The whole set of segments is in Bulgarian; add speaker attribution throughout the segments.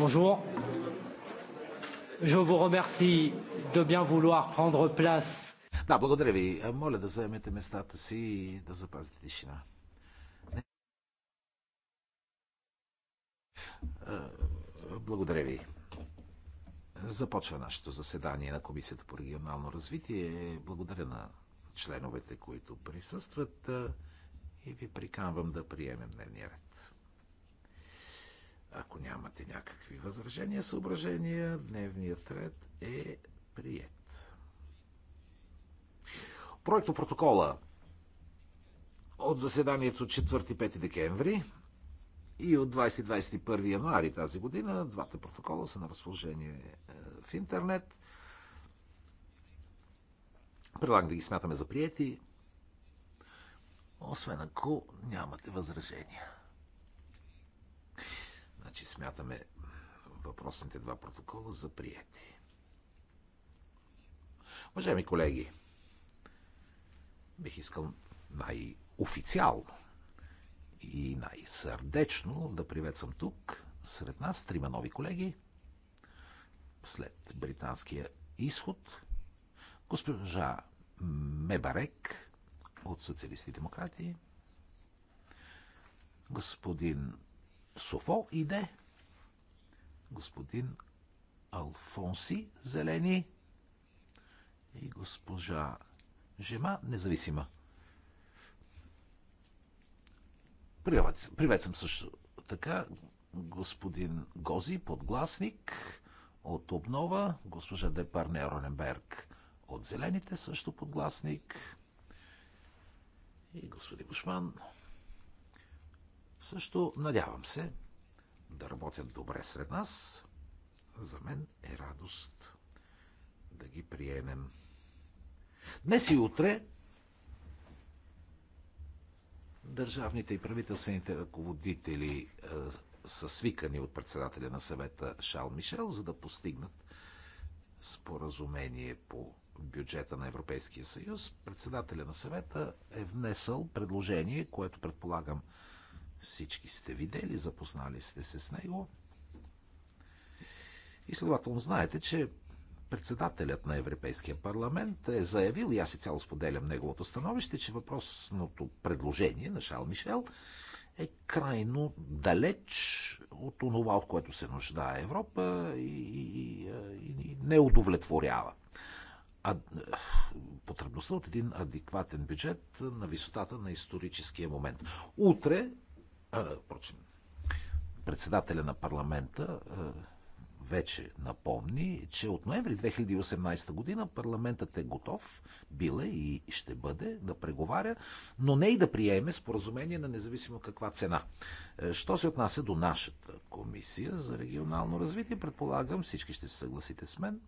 Speaker 1: Bonjour. Je vous remercie de bien vouloir prendre place.
Speaker 2: Да, благодаря ви. Моля да заемете местата си и да запазите тишина. Е, благодаря ви. Започва нашето заседание на Комисията по регионално развитие. Благодаря на членовете, които присъстват е, и ви приканвам да приемем дневния ред. Ако нямате някакви възражения, съображения, дневният ред е прият. Проекто протокола от заседанието 4-5 декември и от 20-21 януари тази година. Двата протокола са на разположение е, в интернет. Предлагам да ги смятаме за приети, освен ако нямате възражения. Значи смятаме въпросните два протокола за приети. Уважаеми колеги, бих искал най-официално и най-сърдечно да приветствам тук сред нас трима нови колеги след британския изход. Госпожа Мебарек от Социалисти демократи, господин Софо иде. Господин Алфонси Зелени и госпожа Жема Независима. Приветствам също така господин Гози Подгласник от Обнова, госпожа Депарне Роненберг от Зелените също Подгласник и господин Бушман също надявам се да работят добре сред нас. За мен е радост да ги приемем. Днес и утре държавните и правителствените ръководители е, са свикани от председателя на съвета Шал Мишел, за да постигнат споразумение по бюджета на Европейския съюз. Председателя на съвета е внесъл предложение, което предполагам всички сте видели, запознали сте се с него. И следователно знаете, че председателят на Европейския парламент е заявил, и аз и цяло споделям неговото становище, че въпросното предложение на Шал Мишел е крайно далеч от онова, от което се нуждае Европа и, и, и не удовлетворява. А, потребността от един адекватен бюджет на висотата на историческия момент. Утре впрочем, председателя на парламента вече напомни, че от ноември 2018 година парламентът е готов, биле и ще бъде да преговаря, но не и да приеме споразумение на независимо каква цена. Е, що се отнася до нашата комисия за регионално развитие, предполагам всички ще се съгласите с мен.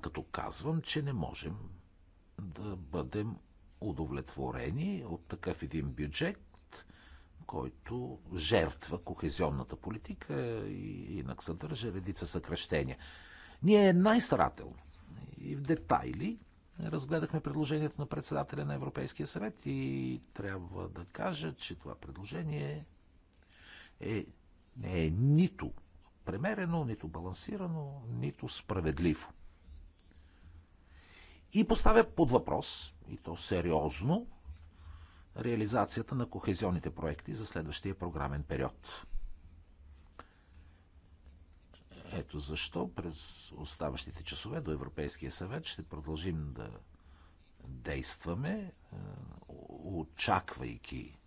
Speaker 2: Като казвам, че не можем да бъдем удовлетворени от такъв един бюджет, който жертва кохезионната политика и инак съдържа редица съкръщения. Ние най-старателно и в детайли разгледахме предложението на председателя на Европейския съвет и трябва да кажа, че това предложение е, не е нито премерено, нито балансирано, нито справедливо и поставя под въпрос, и то сериозно, реализацията на кохезионните проекти за следващия програмен период. Ето защо през оставащите часове до Европейския съвет ще продължим да действаме, е, очаквайки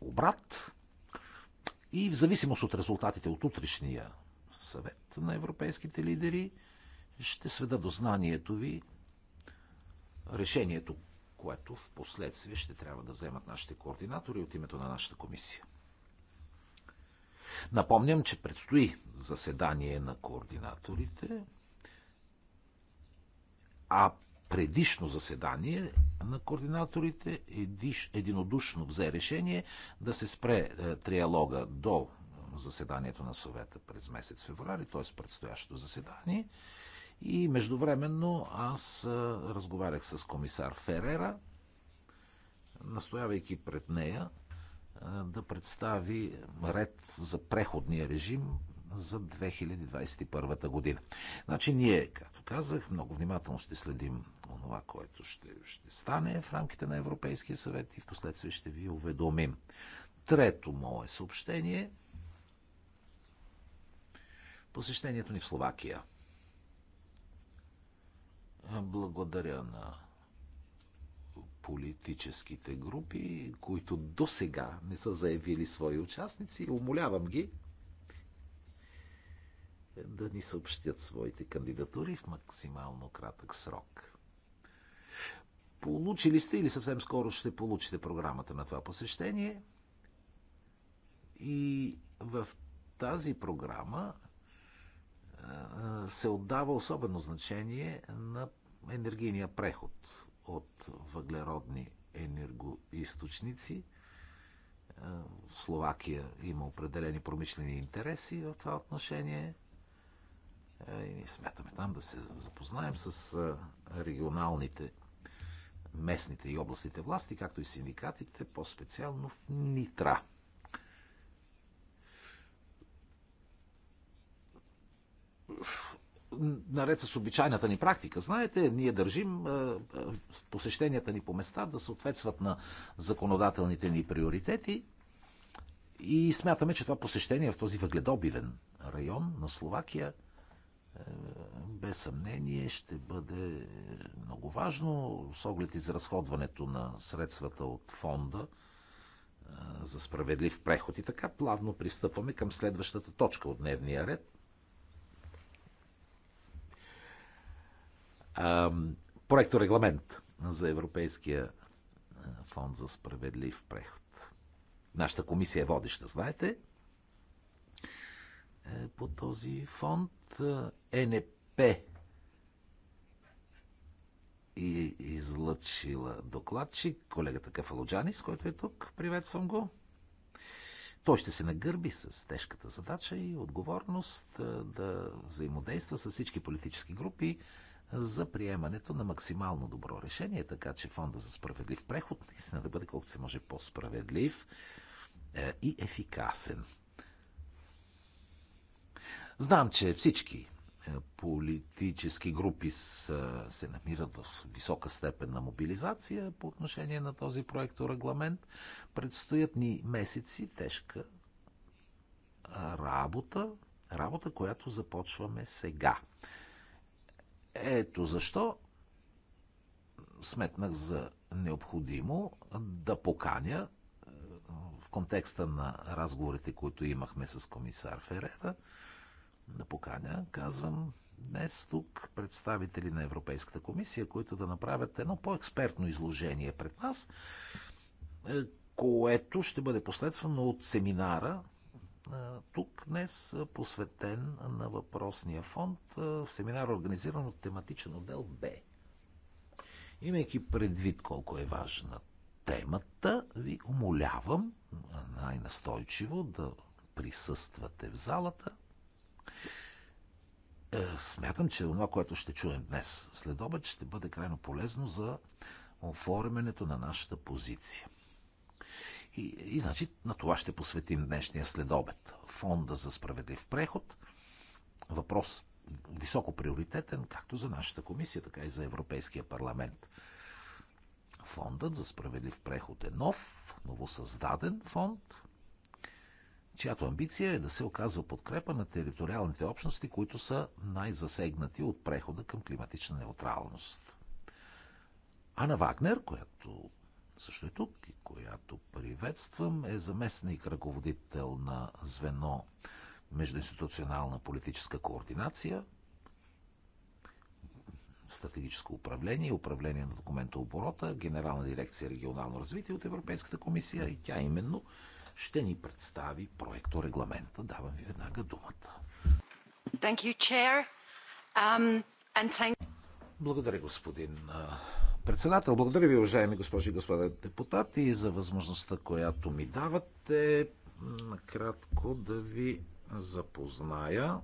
Speaker 2: обрат и в зависимост от резултатите от утрешния съвет на европейските лидери, ще сведа до знанието ви решението, което в последствие ще трябва да вземат нашите координатори от името на нашата комисия. Напомням, че предстои заседание на координаторите, а предишно заседание на координаторите единодушно взе решение да се спре е, триалога до заседанието на съвета през месец феврари, т.е. предстоящото заседание. И междувременно аз разговарях с комисар Ферера, настоявайки пред нея да представи ред за преходния режим за 2021 година. Значи ние, както казах, много внимателно ще следим онова, което ще, ще стане в рамките на Европейския съвет и в последствие ще ви уведомим. Трето мое съобщение посещението ни в Словакия – благодаря на политическите групи, които до сега не са заявили свои участници. Умолявам ги да ни съобщят своите кандидатури в максимално кратък срок. Получили сте или съвсем скоро ще получите програмата на това посещение. И в тази програма се отдава особено значение на енергийния преход от въглеродни енергоисточници. В е, Словакия има определени промишлени интереси в това отношение. Е, и ние смятаме там да се запознаем с е, регионалните, местните и областните власти, както и синдикатите, по-специално в Нитра – наред с обичайната ни практика, знаете, ние държим е, е, посещенията ни по места да съответстват на законодателните ни приоритети и смятаме, че това посещение в този въгледобивен район на Словакия е, без съмнение ще бъде много важно с оглед изразходването на средствата от фонда за справедлив преход. И така плавно пристъпваме към следващата точка от дневния ред проекто регламент за Европейския фонд за справедлив преход. Нашата комисия е водеща, знаете. Е, по този фонд ЕНП и излъчила докладчик, колегата Кафалоджанис, който е тук. Приветствам го. Той ще се нагърби с тежката задача и отговорност да взаимодейства с всички политически групи, за приемането на максимално добро решение, така че фонда за справедлив преход наистина да бъде колкото се може по-справедлив е, и ефикасен. Знам, че всички е, политически групи са, е, се намират в висока степен на мобилизация по отношение на този проекторегламент. Предстоят ни месеци тежка работа, работа, която започваме сега. Ето защо сметнах за необходимо да поканя е, в контекста на разговорите, които имахме с комисар Ферера, да поканя, казвам, днес тук представители на Европейската комисия, които да направят едно по-експертно изложение пред нас, е, което ще бъде последствано от семинара, тук днес, посветен на въпросния фонд в семинар, организиран от тематичен отдел Б. Имайки предвид колко е важна темата, ви умолявам най-настойчиво да присъствате в залата. Е, смятам, че това, което ще чуем днес след обед, ще бъде крайно полезно за оформянето на нашата позиция. И, и значи на това ще посветим днешния следобед. Фонда за справедлив преход. Въпрос високо приоритетен, както за нашата комисия, така и за Европейския парламент. Фондът за справедлив преход е нов, новосъздаден фонд, чиято амбиция е да се оказва подкрепа на териториалните общности, които са най-засегнати от прехода към климатична неутралност. Ана Вагнер, която също е тук и която приветствам, е заместник ръководител на звено Междуинституционална политическа координация, стратегическо управление и управление на документа оборота, Генерална дирекция регионално развитие от Европейската комисия и тя именно ще ни представи проекто регламента. Давам ви веднага думата.
Speaker 3: Thank you, chair. Um, and thank...
Speaker 2: Благодаря, господин председател. Благодаря ви, уважаеми госпожи и господа депутати, за възможността, която ми давате. Накратко да ви запозная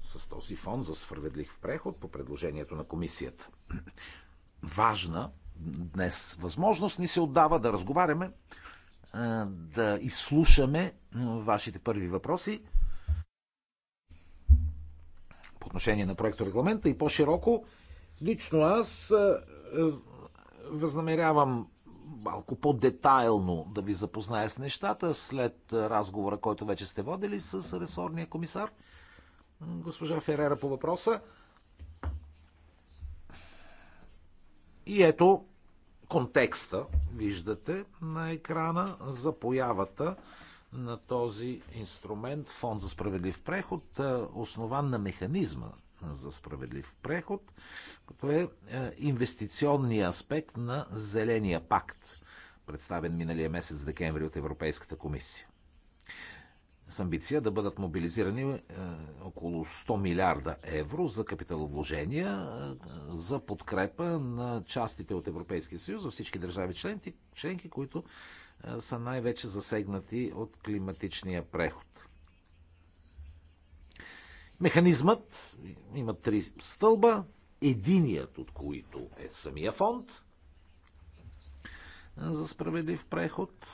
Speaker 2: с този фонд за справедлив преход по предложението на комисията. Важна днес възможност ни се отдава да разговаряме, да изслушаме вашите първи въпроси по отношение на проекто регламента и по-широко. Лично аз е, е, възнамерявам малко по-детайлно да ви запозная с нещата след разговора, който вече сте водили с ресорния комисар, госпожа Ферера по въпроса. И ето контекста, виждате на екрана, за появата на този инструмент Фонд за справедлив преход, е, основан на механизма за справедлив преход, като е, е инвестиционния аспект на Зеления пакт, представен миналия месец декември от Европейската комисия. С амбиция да бъдат мобилизирани е, около 100 милиарда евро за капиталовложения за подкрепа на частите от Европейския съюз за всички държави членки, членки които са най-вече засегнати от климатичния преход. Механизмът има три стълба, единият от които е самия фонд за справедлив преход.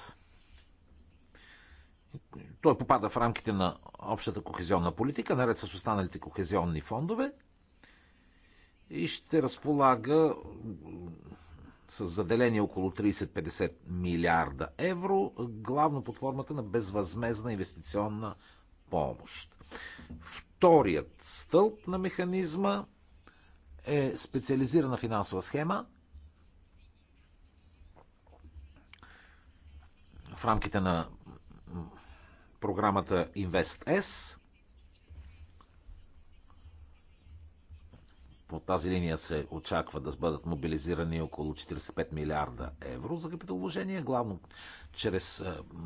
Speaker 2: Той попада в рамките на общата кохезионна политика, наред с останалите кохезионни фондове и ще разполага с заделение около 30-50 милиарда евро, главно под формата на безвъзмезна инвестиционна помощ. Вторият стълб на механизма е специализирана финансова схема в рамките на програмата InvestS по тази линия се очаква да бъдат мобилизирани около 45 милиарда евро за капиталовложение, главно чрез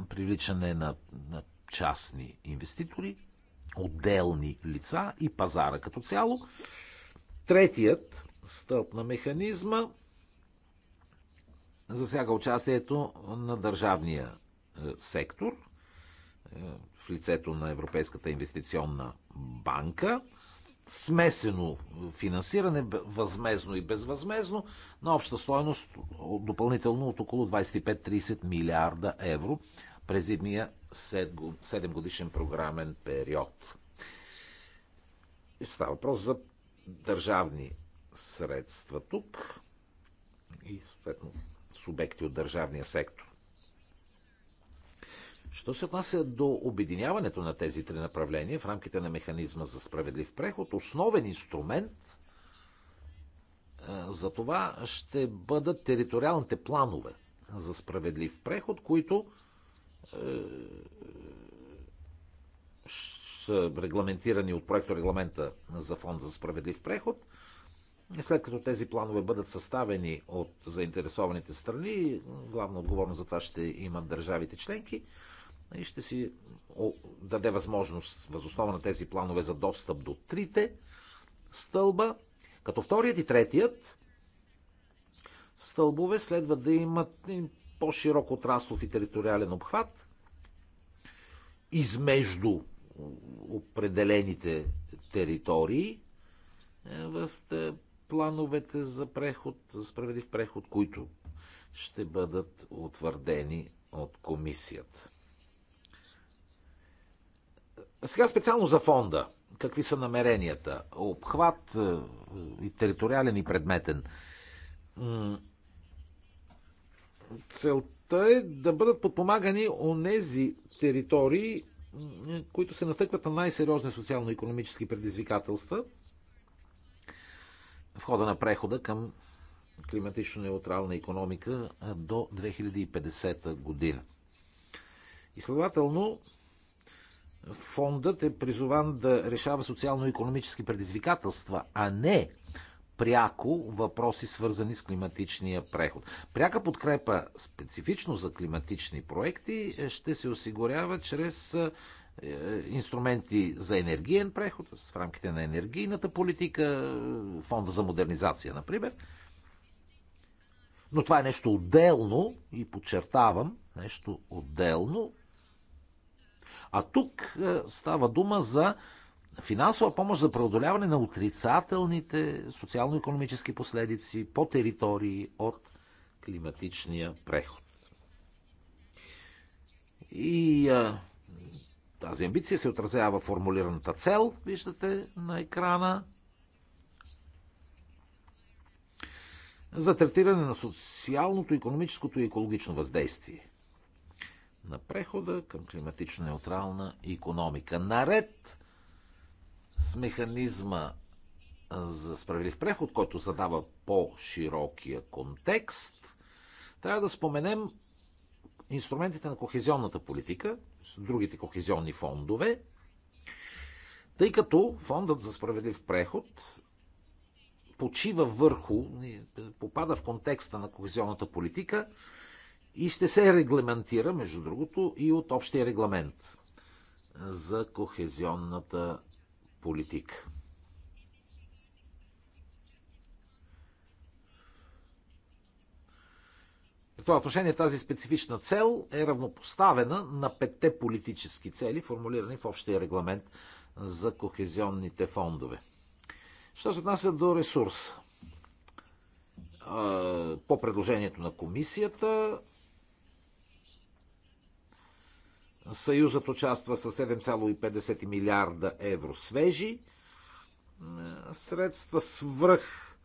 Speaker 2: привличане на, на частни инвеститори, отделни лица и пазара като цяло. Третият стълб на механизма засяга участието на държавния сектор в лицето на Европейската инвестиционна банка – смесено финансиране, възмезно и безвъзмезно, на обща стоеност допълнително от около 25-30 милиарда евро през едния 7 годишен програмен период. И става въпрос за държавни средства тук и съответно субекти от държавния сектор. Що се отнася до обединяването на тези три направления в рамките на механизма за справедлив преход, основен инструмент е, за това ще бъдат териториалните планове за справедлив преход, които е, са регламентирани от проекто регламента за фонда за справедлив преход. След като тези планове бъдат съставени от заинтересованите страни, главна отговорност за това ще имат държавите членки, и ще си даде възможност възоснова на тези планове за достъп до трите стълба, като вторият и третият стълбове следва да имат по-широк отраслов и териториален обхват измежду определените територии е, в е, плановете за преход, за справедлив преход, които ще бъдат утвърдени от комисията. Сега специално за фонда. Какви са намеренията? Обхват е, и териториален и предметен. Целта е да бъдат подпомагани онези територии, които се натъкват на най-сериозни социално-економически предизвикателства в хода на прехода към климатично неутрална економика до 2050 година. И следователно, фондът е призован да решава социално-економически предизвикателства, а не пряко въпроси, свързани с климатичния преход. Пряка подкрепа специфично за климатични проекти ще се осигурява чрез е, инструменти за енергиен преход, в рамките на енергийната политика, фонда за модернизация, например. Но това е нещо отделно и подчертавам, нещо отделно а тук е, става дума за финансова помощ за преодоляване на отрицателните социално-економически последици по територии от климатичния преход. И а, е, тази амбиция се отразява в формулираната цел, виждате на екрана. За третиране на социалното, економическото и екологично въздействие на прехода към климатично неутрална економика. Наред с механизма за справедлив преход, който задава по-широкия контекст, трябва да споменем инструментите на кохезионната политика, другите кохезионни фондове, тъй като фондът за справедлив преход почива върху, попада в контекста на кохезионната политика – и ще се регламентира, между другото, и от общия регламент за кохезионната политика. В това отношение тази специфична цел е равнопоставена на петте политически цели, формулирани в общия регламент за кохезионните фондове. Що се отнася до ресурс? По предложението на комисията Съюзът участва с 7,50 милиарда евро свежи средства свръх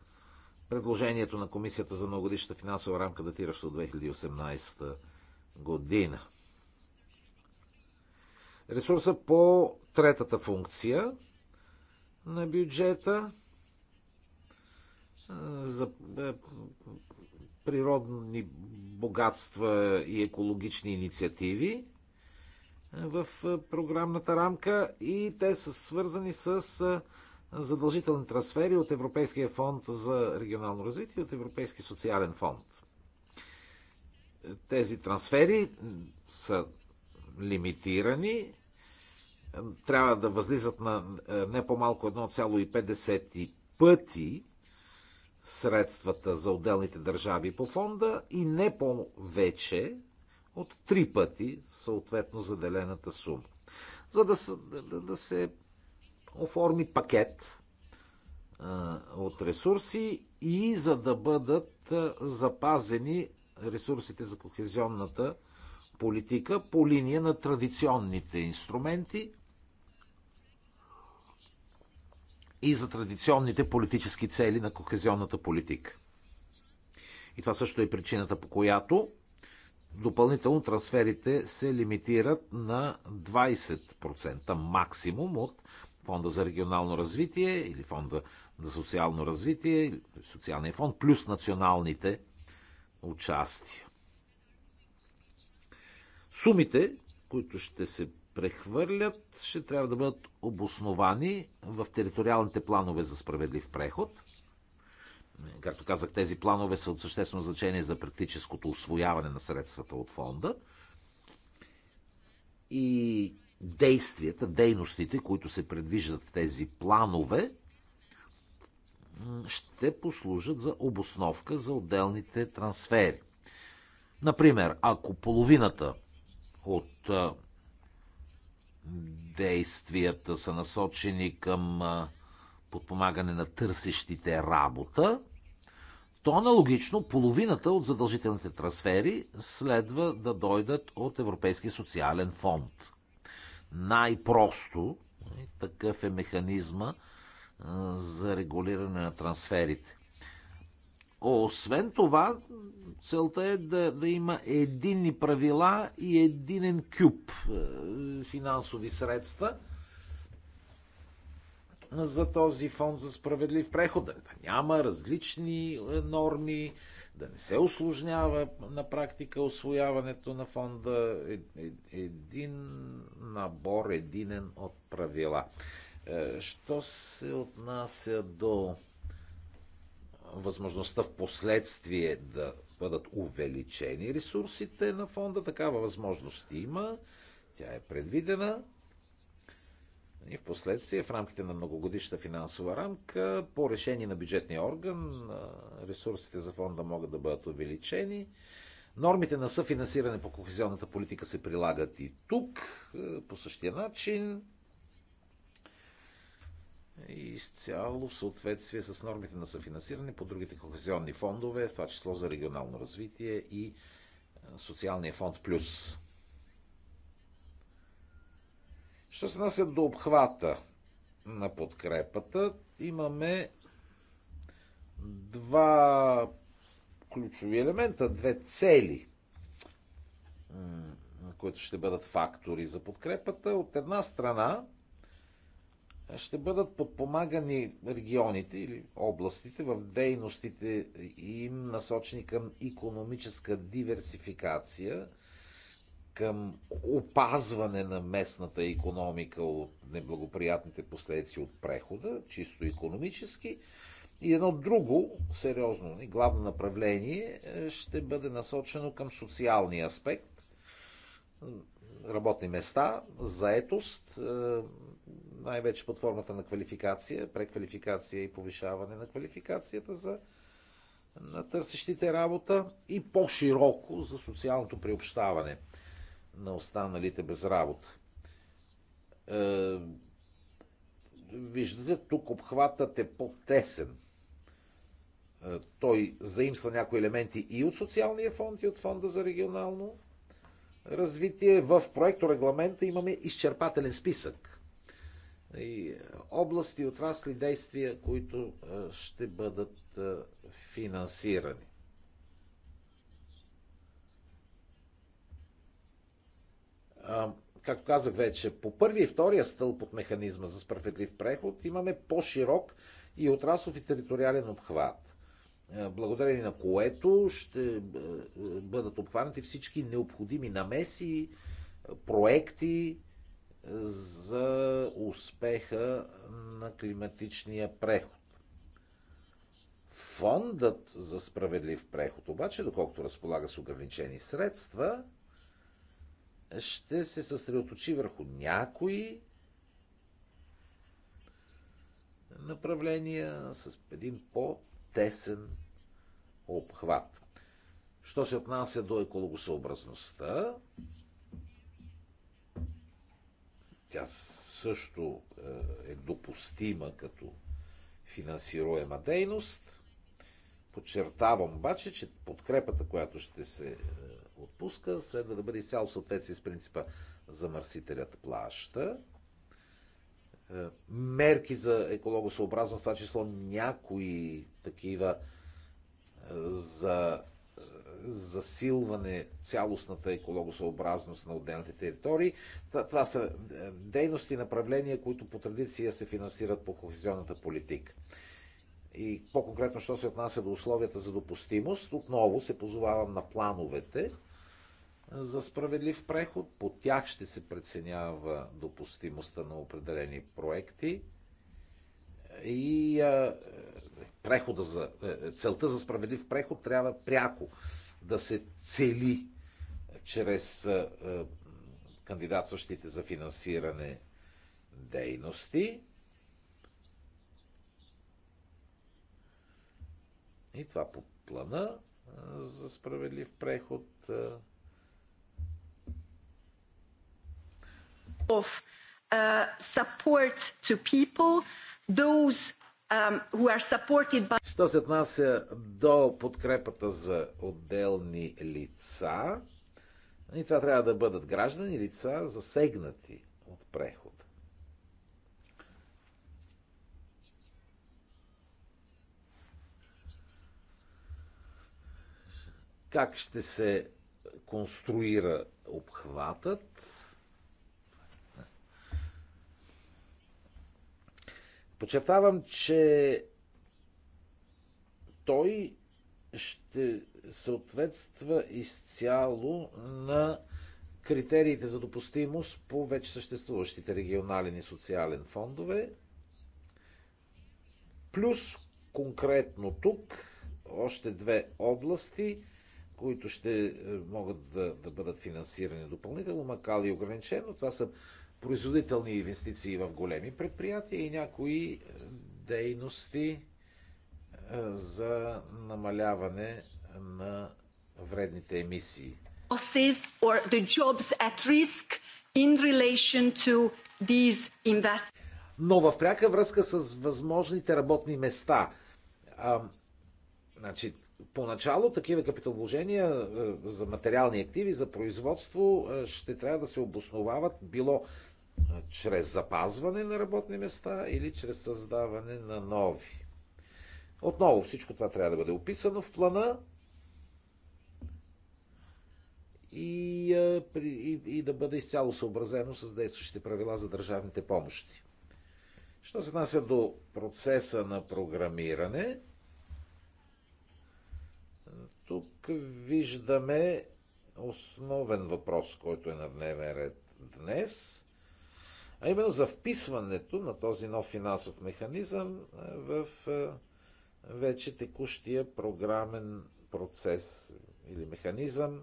Speaker 2: предложението на Комисията за многодишната финансова рамка, датираща от 2018 година. Ресурса по третата функция на бюджета за е, природни богатства и екологични инициативи – в програмната рамка и те са свързани с задължителни трансфери от Европейския фонд за регионално развитие и от Европейски социален фонд. Тези трансфери са лимитирани, трябва да възлизат на не по-малко 1,5 пъти средствата за отделните държави по фонда и не по-вече от три пъти съответно заделената сума. За да, се, да, да се оформи пакет а, от ресурси и за да бъдат запазени ресурсите за кохезионната политика по линия на традиционните инструменти и за традиционните политически цели на кохезионната политика. И това също е причината, по която допълнително трансферите се лимитират на 20% максимум от фонда за регионално развитие или фонда за социално развитие, социалния фонд, плюс националните участия. Сумите, които ще се прехвърлят, ще трябва да бъдат обосновани в териториалните планове за справедлив преход Както казах, тези планове са от съществено значение за практическото освояване на средствата от фонда. И действията, дейностите, които се предвиждат в тези планове, ще послужат за обосновка за отделните трансфери. Например, ако половината от действията са насочени към подпомагане на търсещите работа, то аналогично половината от задължителните трансфери следва да дойдат от Европейския социален фонд. Най-просто такъв е механизма за регулиране на трансферите. Освен това, целта е да, да има единни правила и единен кюб финансови средства – за този фонд за справедлив преход, да, да няма различни е, норми, да не се осложнява на практика освояването на фонда, е, е, един набор, единен от правила. Що се отнася до възможността в последствие да бъдат увеличени ресурсите на фонда, такава възможност има, тя е предвидена и в последствие, в рамките на многогодишна финансова рамка, по решение на бюджетния орган, ресурсите за фонда могат да бъдат увеличени. Нормите на съфинансиране по кохезионната политика се прилагат и тук, по същия начин. И Изцяло в съответствие с нормите на съфинансиране по другите кохезионни фондове, в това число за регионално развитие и социалния фонд Плюс. Що се нася до обхвата на подкрепата, имаме два ключови елемента, две цели, които ще бъдат фактори за подкрепата. От една страна ще бъдат подпомагани регионите или областите в дейностите им насочени към економическа диверсификация – към опазване на местната економика от неблагоприятните последици от прехода, чисто економически. И едно друго, сериозно и главно направление е, ще бъде насочено към социалния аспект. Работни места, заетост, е, най-вече под формата на квалификация, преквалификация и повишаване на квалификацията за на търсещите работа и по-широко за социалното приобщаване – на останалите без работа. Е, виждате, тук обхватът е по-тесен. Е, той заимства някои елементи и от социалния фонд, и от фонда за регионално развитие. В проекто регламента имаме изчерпателен списък. И области, отрасли, действия, които е, ще бъдат финансирани. както казах вече, по първи и втория стълб от механизма за справедлив преход имаме по-широк и отраслов и териториален обхват, благодарение на което ще бъдат обхванати всички необходими намеси, проекти за успеха на климатичния преход. Фондът за справедлив преход обаче, доколкото разполага с ограничени средства, ще се съсредоточи върху някои направления с един по-тесен обхват. Що се отнася до екологосъобразността, тя също е, е допустима като финансируема дейност. Подчертавам обаче, че подкрепата, която ще се е, отпуска следва да бъде изцяло съответствие с принципа замърсителят плаща. Е, мерки за екологосъобразно, в това число някои такива е, за е, засилване цялостната екологосъобразност на отделните територии. Това, това са дейности и направления, които по традиция се финансират по кохезионната политика. И по-конкретно, що се отнася до условията за допустимост, отново се позовавам на плановете, за справедлив преход. По тях ще се преценява допустимостта на определени проекти и а, прехода за, е, е, целта за справедлив преход трябва пряко да се цели чрез а, кандидатстващите за финансиране дейности. И това по плана за справедлив преход. А,
Speaker 3: of uh, support to people,
Speaker 2: those um, who are supported by... Що се отнася до подкрепата за отделни лица, и това трябва да бъдат граждани лица, засегнати от преход. Как ще се конструира обхватът? Подчертавам, че той ще съответства изцяло на критериите за допустимост по вече съществуващите регионален и социален фондове. Плюс конкретно тук още две области, които ще е, могат да, да бъдат финансирани допълнително, макар и ограничено. Това са производителни инвестиции в големи предприятия и някои е, дейности е, за намаляване на вредните емисии.
Speaker 3: Но в пряка връзка
Speaker 2: с възможните работни места. А, значи, поначало такива капиталовложения е, за материални активи, за производство ще трябва да се обосновават било чрез запазване на работни места или чрез създаване на нови. Отново всичко това трябва да бъде описано в плана и, и, и да бъде изцяло съобразено с действащите правила за държавните помощи. Що се отнася до процеса на програмиране, тук виждаме основен въпрос, който е на дневен ред днес – а именно за вписването на този нов финансов механизъм в вече текущия програмен процес или механизъм.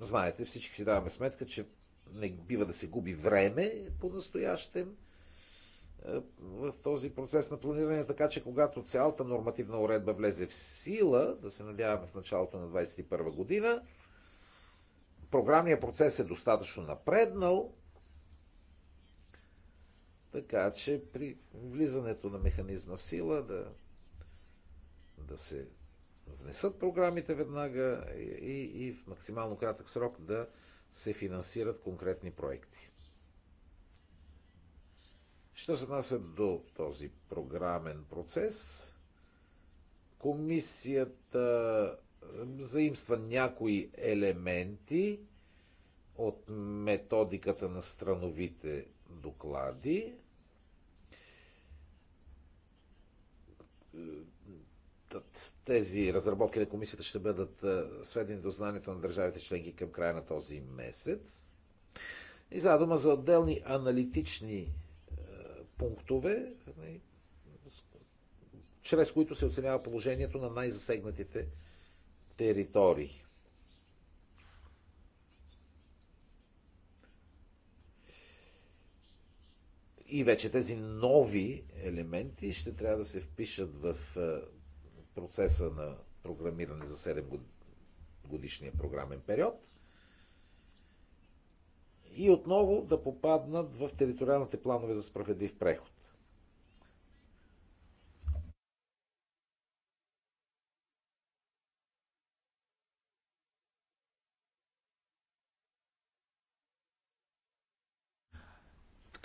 Speaker 2: Знаете, всички си даваме сметка, че не бива да се губи време по-настоящем в този процес на планиране, така че когато цялата нормативна уредба влезе в сила, да се надяваме в началото на 2021 година, програмният процес е достатъчно напреднал, така че при влизането на механизма в сила да, да се внесат програмите веднага и, и в максимално кратък срок да се финансират конкретни проекти. Що се отнася до този програмен процес, комисията заимства някои елементи от методиката на страновите доклади, Е, тези разработки на комисията ще бъдат е, сведени до знанието на държавите членки към края на този месец. И за дума за отделни аналитични е, пунктове, нали, чрез които се оценява положението на най-засегнатите територии. И вече тези нови елементи ще трябва да се впишат в е, процеса на програмиране за 7 годишния програмен период и отново да попаднат в териториалните планове за справедлив преход.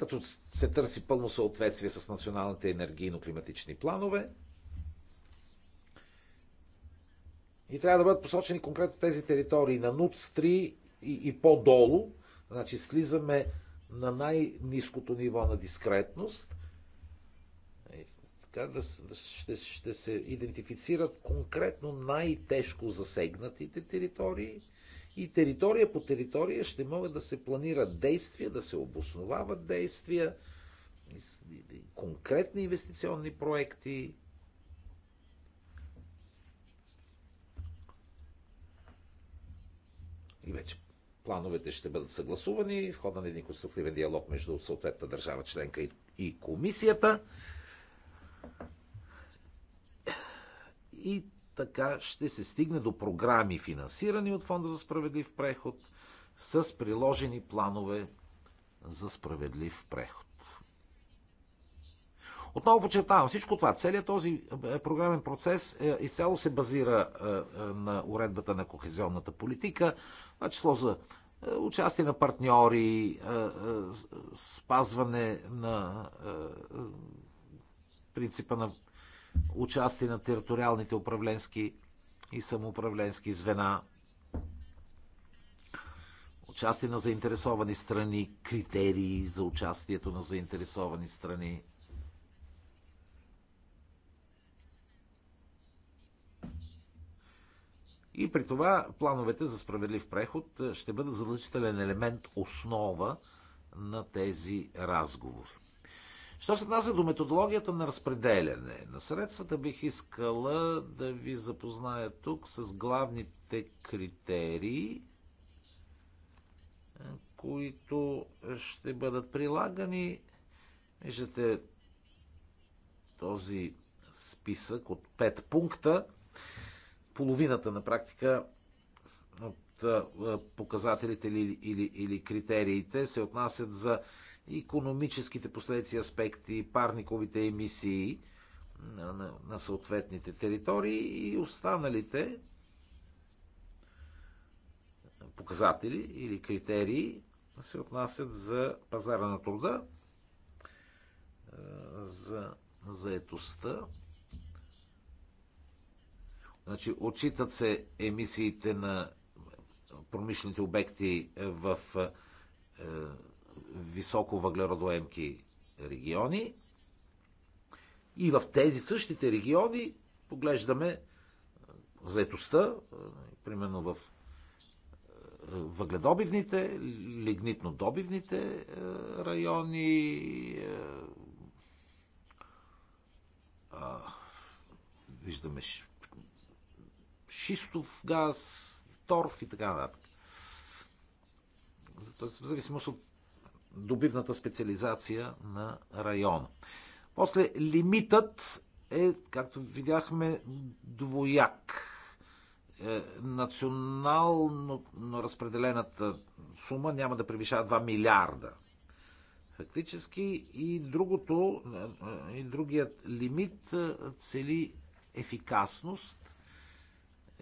Speaker 2: като се търси пълно съответствие с националните енергийно-климатични планове. И трябва да бъдат посочени конкретно тези територии на НУЦ-3 и, и по-долу. Значи слизаме на най-низкото ниво на дискретност. И така да, да, ще, ще се идентифицират конкретно най-тежко засегнатите територии – и територия по територия ще могат да се планират действия, да се обосновават действия, конкретни инвестиционни проекти. И вече плановете ще бъдат съгласувани в хода на един конструктивен диалог между съответната държава членка и комисията. И така ще се стигне до програми, финансирани от Фонда за справедлив преход, с приложени планове за справедлив преход. Отново подчертавам, всичко това, целият този е, е, програмен процес е, изцяло се базира на уредбата на кохезионната политика, това число за участие на партньори, спазване на принципа на участие на териториалните управленски и самоуправленски звена, участие на заинтересовани страни, критерии за участието на заинтересовани страни. И при това плановете за справедлив преход е, ще бъдат задължителен елемент, основа на тези разговори. Що се отнася до методологията на разпределяне на средствата, бих искала да ви запозная тук с главните критерии, които ще бъдат прилагани. Виждате този списък от 5 пункта. Половината на практика от показателите или, или, или критериите се отнасят за економическите последици, аспекти, парниковите емисии на, на, на съответните територии и останалите показатели или критерии се отнасят за пазара на труда, за заетостта. Значи, отчитат се емисиите на промишлените обекти в високо въглеродоемки региони. И в тези същите региони поглеждаме заетостта, примерно в въгледобивните, лигнитно-добивните райони. Виждаме шистов газ, торф и така нататък. В зависимост от добивната специализация на района. После лимитът е, както видяхме, двояк. Е, национално разпределената сума няма да превишава 2 милиарда. Фактически и другото, е, е, и другият лимит цели ефикасност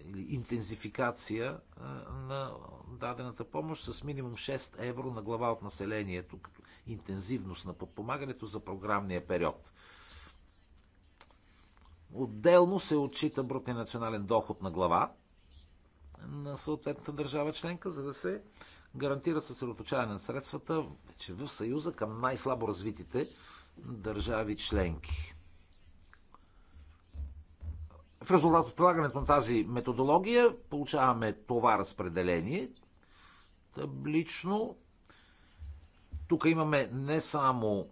Speaker 2: или интензификация на дадената помощ с минимум 6 евро на глава от населението, като интензивност на подпомагането за програмния период. Отделно се отчита брутния национален доход на глава на съответната държава членка, за да се гарантира съсредоточаване на средствата вече в Съюза към най-слабо развитите държави членки. В резултат от прилагането на тази методология получаваме това разпределение таблично. Тук имаме не само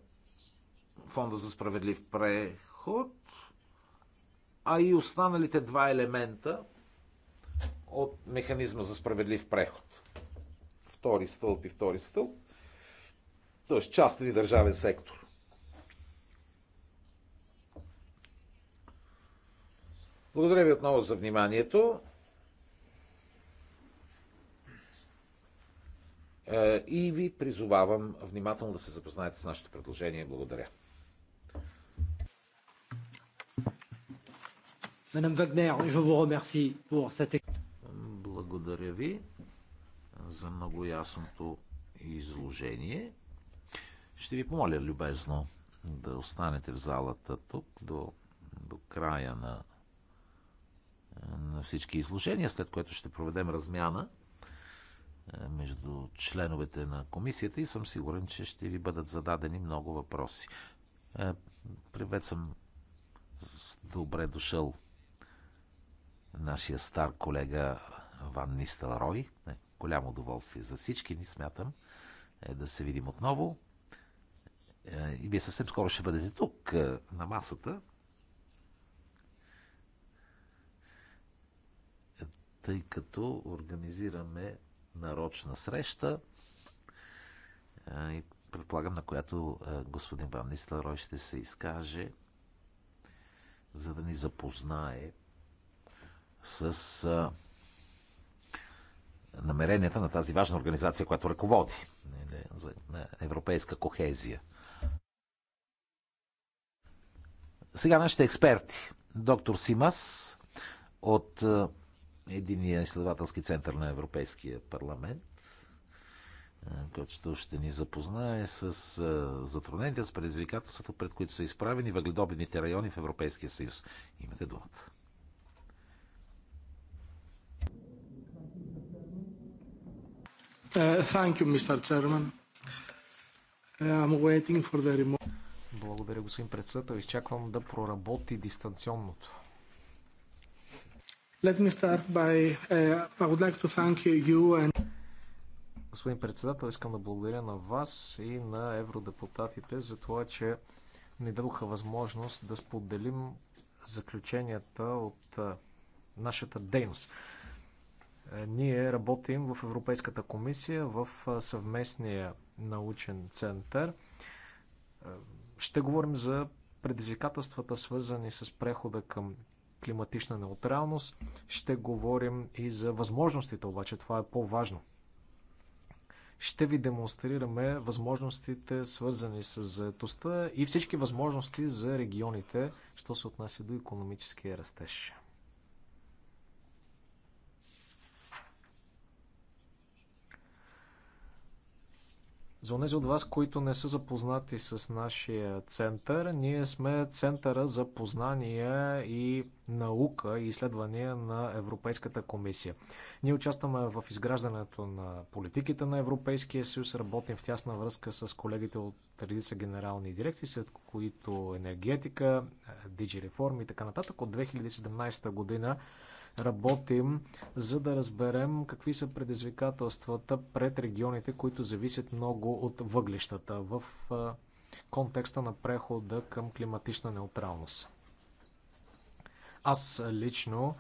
Speaker 2: Фонда за справедлив преход, а и останалите два елемента от механизма за справедлив преход. Втори стълб и втори стълб. Тоест частен и държавен сектор. Благодаря ви отново за вниманието. Е, и ви призовавам внимателно да се запознаете с нашите предложения. Благодаря.
Speaker 1: Madame Wagner, je vous remercie pour
Speaker 2: cette... Благодаря ви за много ясното изложение. Ще ви помоля любезно да останете в залата тук до, до края на на всички изложения, след което ще проведем размяна е, между членовете на комисията и съм сигурен, че ще ви бъдат зададени много въпроси. Е, привет съм с добре дошъл нашия стар колега Ван Нистелрой. Е, голямо удоволствие за всички ни, смятам, е да се видим отново. И вие съвсем скоро ще бъдете тук, на масата, тъй като организираме нарочна среща и предполагам, на която господин Ван Нисларой ще се изкаже, за да ни запознае с намеренията на тази важна организация, която ръководи за европейска кохезия. Сега нашите експерти. Доктор Симас от Единия изследователски център на Европейския парламент, който ще ни запознае с затрудненията, с предизвикателствата, пред които са изправени въгледобивните райони в Европейския съюз. Имате думата.
Speaker 1: Uh, thank you, Mr. Chairman. Uh, I'm waiting for the remote. Благодаря, господин председател. Изчаквам да проработи дистанционното. Let me start by, uh, I would like to thank you and... Господин председател, искам да благодаря на вас и на евродепутатите за това, че ни дадоха възможност да споделим заключенията от нашата дейност. Е, ние работим в Европейската комисия в съвместния научен център. Е, ще говорим за предизвикателствата, свързани с прехода към климатична неутралност. Ще говорим и за възможностите, обаче това е по-важно. Ще ви демонстрираме възможностите, свързани с заетостта и всички възможности за регионите, що се отнася до економическия растеж. За тези от вас, които не са запознати с нашия център, ние сме центъра за познания и наука и изследвания на Европейската комисия. Ние участваме в изграждането на политиките на Европейския съюз, работим в тясна връзка с колегите от редица генерални дирекции, след които енергетика, диджи реформи и така нататък. От 2017 година работим, за да разберем какви са предизвикателствата пред регионите, които зависят много от въглищата в контекста на прехода към климатична неутралност. Аз лично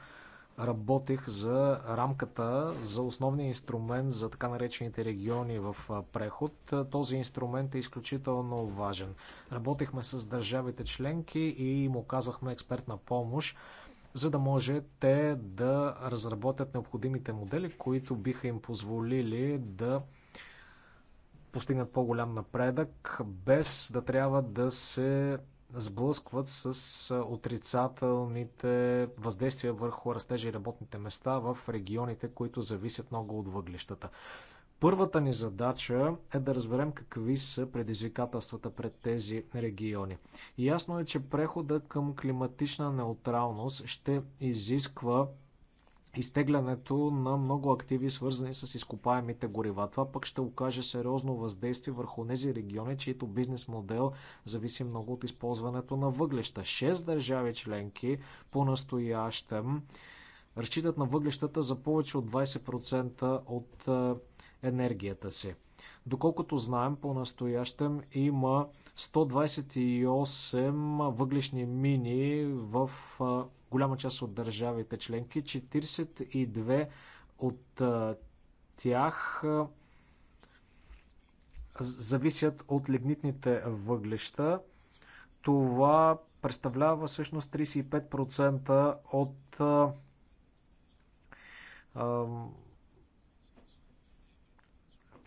Speaker 1: работих за рамката, за основния инструмент за така наречените региони в преход. Този инструмент е изключително важен. Работихме с държавите членки и им оказахме експертна помощ за да може те да разработят необходимите модели, които биха им позволили да постигнат по-голям напредък, без да трябва да се сблъскват с отрицателните въздействия върху растежи и работните места в регионите, които зависят много от въглищата. Първата ни задача е да разберем какви са предизвикателствата пред тези региони. Ясно е, че прехода към климатична неутралност ще изисква изтеглянето на много активи, свързани с изкопаемите горива. Това пък ще окаже сериозно въздействие върху тези региони, чието бизнес модел зависи много от използването на въглеща. Шест държави членки по-настоящем разчитат на въглещата за повече от 20% от е, енергията си. Доколкото знаем, по-настоящем има 128 въглишни мини в голяма част от държавите членки. 42 от тях зависят от лигнитните въглища. Това представлява всъщност 35% от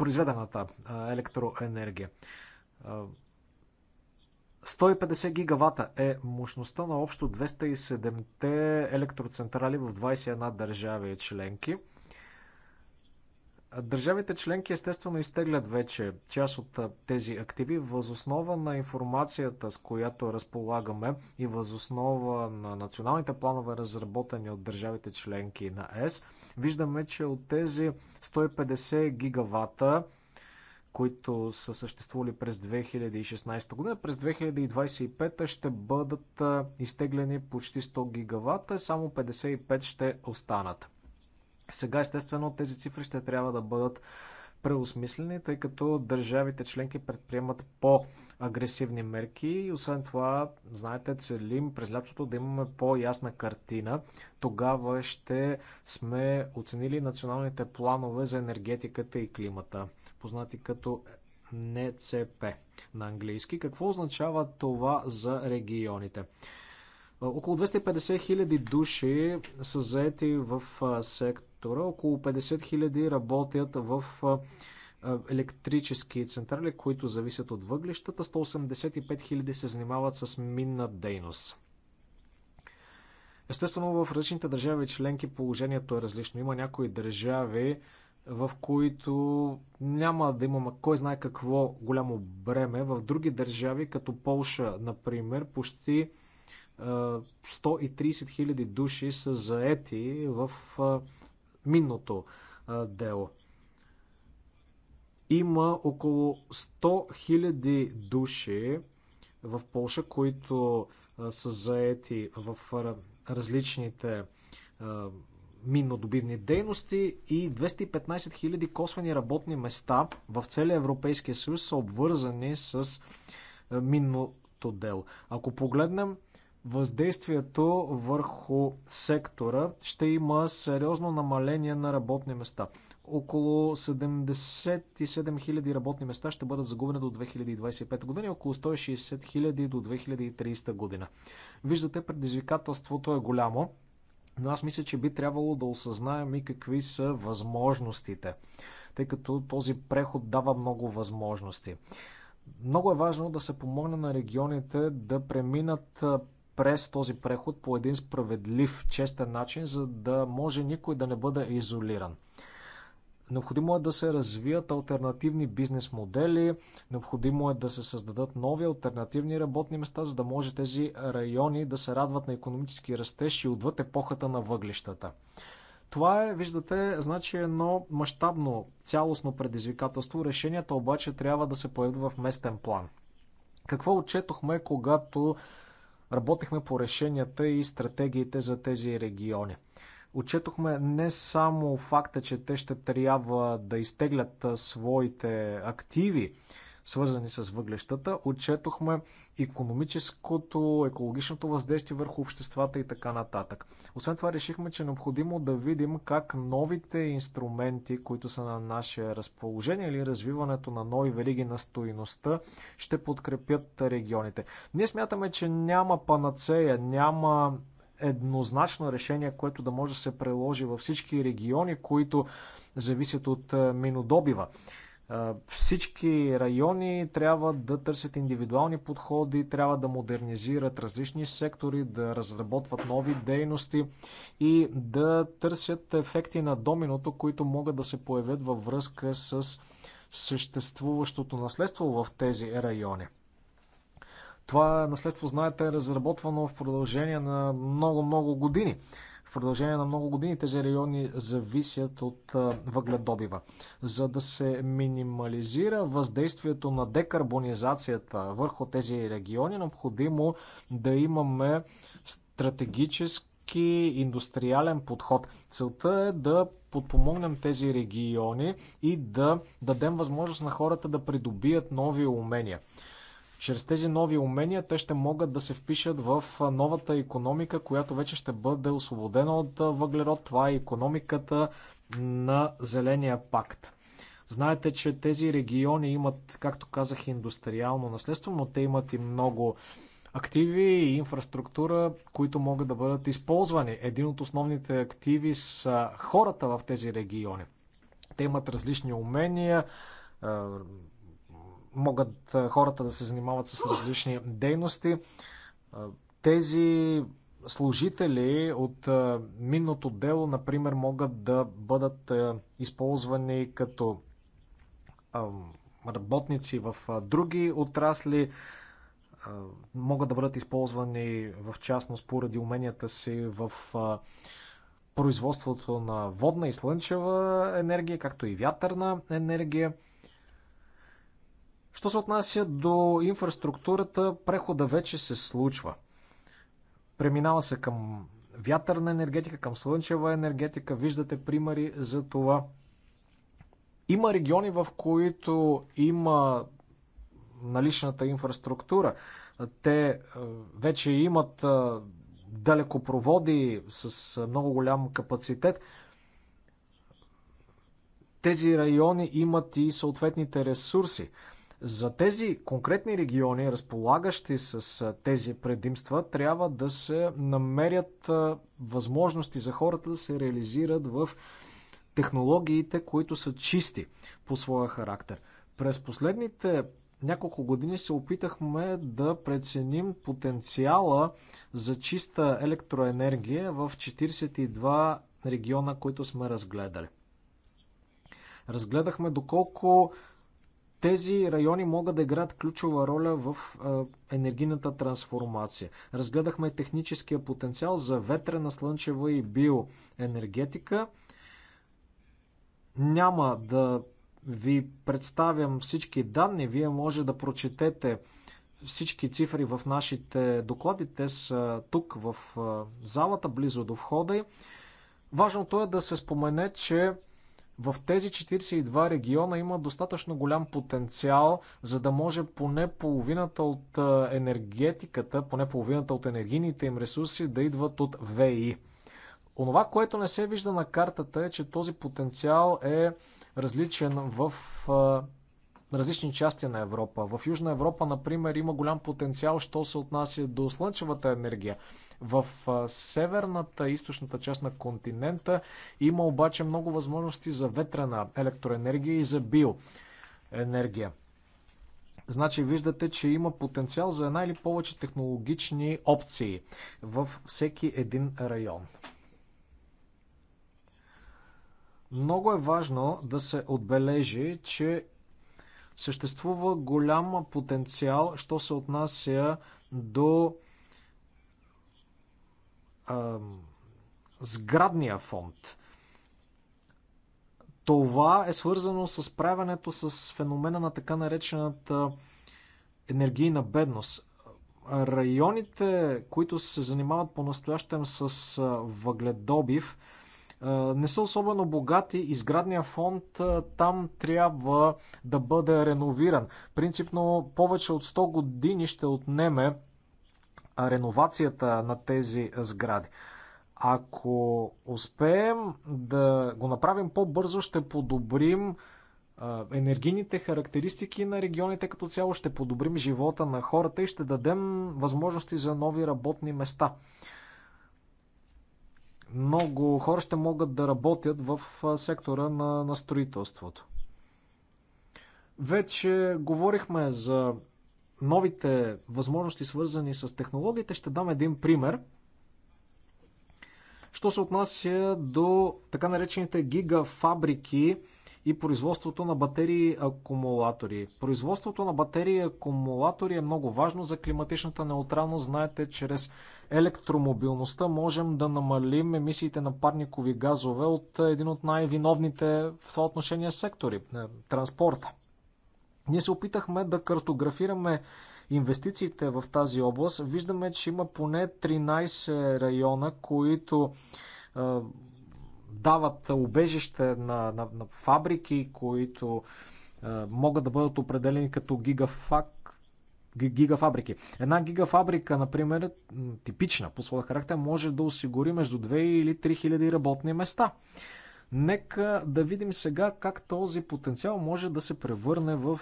Speaker 1: произведената електроенергия. 150 гигавата е мощността на общо 207-те електроцентрали в 21 държави членки. Държавите членки естествено изтеглят вече част от тези активи възоснова на информацията, с която разполагаме и възоснова на националните планове, разработени от държавите членки на ЕС. Виждаме, че от тези 150 гигавата, които са съществували през 2016 година, през 2025 ще бъдат изтеглени почти 100 гигавата, само 55 ще останат. Сега, естествено, тези цифри ще трябва да бъдат преосмислени, тъй като държавите членки предприемат по-агресивни мерки и освен това, знаете, целим през лятото да имаме по-ясна картина. Тогава ще сме оценили националните планове за енергетиката и климата, познати като НЦП на английски. Какво означава това за регионите? Около 250 хиляди души са заети в сектор сектора. Около 50 000 работят в електрически централи, които зависят от въглищата. 185 000 се занимават с минна дейност. Естествено, в различните държави членки положението е различно. Има някои държави, в които няма да имаме кой знае какво голямо бреме. В други държави, като Полша, например, почти 130 000 души са заети в минното дело. Има около 100 000 души в Польша, които са заети в различните миннодобивни дейности и 215 000 косвени работни места в целия Европейския съюз са обвързани с минното дело. Ако погледнем въздействието върху сектора ще има сериозно намаление на работни места. Около 77 000 работни места ще бъдат загубени до 2025 година и около 160 000 до 2030 година. Виждате, предизвикателството е голямо, но аз мисля, че би трябвало да осъзнаем и какви са възможностите, тъй като този преход дава много възможности. Много е важно да се помогне на регионите да преминат през този преход по един справедлив, честен начин, за да може никой да не бъде изолиран. Необходимо е да се развият альтернативни бизнес модели, необходимо е да се създадат нови альтернативни работни места, за да може тези райони да се радват на економически растеж и отвъд епохата на въглищата. Това е, виждате, значи едно мащабно цялостно предизвикателство. Решенията обаче трябва да се появят в местен план. Какво отчетохме, когато Работехме по решенията и стратегиите за тези региони. Отчетохме не само факта, че те ще трябва да изтеглят своите активи свързани с въглещата. Отчетохме економическото, екологичното въздействие върху обществата и така нататък. Освен това решихме, че е необходимо да видим как новите инструменти, които са на наше разположение или развиването на нови вериги на стоиността, ще подкрепят регионите. Ние смятаме, че няма панацея, няма еднозначно решение, което да може да се приложи във всички региони, които зависят от е, минодобива. Всички райони трябва да търсят индивидуални подходи, трябва да модернизират различни сектори, да разработват нови дейности и да търсят ефекти на доминото, които могат да се появят във връзка с съществуващото наследство в тези райони. Това наследство, знаете, е разработвано в продължение на много-много години в продължение на много години тези райони зависят от въгледобива. За да се минимализира въздействието на декарбонизацията върху тези региони, необходимо да имаме стратегически индустриален подход. Целта е да подпомогнем тези региони и да дадем възможност на хората да придобият нови умения. Чрез тези нови умения те ще могат да се впишат в новата економика, която вече ще бъде освободена от въглерод. Това е економиката на Зеления пакт. Знаете, че тези региони имат, както казах, индустриално наследство, но те имат и много активи и инфраструктура, които могат да бъдат използвани. Един от основните активи са хората в тези региони. Те имат различни умения, могат хората да се занимават с различни дейности. Тези служители от минното дело, например, могат да бъдат използвани като работници в други отрасли, могат да бъдат използвани в частност поради уменията си в производството на водна и слънчева енергия, както и вятърна енергия. Що се отнася до инфраструктурата, прехода вече се случва. Преминава се към вятърна енергетика, към слънчева енергетика. Виждате примери за това. Има региони, в които има наличната инфраструктура. Те е, вече имат е, далекопроводи с е, много голям капацитет. Тези райони имат и съответните ресурси. За тези конкретни региони, разполагащи с тези предимства, трябва да се намерят възможности за хората да се реализират в технологиите, които са чисти по своя характер. През последните няколко години се опитахме да преценим потенциала за чиста електроенергия в 42 региона, които сме разгледали. Разгледахме доколко тези райони могат да играят ключова роля в енергийната трансформация. Разгледахме техническия потенциал за ветрена, слънчева и биоенергетика. Няма да ви представям всички данни. Вие може да прочетете всички цифри в нашите доклади. Те са тук в залата, близо до входа. Важното е да се спомене, че в тези 42 региона има достатъчно голям потенциал, за да може поне половината от енергетиката, поне половината от енергийните им ресурси да идват от ВИ. Онова, което не се вижда на картата е, че този потенциал е различен в различни части на Европа. В Южна Европа, например, има голям потенциал, що се отнася до слънчевата енергия. В северната и източната част на континента има обаче много възможности за ветрена електроенергия и за биоенергия. Значи виждате, че има потенциал за една или повече технологични опции във всеки един район. Много е важно да се отбележи, че съществува голям потенциал, що се отнася до а, сградния фонд. Това е свързано с правенето с феномена на така наречената енергийна бедност. Районите, които се занимават по-настоящем с въгледобив, не са особено богати и сградния фонд там трябва да бъде реновиран. Принципно повече от 100 години ще отнеме реновацията на тези сгради. Ако успеем да го направим по-бързо, ще подобрим енергийните характеристики на регионите като цяло, ще подобрим живота на хората и ще дадем възможности за нови работни места. Много хора ще могат да работят в сектора на, на строителството. Вече говорихме за новите възможности, свързани с технологиите, ще дам един пример. Що се отнася до така наречените гигафабрики и производството на батерии и акумулатори. Производството на батерии и акумулатори е много важно за климатичната неутралност. Знаете, чрез електромобилността можем да намалим емисиите на парникови газове от един от най-виновните в това отношение сектори – транспорта. Ние се опитахме да картографираме инвестициите в тази област. Виждаме, че има поне 13 района, които дават убежище на, на, на фабрики, които е, могат да бъдат определени като гигафак, гигафабрики. Една гигафабрика, например, типична по своя характер, може да осигури между 2 или 3 хиляди работни места. Нека да видим сега как този потенциал може да се превърне в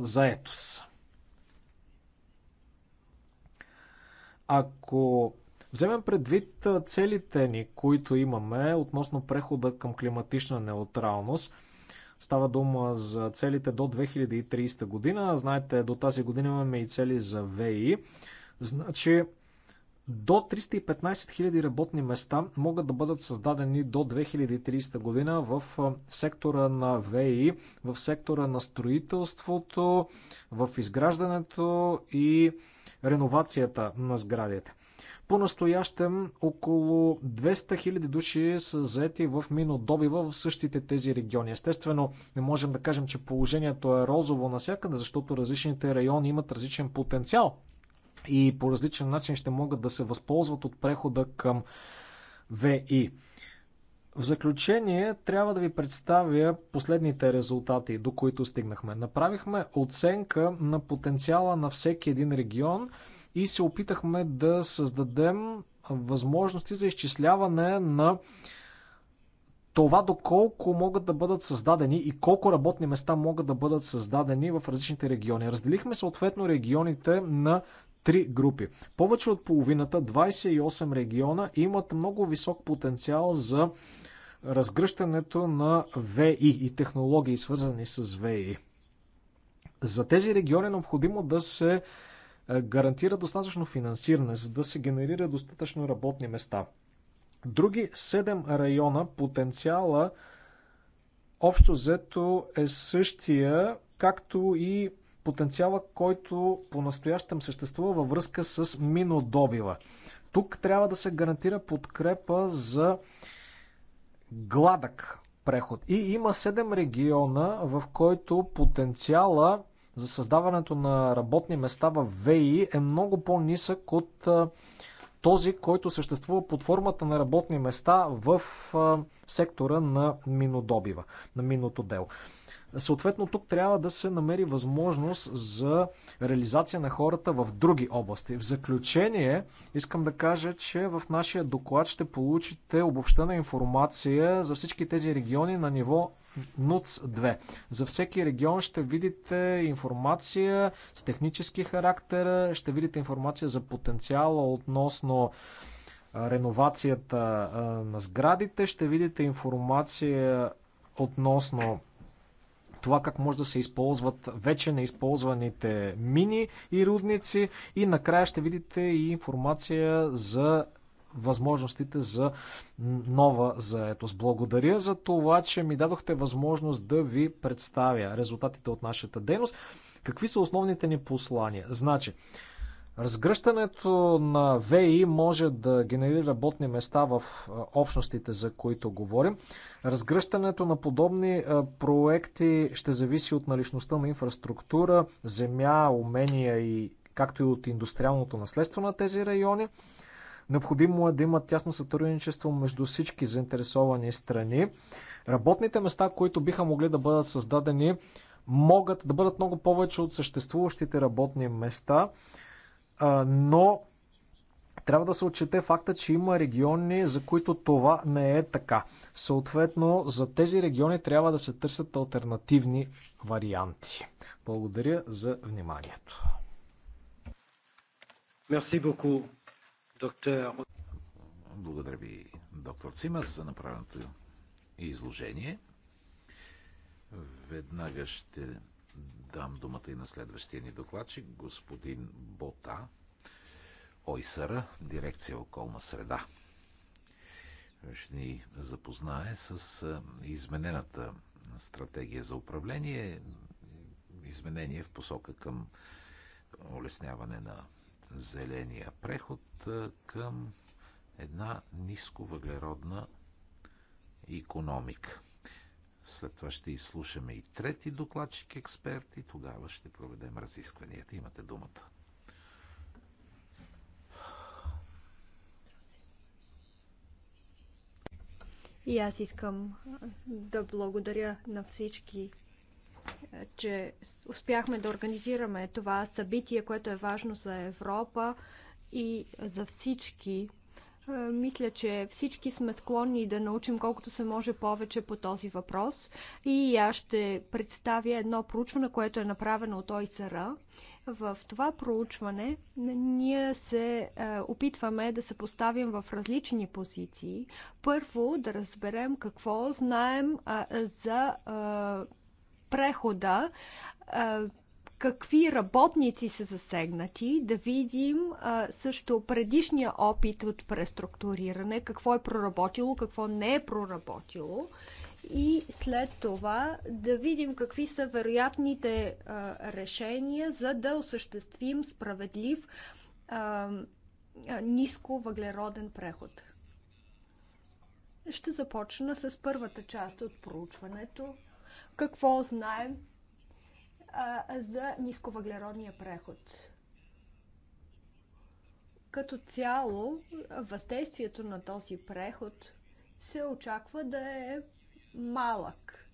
Speaker 1: заетост. Ако вземем предвид целите ни, които имаме относно прехода към климатична неутралност, Става дума за целите до 2030 година. Знаете, до тази година имаме и цели за ВИ. Значи, до 315 000 работни места могат да бъдат създадени до 2030 година в сектора на ВИ, в сектора на строителството, в изграждането и реновацията на сградите. По-настоящем около 200 000 души са заети в минодобива в същите тези региони. Естествено, не можем да кажем, че положението е розово насякъде, защото различните райони имат различен потенциал и по различен начин ще могат да се възползват от прехода към ВИ. В заключение трябва да ви представя последните резултати, до които стигнахме. Направихме оценка на потенциала на всеки един регион и се опитахме да създадем възможности за изчисляване на това доколко могат да бъдат създадени и колко работни места могат да бъдат създадени в различните региони. Разделихме съответно регионите на три групи. Повече от половината, 28 региона, имат много висок потенциал за разгръщането на ВИ и технологии, свързани с ВИ. За тези региони е необходимо да се е, гарантира достатъчно финансиране, за да се генерира достатъчно работни места. Други 7 района потенциала общо взето е същия, както и потенциала, който по-настоящем съществува във връзка с минодобива. Тук трябва да се гарантира подкрепа за гладък преход. И има 7 региона, в който потенциала за създаването на работни места в ВИ е много по-нисък от този, който съществува под формата на работни места в сектора на минодобива, на миното дело. Съответно, тук трябва да се намери възможност за реализация на хората в други области. В заключение, искам да кажа, че в нашия доклад ще получите обобщена информация за всички тези региони на ниво НУЦ-2. За всеки регион ще видите информация с технически характер, ще видите информация за потенциала относно реновацията на сградите, ще видите информация относно това как може да се използват вече неизползваните мини и рудници и накрая ще видите и информация за възможностите за нова заетост. Благодаря за това, че ми дадохте възможност да ви представя резултатите от нашата дейност. Какви са основните ни послания? Значи, Разгръщането на ВИ може да генерира работни места в общностите, за които говорим. Разгръщането на подобни проекти ще зависи от наличността на инфраструктура, земя, умения и както и от индустриалното наследство на тези райони. Необходимо е да има тясно сътрудничество между всички заинтересовани страни. Работните места, които биха могли да бъдат създадени, могат да бъдат много повече от съществуващите работни места но трябва да се отчете факта, че има региони, за които това не е така. Съответно, за тези региони трябва да се търсят альтернативни варианти. Благодаря за вниманието. Мерси доктор.
Speaker 2: Благодаря ви, доктор Цимас, за направеното изложение. Веднага ще дам думата и на следващия ни докладчик, господин Бота, Ойсара, дирекция околна среда. Ще ни запознае с изменената стратегия за управление, изменение в посока към улесняване на зеления преход към една нисковъглеродна економика. След това ще изслушаме и трети докладчик експерт и тогава ще проведем разискванията. Имате думата.
Speaker 3: И аз искам да благодаря на всички, че успяхме да организираме това събитие, което е важно за Европа и за всички е, мисля, че всички сме склонни да научим колкото се може повече по този въпрос. И аз ще представя едно проучване, което е направено от ОИСР. В това проучване ние се е, опитваме да се поставим в различни позиции. Първо да разберем какво знаем а, за а, е, прехода. А, е, какви работници са засегнати, да видим а, също предишния опит от преструктуриране, какво е проработило, какво не е проработило и след това да видим какви са вероятните а, решения, за да осъществим справедлив а, ниско въглероден преход. Ще започна с първата част от проучването. Какво знаем а, за нисковъглеродния преход. Като цяло, въздействието на този преход се очаква да е малък.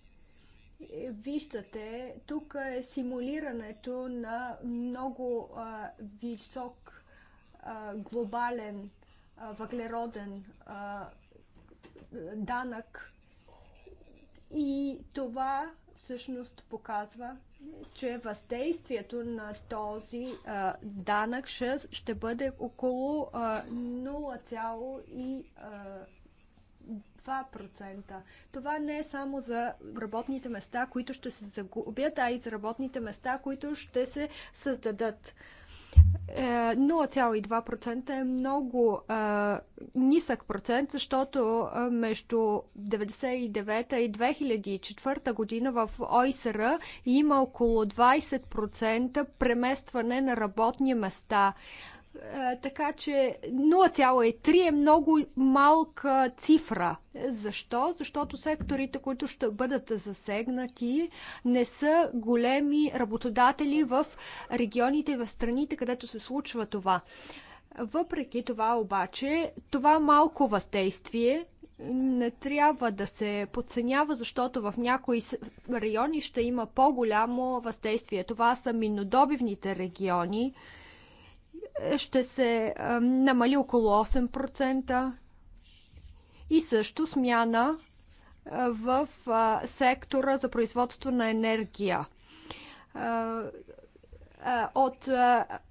Speaker 3: Виждате, тук е симулирането на много а, висок а, глобален а, въглероден а, данък. И това всъщност показва, че въздействието на този а, данък ще бъде около 0,2%. Това не е само за работните места, които ще се загубят, а и за работните места, които ще се създадат. 0,2% е, е много а, е, нисък процент, защото е, между 1999 и 2004 година в ОИСР има около 20% преместване на работни места така че 0,3 е много малка цифра. Защо? Защото секторите, които ще бъдат засегнати, не са големи работодатели в регионите и в страните, където се случва това. Въпреки това обаче, това малко въздействие не трябва да се подценява, защото в някои райони ще има по-голямо въздействие. Това са минодобивните региони, ще се намали около 8% и също смяна в сектора за производство на енергия от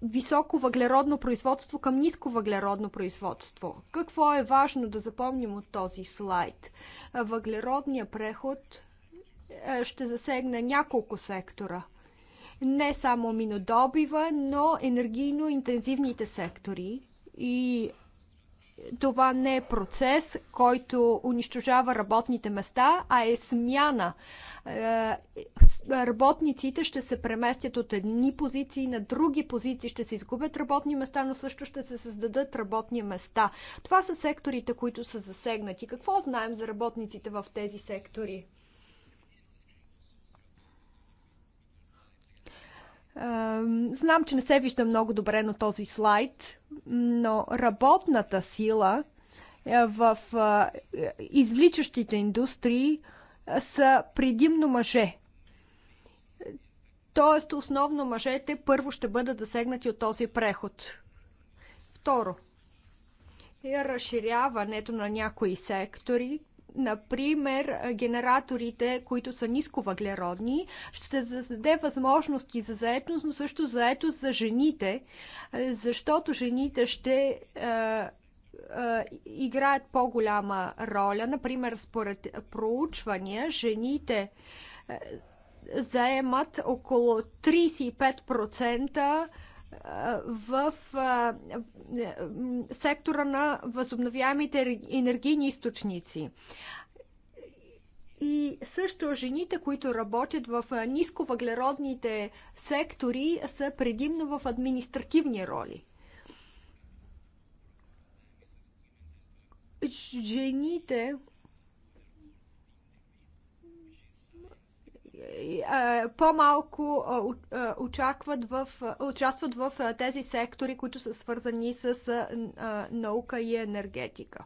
Speaker 3: високо въглеродно производство към ниско въглеродно производство. Какво е важно да запомним от този слайд? Въглеродният преход ще засегне няколко сектора – не само минодобива, но енергийно интензивните сектори. И това не е процес, който унищожава работните места, а е смяна. Е, работниците ще се преместят от едни позиции на други позиции, ще се изгубят работни места, но също ще се създадат работни места. Това са секторите, които са засегнати. Какво знаем за работниците в тези сектори? Знам, че не се вижда много добре на този слайд, но работната сила е, в извличащите индустрии са предимно мъже. Тоест, основно мъжете първо ще бъдат засегнати от този преход. Второ, е разширяването на някои сектори Например, генераторите, които са нисковъглеродни, ще създаде възможности за заедност, но също заетост за жените, е, защото жените ще е, е, играят по-голяма роля. Например, според проучвания, жените заемат около 35% в сектора на възобновяемите енергийни източници. И също жените, които работят в нисковъглеродните сектори, са предимно в административни роли. Жените по-малко очакват в, участват в тези сектори, които са свързани с наука и енергетика.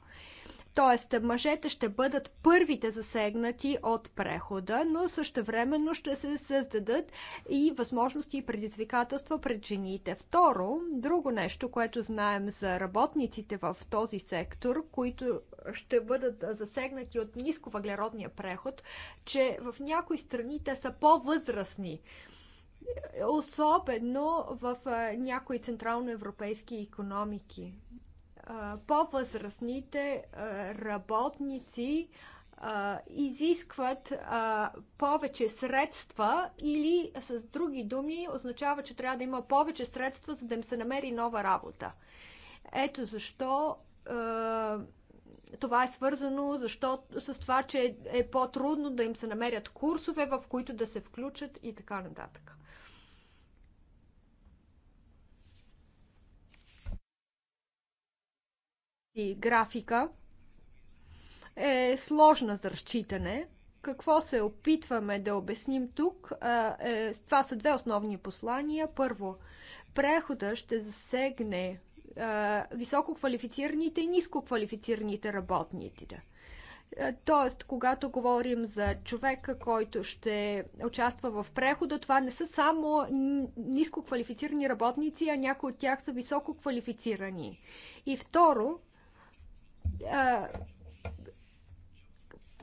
Speaker 3: Тоест, мъжете ще бъдат първите засегнати от прехода, но същевременно ще се създадат и възможности и предизвикателства пред жените. Второ, друго нещо, което знаем за работниците в този сектор, които ще бъдат засегнати от нисковъглеродния преход, че в някои страни те са по-възрастни особено в някои централноевропейски економики по-възрастните работници изискват повече средства или с други думи означава, че трябва да има повече средства, за да им се намери нова работа. Ето защо това е свързано защо, с това, че е по-трудно да им се намерят курсове, в които да се включат и така нататък. И графика е сложна за разчитане. Какво се опитваме да обясним тук? Е, това са две основни послания. Първо, прехода ще засегне високо квалифицираните и ниско квалифицираните работниците. Тоест, когато говорим за човека, който ще участва в прехода, това не са само ниско квалифицирани работници, а някои от тях са високо квалифицирани. И второ,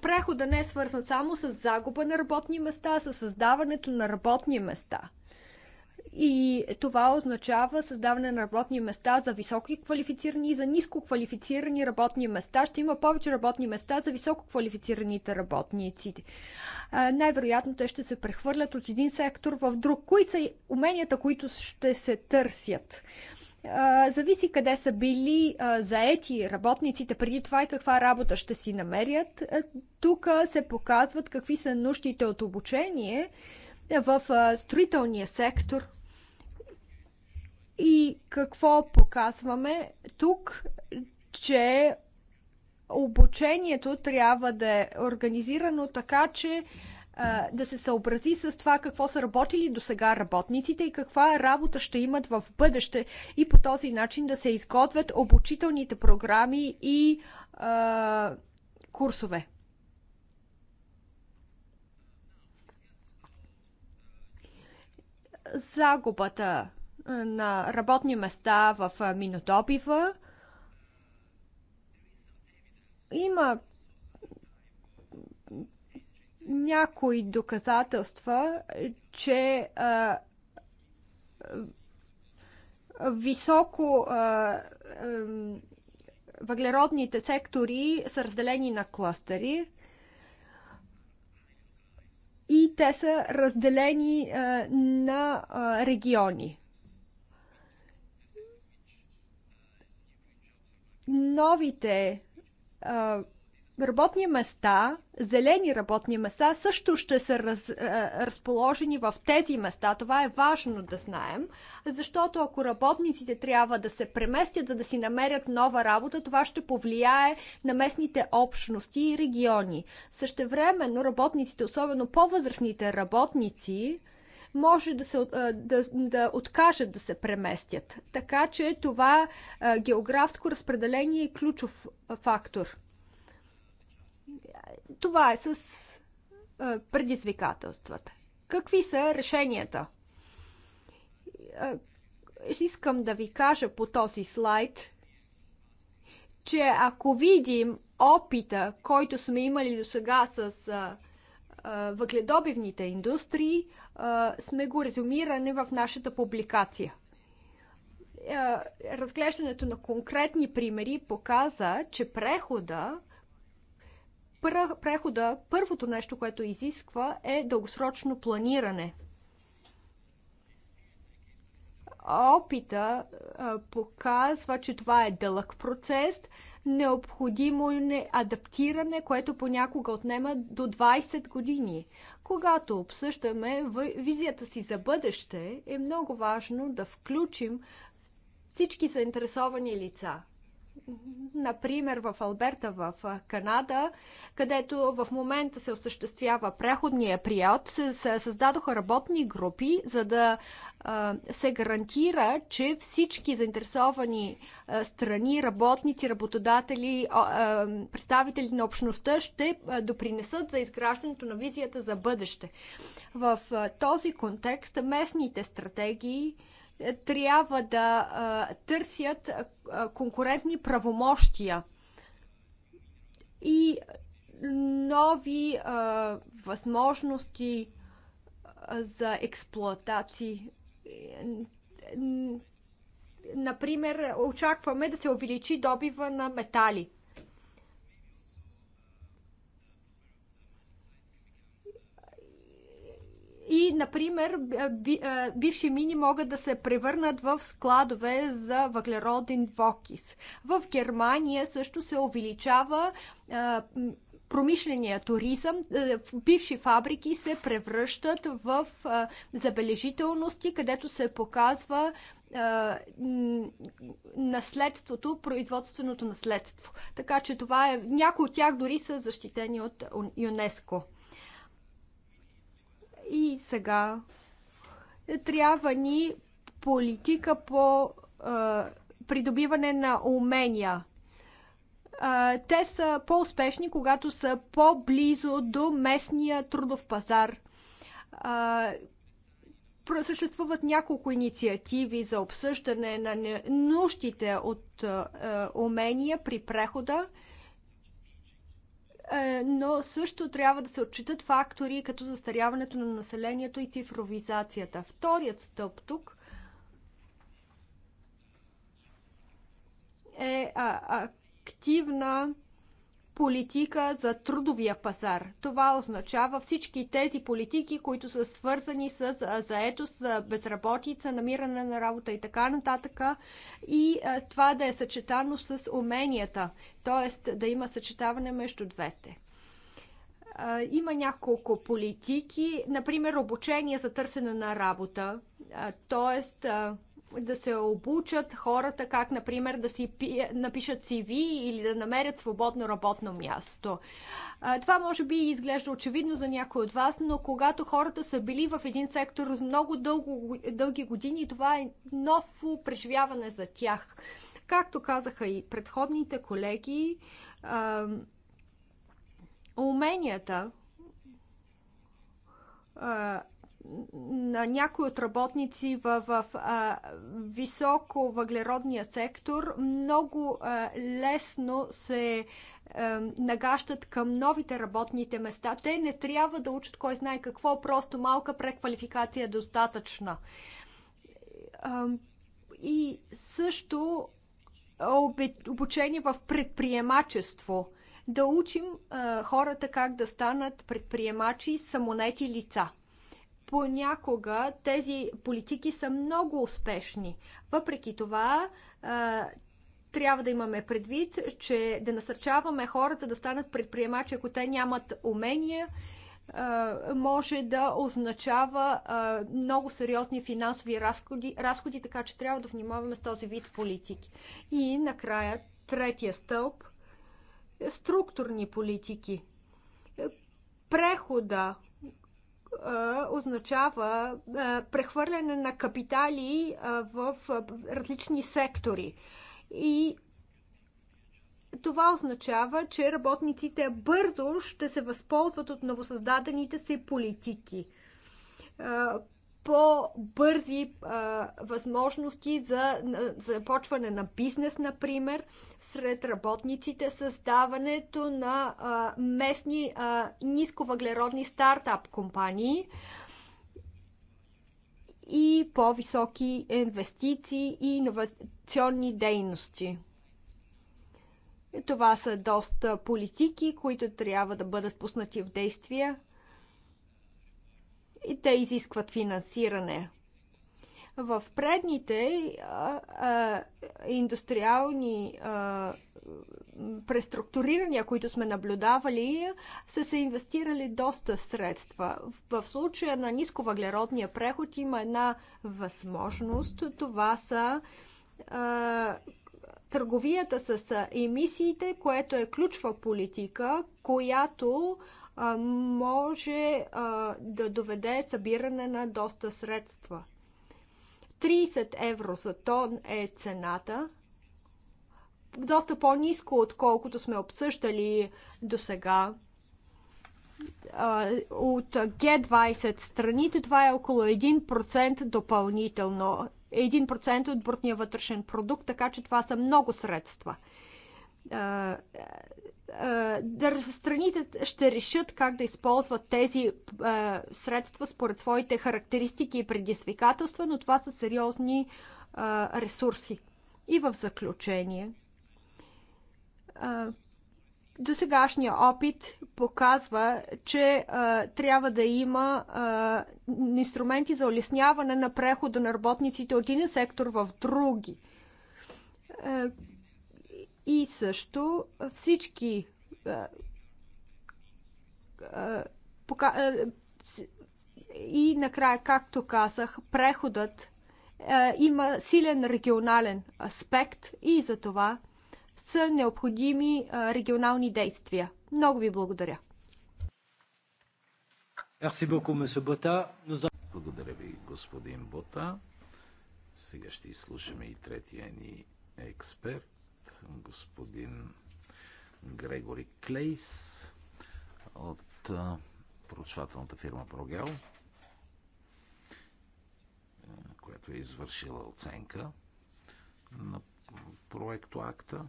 Speaker 3: прехода не е свързан само с загуба на работни места, а с създаването на работни места. И това означава създаване на работни места за високи квалифицирани и за ниско квалифицирани работни места. Ще има повече работни места за високо квалифицираните работници. най-вероятно те ще се прехвърлят от един сектор в друг. Кои са уменията, които ще се търсят? зависи къде са били заети работниците преди това и каква работа ще си намерят. Тук се показват какви са нуждите от обучение в строителния сектор. И какво показваме тук, че обучението трябва да е организирано така, че да се съобрази с това какво са работили до сега работниците и каква работа ще имат в бъдеще и по този начин да се изготвят обучителните програми и а, курсове. Загубата на работни места в минодобива има някои доказателства, че а, високо а, а, въглеродните сектори са разделени на кластери и те са разделени а, на а, региони. Новите а, работни места, зелени работни места също ще са раз, е, разположени в тези места. Това е важно да знаем, защото ако работниците трябва да се преместят, за да си намерят нова работа, това ще повлияе на местните общности и региони. Същевременно работниците, особено по-възрастните работници, може да, се, е, да, да откажат да се преместят. Така че това е, географско разпределение е ключов фактор. Това е с предизвикателствата. Какви са решенията? Искам да ви кажа по този слайд, че ако видим опита, който сме имали до сега с въгледобивните индустрии, сме го резюмирани в нашата публикация. Разглеждането на конкретни примери показа, че прехода прехода първото нещо, което изисква е дългосрочно планиране. Опита показва, че това е дълъг процес, необходимо е адаптиране, което понякога отнема до 20 години. Когато обсъждаме визията си за бъдеще, е много важно да включим всички заинтересовани лица например в Алберта, в Канада, където в момента се осъществява преходния прият, се, се създадоха работни групи, за да се гарантира, че всички заинтересовани страни, работници, работодатели, представители на общността ще допринесат за изграждането на визията за бъдеще. В този контекст местните стратегии трябва да а, търсят а, конкурентни правомощия и нови а, възможности за експлоатации. Например, очакваме да се увеличи добива на метали. И, например, бивши мини могат да се превърнат в складове за въглероден двокис. В Германия също се увеличава промишления туризъм, е, бивши фабрики се превръщат в забележителности, където се показва наследството, производственото наследство. Така че това е, някои от тях дори са защитени от ЮНЕСКО. И сега е, трябва ни политика по а, е, придобиване на умения. А, е, те са по-успешни, когато са по-близо до местния трудов пазар. А, съществуват няколко инициативи за обсъждане на нуждите от е, умения при прехода. Е, но също трябва да се отчитат фактори като застаряването на населението и цифровизацията. Вторият стълб тук е активна политика за трудовия пазар. Това означава всички тези политики, които са свързани с заетост, безработица, намиране на работа и така нататък. И това да е съчетано с уменията, т.е. да има съчетаване между двете има няколко политики, например обучение за търсене на работа, т.е да се обучат хората как, например, да си напишат CV или да намерят свободно работно място. Това може би изглежда очевидно за някой от вас, но когато хората са били в един сектор с много дълго, дълги години, това е ново преживяване за тях. Както казаха и предходните колеги, уменията на някои от работници в, в а, високо въглеродния сектор много а, лесно се а, нагащат към новите работните места. Те не трябва да учат кой знае какво, просто малка преквалификация е достатъчна. А, и също обучение в предприемачество. Да учим а, хората как да станат предприемачи самонети лица понякога тези политики са много успешни. Въпреки това, трябва да имаме предвид, че да насърчаваме хората да станат предприемачи, ако те нямат умения, може да означава много сериозни финансови разходи, разходи, така че трябва да внимаваме с този вид политики. И накрая, третия стълб структурни политики. Прехода означава прехвърляне на капитали в различни сектори. И това означава, че работниците бързо ще се възползват от новосъздадените си политики. По-бързи възможности за започване на бизнес, например, сред работниците създаването на а, местни а, нисковъглеродни стартап компании и по-високи инвестиции и иновационни дейности. Това са доста политики, които трябва да бъдат пуснати в действие и те изискват финансиране в предните а, а, индустриални а, преструктурирания, които сме наблюдавали, са се инвестирали доста средства. В случая на нисковъглеродния преход има една възможност. Това са а, търговията с емисиите, което е ключва политика, която а, може а, да доведе събиране на доста средства. 30 евро за тон е цената. Доста по-низко, отколкото сме обсъждали до сега. От G20 страните това е около 1% допълнително. 1% от брутния вътрешен продукт, така че това са много средства да страните ще решат как да използват тези а, средства според своите характеристики и предизвикателства, но това са сериозни а, ресурси. И в заключение, а, досегашния опит показва, че а, трябва да има а, инструменти за улесняване на прехода на работниците от един сектор в други и също всички и накрая, както казах, преходът има силен регионален аспект и за това са необходими регионални действия. Много ви благодаря.
Speaker 2: Благодаря ви, господин Бота. Сега ще изслушаме и третия ни експерт господин Грегори Клейс от проучвателната фирма Прогел, е, която е извършила оценка на проекто акта,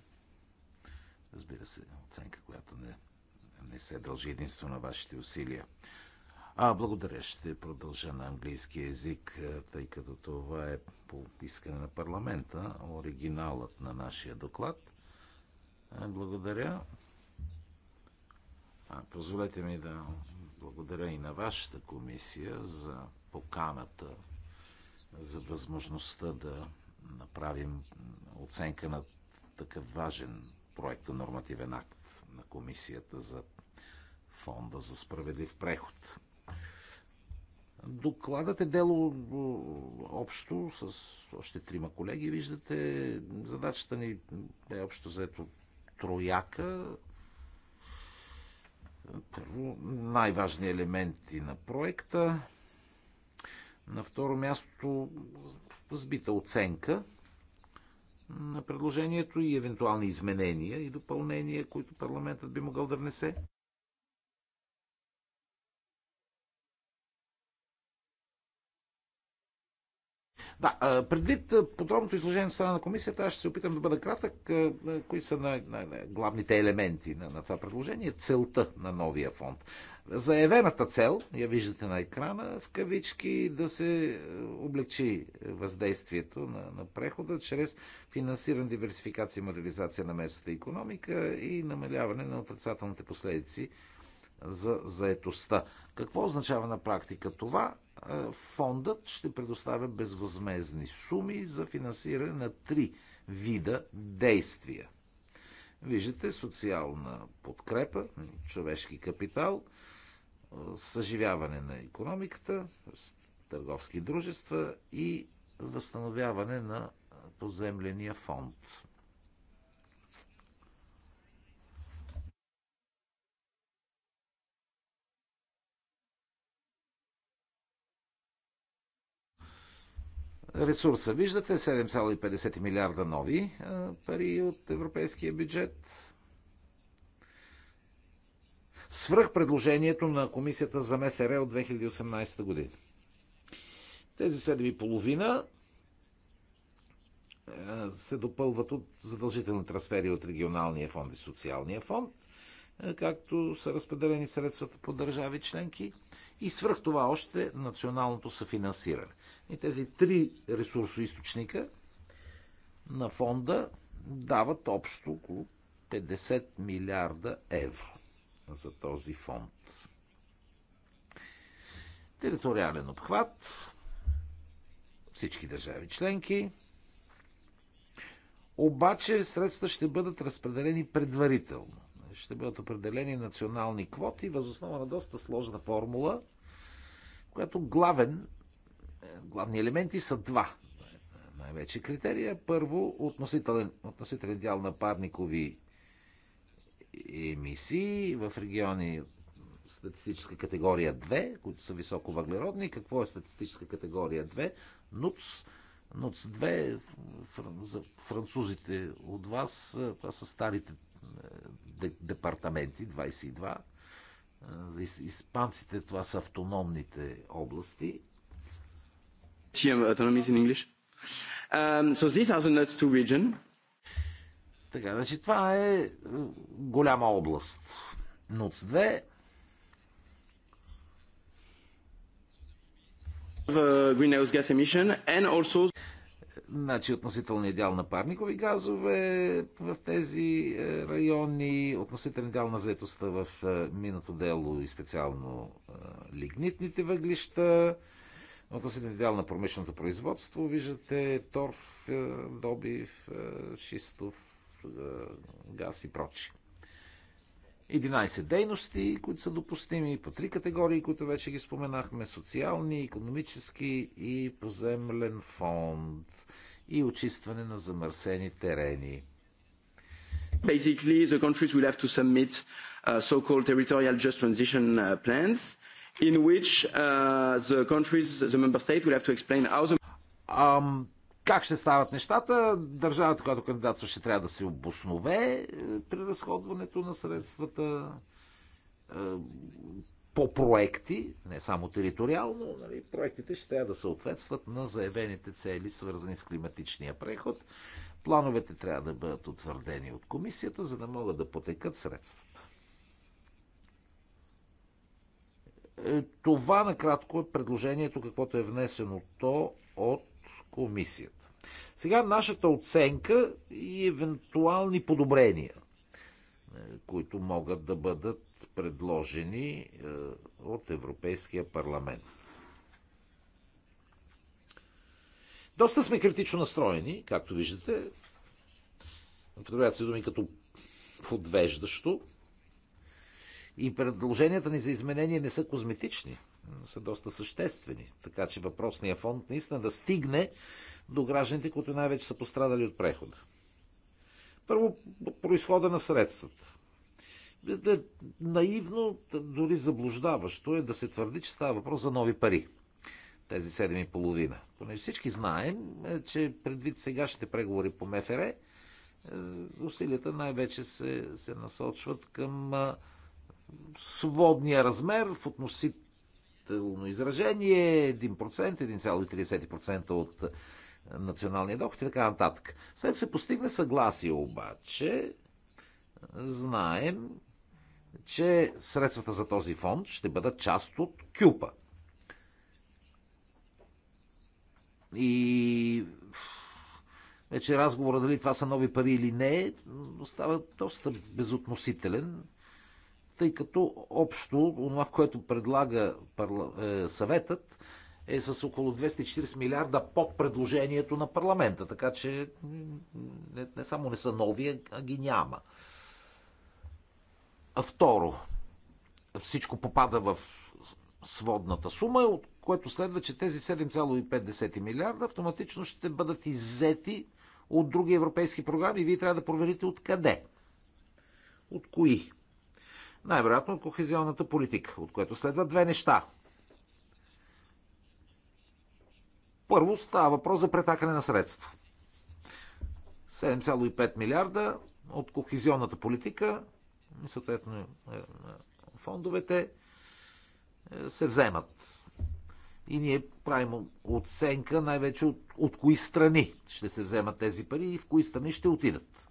Speaker 2: Разбира се, оценка, която не, не се дължи единствено на вашите усилия. А, благодаря. Ще продължа на английски язик, тъй като това е по искане на парламента, оригиналът на нашия доклад. Благодаря. Позволете ми да благодаря и на вашата комисия за поканата, за възможността да направим оценка на такъв важен проект на нормативен акт на комисията за фонда за справедлив преход. Докладът е дело общо с още трима колеги. Виждате, задачата ни е общо заето трояка. Първо, най-важни елементи на проекта. На второ място, сбита оценка на предложението и евентуални изменения и допълнения, които парламентът би могъл да внесе. Да, предвид подробното изложение на страна на комисията, аз ще се опитам да бъда кратък. Кои са най най- най- главните елементи на, на това предложение? Целта на новия фонд. Заявената цел, я виждате на екрана, в кавички, да се е, облегчи въздействието на, на прехода чрез финансиран диверсификация и модернизация на местната економика и намаляване на отрицателните последици за заетостта. Какво означава на практика това? Е, фондът ще предоставя безвъзмезни суми за финансиране на три вида действия. Виждате социална подкрепа, човешки капитал, е, съживяване на економиката, търговски дружества и възстановяване на поземления фонд. ресурса. Виждате 7,50 милиарда нови пари от европейския бюджет. Свръх предложението на комисията за МФР от 2018 година. Тези 7,5 се допълват от задължителни трансфери от регионалния фонд и социалния фонд, както са разпределени средствата по държави членки и свръх това още националното съфинансиране. И тези три ресурсоисточника на фонда дават общо около 50 милиарда евро за този фонд. Териториален обхват, всички държави членки, обаче средства ще бъдат разпределени предварително. Ще бъдат определени национални квоти възоснова на доста сложна формула, която главен главни елементи са два. Най-вече критерия. Първо, относителен, относителен дял на парникови емисии в региони статистическа категория 2, които са високо въглеродни. Какво е статистическа категория 2? НУЦ. НУЦ 2, е за французите от вас, това са старите е, департаменти, 22. Е, за испанците това са автономните области. TM autonomies in English.
Speaker 4: Um, so these are the nuts to region. Така, значи това е голяма област. НУЦ 2. Uh, greenhouse gas emission and also
Speaker 2: значи относителният дял на парникови газове в тези е, райони, относителният дял на заетостта в е, миното дело и специално е, лигнитните въглища, Относителен дял на промишленото производство, виждате торф, е, добив, е, шистов е, газ и прочи. 11 дейности, които са допустими по три категории, които вече ги споменахме социални, економически и поземлен
Speaker 4: фонд и очистване на замърсени терени. Basically, the countries will have to submit uh, so-called territorial just transition uh, plans in which uh, the countries, the member states will have to explain how the... Um, как ще стават нещата? Държавата, която кандидатства, ще трябва да се обоснове е,
Speaker 2: при разходването на средствата е, по проекти, не само териториално, нали, проектите ще трябва да съответстват на заявените цели, свързани с климатичния преход. Плановете трябва да бъдат утвърдени от комисията, за да могат да потекат средства. Е, това накратко е предложението, каквото е внесено то от комисията. Сега нашата оценка и евентуални подобрения, е, които могат да бъдат предложени е, от Европейския парламент. Доста сме критично настроени, както виждате. Употребяват се думи като подвеждащо. И предложенията ни за изменение не са козметични, са доста съществени. Така че въпросният фонд наистина да стигне до гражданите, които най-вече са пострадали от прехода. Първо, произхода на средствата. Е, е, наивно, дори заблуждаващо е да се твърди, че става въпрос за нови пари. Тези 7,5. Понеже всички знаем, е, че предвид сегашните преговори по МФР, усилията най-вече се, се насочват към сводния размер в относително изражение 1%, 1,30% от е, националния доход и така нататък. След се постигне съгласие обаче, знаем, че средствата за този фонд ще бъдат част от Кюпа. И вече разговора дали това са нови пари или не, става доста безотносителен тъй като общо това, което предлага е, съветът, е с около 240 милиарда под предложението на парламента. Така че не, не само не са нови, а ги няма. А второ, всичко попада в сводната сума, от което следва, че тези 7,5 милиарда автоматично ще бъдат иззети от други европейски програми и вие трябва да проверите откъде. От кои? най-вероятно от кохезионната политика, от което следва две неща. Първо става въпрос за претакане на средства. 7,5 милиарда от кохезионната политика и съответно е, е, фондовете е, се вземат. И ние правим оценка най-вече от, от кои страни ще се вземат тези пари и в кои страни ще отидат.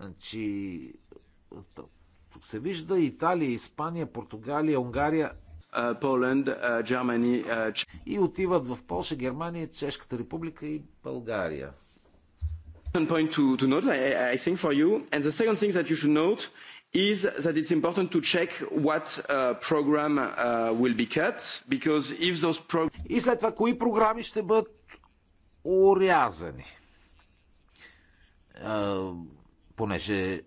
Speaker 2: Значи, тук се вижда Италия, Испания, Португалия, Унгария. Germany, uh... И отиват в Польша, Германия,
Speaker 4: Чешката република и България. Point to, to note, I, I think for you. And the second thing that you should note is that it's important to check what uh, program uh, will be cut, because if those pro... И след това, кои програми ще бъдат урязани.
Speaker 2: Uh, понеже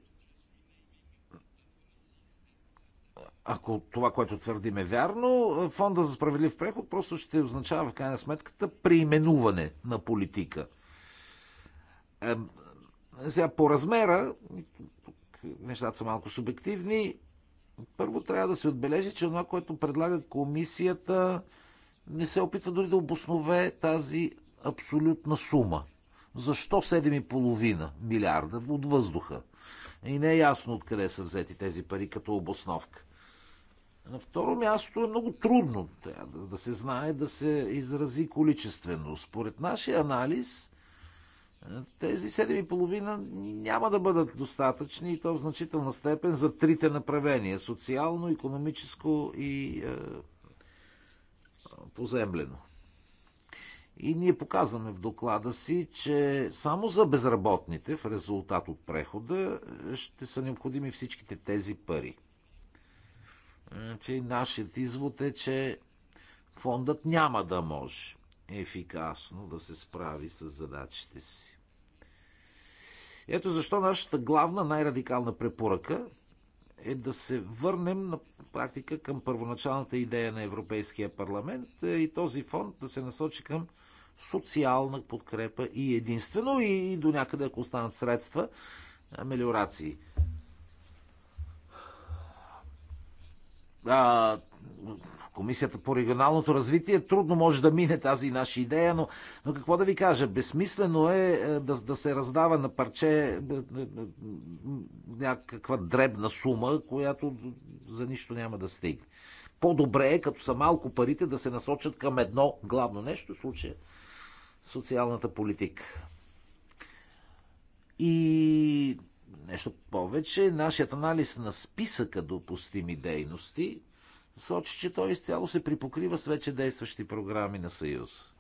Speaker 2: ако това, което твърдим е вярно, фонда за справедлив преход просто ще означава в крайна сметката преименуване на политика. Сега по размера, тук нещата са малко субективни, първо трябва да се отбележи, че това, което предлага комисията, не се опитва дори да обоснове тази абсолютна сума. Защо 7,5 милиарда от въздуха? И не е ясно откъде са взети тези пари като обосновка. На второ място е много трудно да се знае, да се изрази количествено. Според нашия анализ, е, тези 7,5 няма да бъдат достатъчни и то в значителна степен за трите направления социално, економическо и е, поземлено. И ние показваме в доклада си, че само за безработните в резултат от прехода е, ще са необходими всичките тези пари. Значи, нашият извод е, че фондът няма да може ефикасно да се справи с задачите си. Ето защо нашата главна, най-радикална препоръка е да се върнем на практика към първоначалната идея на Европейския парламент е, и този фонд да се насочи към социална подкрепа и единствено и до някъде, ако останат средства, амелиорации а, Комисията по регионалното развитие трудно може да мине тази наша идея, но, но какво да ви кажа, безсмислено е, е да, да се раздава на парче е, е, някаква дребна сума, която за нищо няма да стигне. По-добре е, като са малко парите, да се насочат към едно главно нещо, в случая социалната политика. И Нещо повече, нашият анализ на списъка допустими дейности сочи, че той изцяло се припокрива с вече действащи програми на Съюз.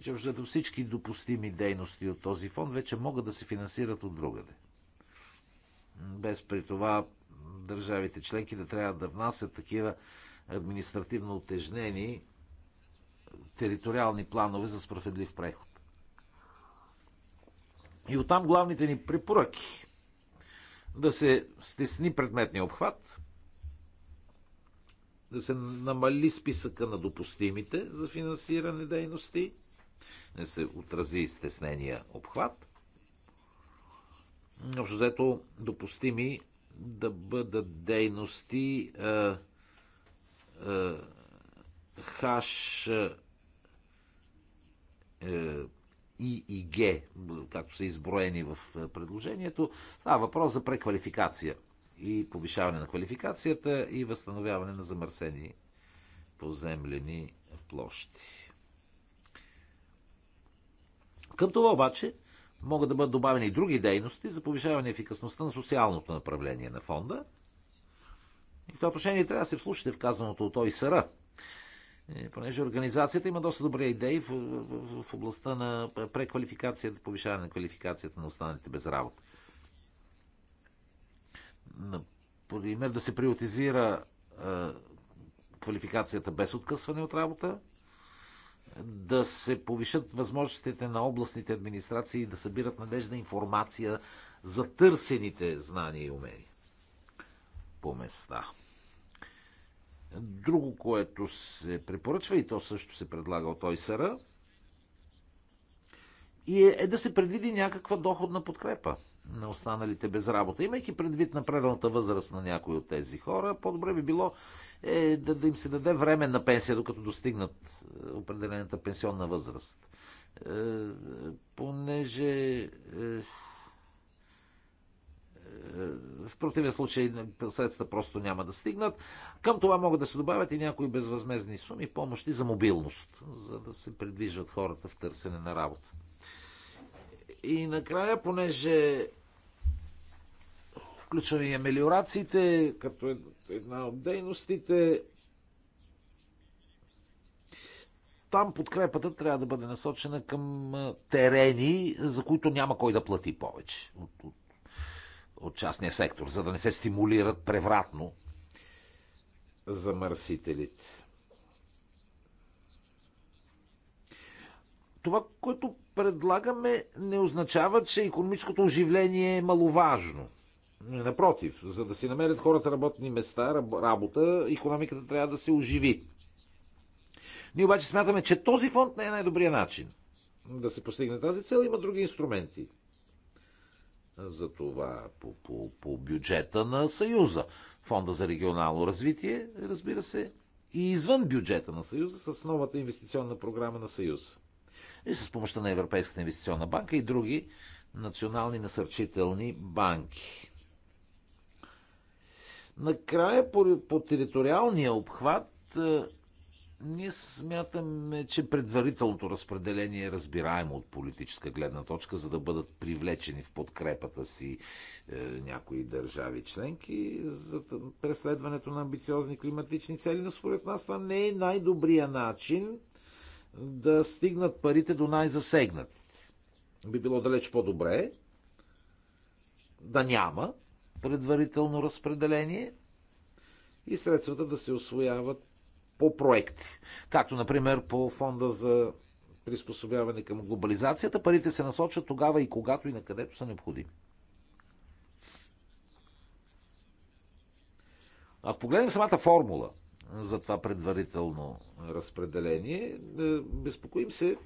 Speaker 2: Че защото всички допустими дейности от този фонд вече могат да се финансират от другаде. Без при това държавите членки да трябва да внасят такива административно отежнени териториални планове за справедлив преход. И оттам главните ни препоръки. Да се стесни предметния обхват, да се намали списъка на допустимите за финансиране дейности, да се отрази стеснения обхват. Общо взето допустими да бъдат дейности а, а, хаш е, и и Г, както са изброени в е, предложението. Става въпрос за преквалификация и повишаване на квалификацията и възстановяване на замърсени поземлени площи. Към това обаче могат да бъдат добавени и други дейности за повишаване ефикасността на социалното направление на фонда. И в това отношение трябва да се вслушате в казаното от ОИСРА, е, понеже организацията има доста добри идеи в, в, в областта на преквалификацията, повишаване на квалификацията на останалите без работа. Например, да се приоритизира е, квалификацията без откъсване от работа, да се повишат възможностите на областните администрации да събират надежна информация за търсените знания и умения по места. Друго, което се препоръчва и то също се предлага от ОИСР, и е, е да се предвиди някаква доходна подкрепа на останалите без работа. Имайки предвид напредната възраст на някои от тези хора, по-добре би било е, да, да им се даде време на пенсия, докато достигнат е, определената пенсионна възраст. Е, е понеже. Е, в противен случай средства просто няма да стигнат. Към това могат да се добавят и някои безвъзмезни суми, помощи за мобилност, за да се придвижват хората в търсене на работа. И накрая, понеже включваме и амелиорациите, като е една от дейностите, там подкрепата трябва да бъде насочена към терени, за които няма кой да плати повече от, от от частния сектор, за да не се стимулират превратно замърсителите. Това, което предлагаме, не означава, че економическото оживление е маловажно. Напротив, за да си намерят хората работни места, работа, економиката трябва да се оживи. Ние обаче смятаме, че този фонд не е най-добрият начин да се постигне тази цел. Има други инструменти, за това по, по, по бюджета на Съюза. Фонда за регионално развитие, разбира се, и извън бюджета на Съюза с новата инвестиционна програма на Съюза. И с помощта на Европейската инвестиционна банка и други национални насърчителни банки. Накрая по, по териториалния обхват е, ние смятаме, че предварителното разпределение е разбираемо от политическа гледна точка, за да бъдат привлечени в подкрепата си е, някои държави членки за преследването на амбициозни климатични цели, но според нас това не е най-добрия начин да стигнат парите до най-засегнатите. Би било далеч по-добре да няма предварително разпределение и средствата да се освояват по проекти. Както, например, по фонда за приспособяване към глобализацията. Парите се насочат тогава и когато и на където са необходими. Ако погледнем самата формула за това предварително разпределение, е, безпокоим се,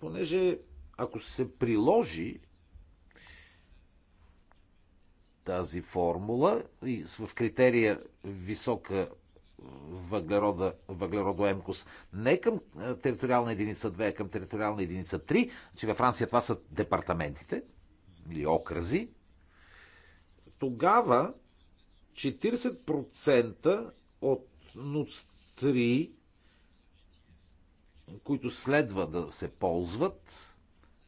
Speaker 2: понеже ако се приложи тази формула и в критерия висока въглерода, въглеродоемкост не към териториална единица 2, а към териториална единица 3. че във Франция това са департаментите или окрази. Тогава 40% от НУЦ-3, които следва да се ползват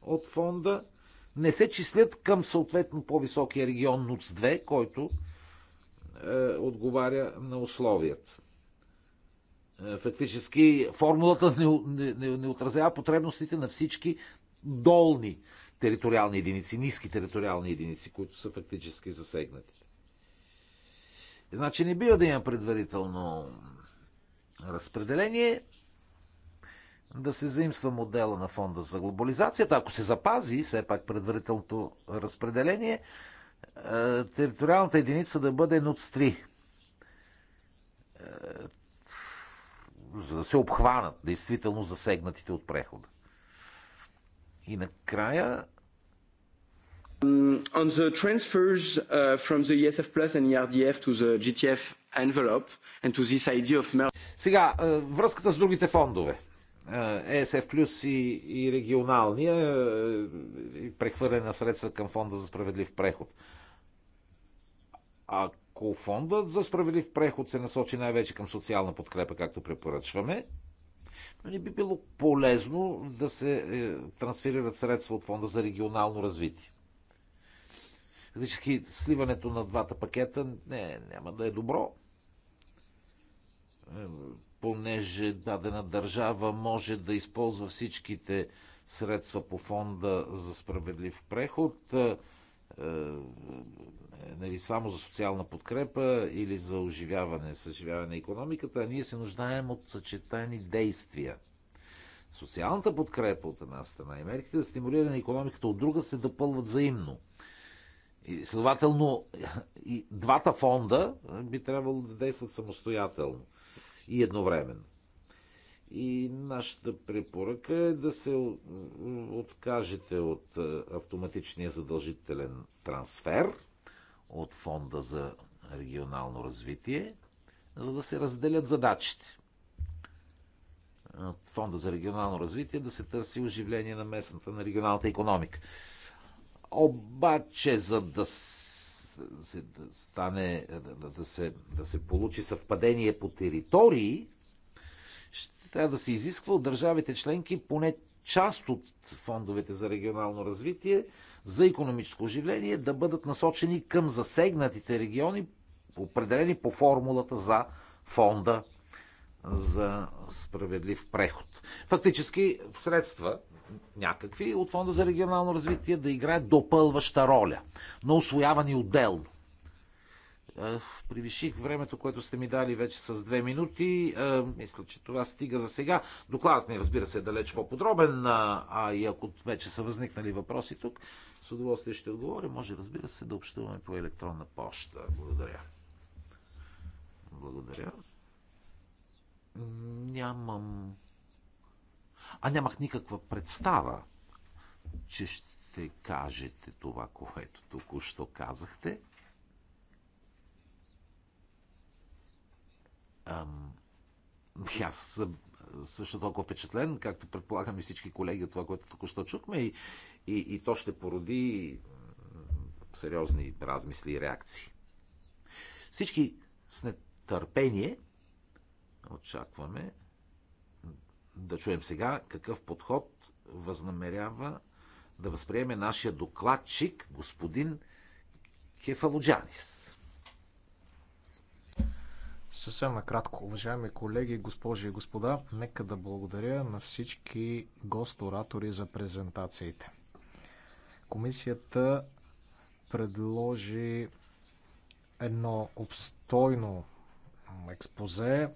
Speaker 2: от фонда, не се числят към съответно по-високия регион НУЦ-2, който е, отговаря на условията. Е, фактически формулата не, не, не отразява потребностите на всички долни териториални единици, ниски териториални единици, които са фактически засегнати. Значи не бива да има предварително разпределение, да се заимства модела на фонда за глобализацията. Ако се запази все пак предварителното разпределение, е, териториалната единица да бъде ноц 3 е, За да се обхванат действително засегнатите от прехода.
Speaker 4: И накрая On the transfers uh, from the ESF Plus and ERDF to the GTF envelope and to this idea of Сега, е, връзката с другите фондове. Е, ЕСФ плюс и,
Speaker 2: и регионалния е, е, и прехвърляне на средства към фонда за справедлив преход. Ако фондът за справедлив преход се насочи най-вече към социална подкрепа, както препоръчваме, не нали, би било полезно да се трансферират средства от фонда за регионално развитие. Фактически сливането на двата пакета не, няма да е добро понеже дадена държава може да използва всичките средства по фонда за справедлив преход, е, е, нали, само за социална подкрепа или за оживяване, съживяване на економиката, а ние се нуждаем от съчетани действия. Социалната подкрепа от една страна и мерките за стимулиране на економиката от друга се допълват взаимно. И, следователно, и двата фонда би трябвало да действат самостоятелно и едновременно. И нашата препоръка е да се откажете от е, автоматичния задължителен трансфер от Фонда за регионално развитие, за да се разделят задачите. От Фонда за регионално развитие да се търси оживление на местната, на регионалната економика. Обаче, за да се, да, стане, да, да, се, да се получи съвпадение по територии, ще трябва да се изисква от държавите членки поне част от фондовете за регионално развитие за економическо оживление да бъдат насочени към засегнатите региони, определени по формулата за фонда за справедлив преход. Фактически средства, някакви от Фонда за регионално развитие да играе допълваща роля, но освоявани отделно. Е, превиших времето, което сте ми дали вече с две минути. Е, мисля, че това стига за сега. Докладът ми, разбира се, е далеч по-подробен, а и ако вече са възникнали въпроси тук, с удоволствие ще отговоря. Може, разбира се, да общуваме по електронна почта. Благодаря. Благодаря. Нямам а нямах никаква представа, че ще кажете това, което току-що казахте. Ам, аз съм също толкова впечатлен, както предполагам и всички колеги от това, което току-що чухме, и, и, и то ще породи сериозни размисли и реакции. Всички с нетърпение очакваме да чуем сега какъв подход възнамерява да възприеме нашия докладчик, господин
Speaker 1: Кефалоджанис. Съвсем накратко, уважаеми колеги, госпожи и господа, нека да благодаря на всички гост-оратори за презентациите. Комисията предложи едно обстойно експозе,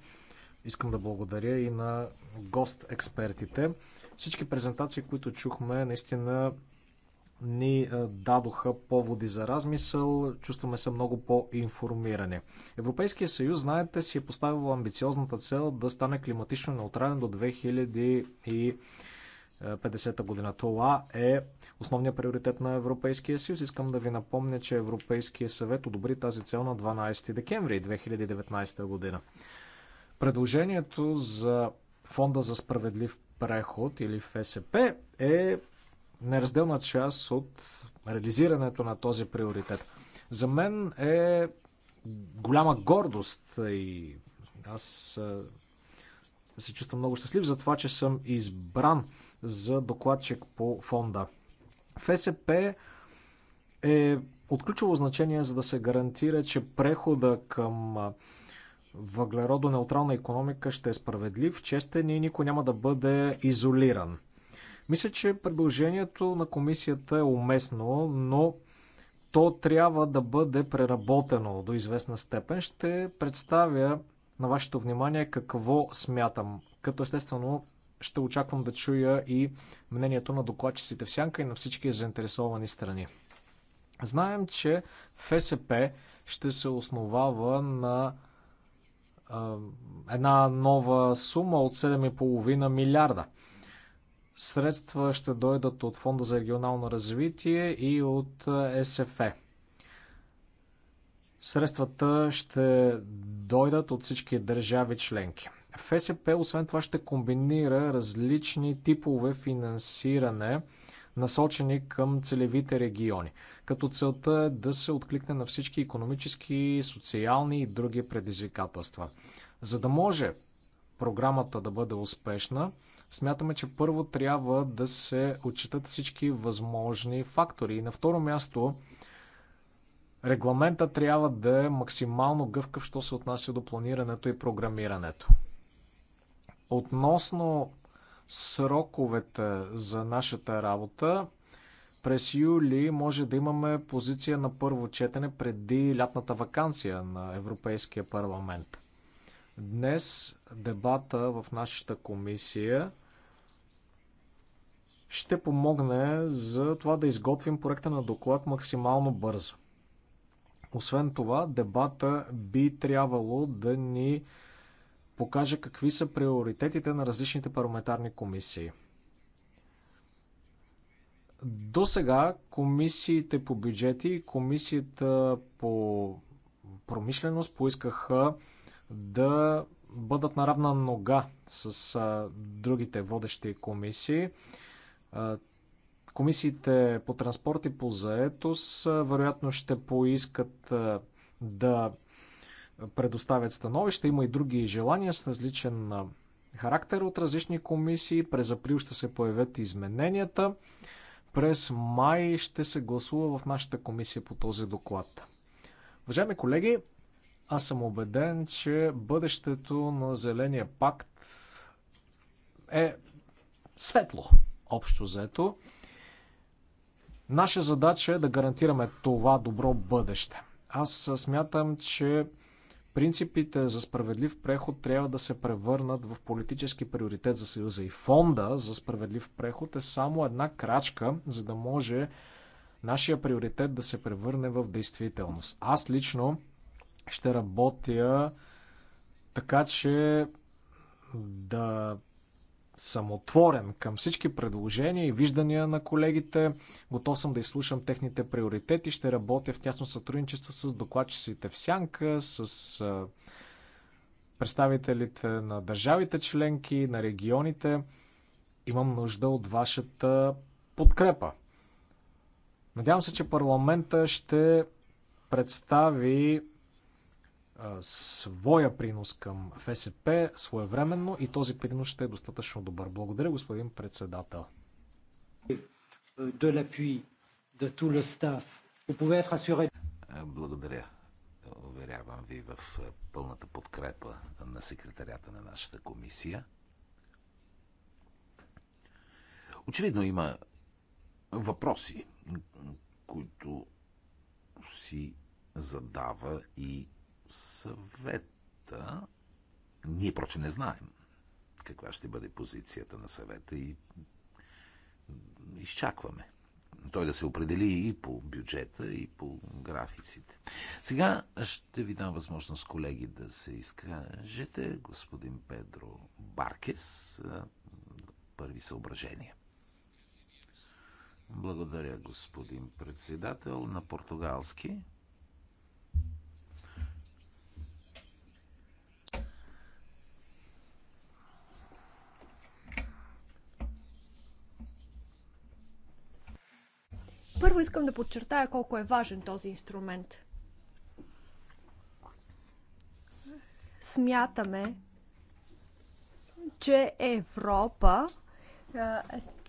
Speaker 1: Искам да благодаря и на гост-експертите. Всички презентации, които чухме, наистина ни дадоха поводи за размисъл, чувстваме се много по-информирани. Европейския съюз, знаете, си е поставил амбициозната цел да стане климатично неутрален до 2050 година. Това е основният приоритет на Европейския съюз. Искам да ви напомня, че Европейския съвет одобри тази цел на 12 декември 2019 година. Предложението за Фонда за справедлив преход или ФСП е неразделна част от реализирането на този приоритет. За мен е голяма гордост и аз се чувствам много щастлив за това, че съм избран за докладчик по фонда. ФСП е от ключово значение, за да се гарантира, че прехода към въглеродонеутрална економика ще е справедлив, честен и никой няма да бъде изолиран. Мисля, че предложението на комисията е уместно, но то трябва да бъде преработено до известна степен. Ще представя на вашето внимание какво смятам. Като естествено ще очаквам да чуя и мнението на докладчиците в сянка и на всички заинтересовани страни. Знаем, че ФСП ще се основава на една нова сума от 7,5 милиарда. Средства ще дойдат от Фонда за регионално развитие и от СФЕ. Средствата ще дойдат от всички държави членки. ФСП освен това ще комбинира различни типове финансиране – насочени към целевите региони, като целта е да се откликне на всички економически, социални и други предизвикателства. За да може програмата да бъде успешна, смятаме, че първо трябва да се отчитат всички възможни фактори. И на второ място, регламента трябва да е максимално гъвкав, що се отнася до планирането и програмирането. Относно сроковете за нашата работа. През юли може да имаме позиция на първо четене преди лятната вакансия на Европейския парламент. Днес дебата в нашата комисия ще помогне за това да изготвим проекта на доклад максимално бързо. Освен това, дебата би трябвало да ни покаже какви са приоритетите на различните парламентарни комисии. До сега комисиите по бюджети и комисията по промишленост поискаха да бъдат на равна нога с а, другите водещи комисии. А, комисиите по транспорт и по заетост вероятно ще поискат а, да предоставят становища. Има и други желания с различен характер от различни комисии. През април ще се появят измененията. През май ще се гласува в нашата комисия по този доклад. Уважаеми колеги, аз съм убеден, че бъдещето на Зеления пакт е светло, общо заето. Наша задача е да гарантираме това добро бъдеще. Аз смятам, че Принципите за справедлив преход трябва да се превърнат в политически приоритет за Съюза и фонда за справедлив преход е само една крачка, за да може нашия приоритет да се превърне в действителност. Аз лично ще работя така, че да съм отворен към всички предложения и виждания на колегите. Готов съм да изслушам техните приоритети. Ще работя в тясно сътрудничество с докладчиците в Сянка, с представителите на държавите членки, на регионите. Имам нужда от вашата подкрепа. Надявам се, че парламента ще представи своя принос към ФСП своевременно и този принос ще е достатъчно добър. Благодаря, господин председател.
Speaker 2: Благодаря. Уверявам ви в пълната подкрепа на секретарята на нашата комисия. Очевидно има въпроси, които си задава и съвета, ние проче не знаем каква ще бъде позицията на съвета и изчакваме. Той да се определи и по бюджета, и по графиците. Сега ще ви дам възможност, колеги, да се изкажете. Господин Педро Баркес, първи съображения. Благодаря, господин председател. На португалски.
Speaker 3: Първо искам да подчертая колко е важен този инструмент. Смятаме, че Европа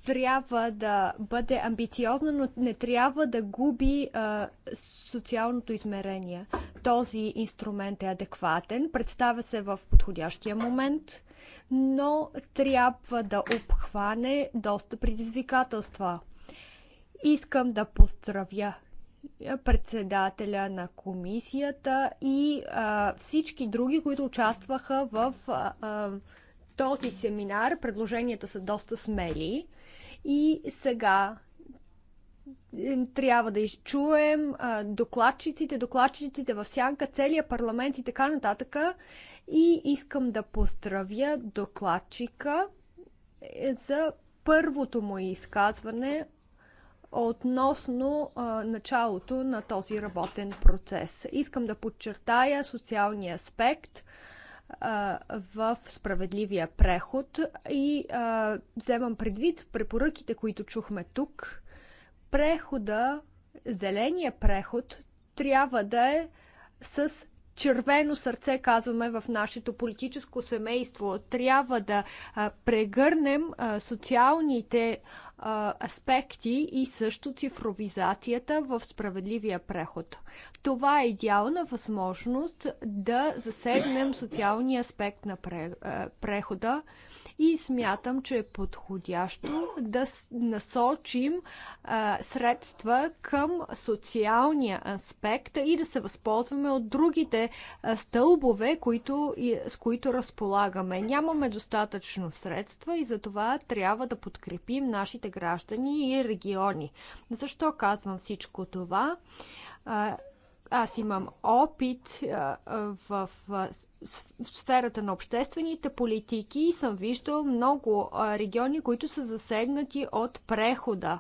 Speaker 3: трябва да бъде амбициозна, но не трябва да губи а, социалното измерение. Този инструмент е адекватен, представя се в подходящия момент, но трябва да обхване доста предизвикателства. Искам да поздравя е, председателя на комисията и а, всички други, които участваха в а, а, този семинар. Предложенията са доста смели. И сега е, трябва да а, докладчиците, докладчиците в сянка, целия парламент и така нататък. И искам да поздравя докладчика е, за първото му изказване относно а, началото на този работен процес. Искам да подчертая социалния аспект в справедливия преход и а, вземам предвид препоръките, които чухме тук. Прехода, зеления преход, трябва да е с червено сърце, казваме в нашето политическо семейство. Трябва да прегърнем социалните аспекти и също цифровизацията в справедливия преход. Това е идеална възможност да засегнем социалния аспект на прехода и смятам, че е подходящо да насочим а, средства към социалния аспект и да се възползваме от другите а, стълбове, които, и, с които разполагаме. Нямаме достатъчно средства и за това трябва да подкрепим нашите граждани и региони. Защо казвам всичко това? А, аз имам опит в в сферата на обществените политики съм виждал много региони, които са засегнати от прехода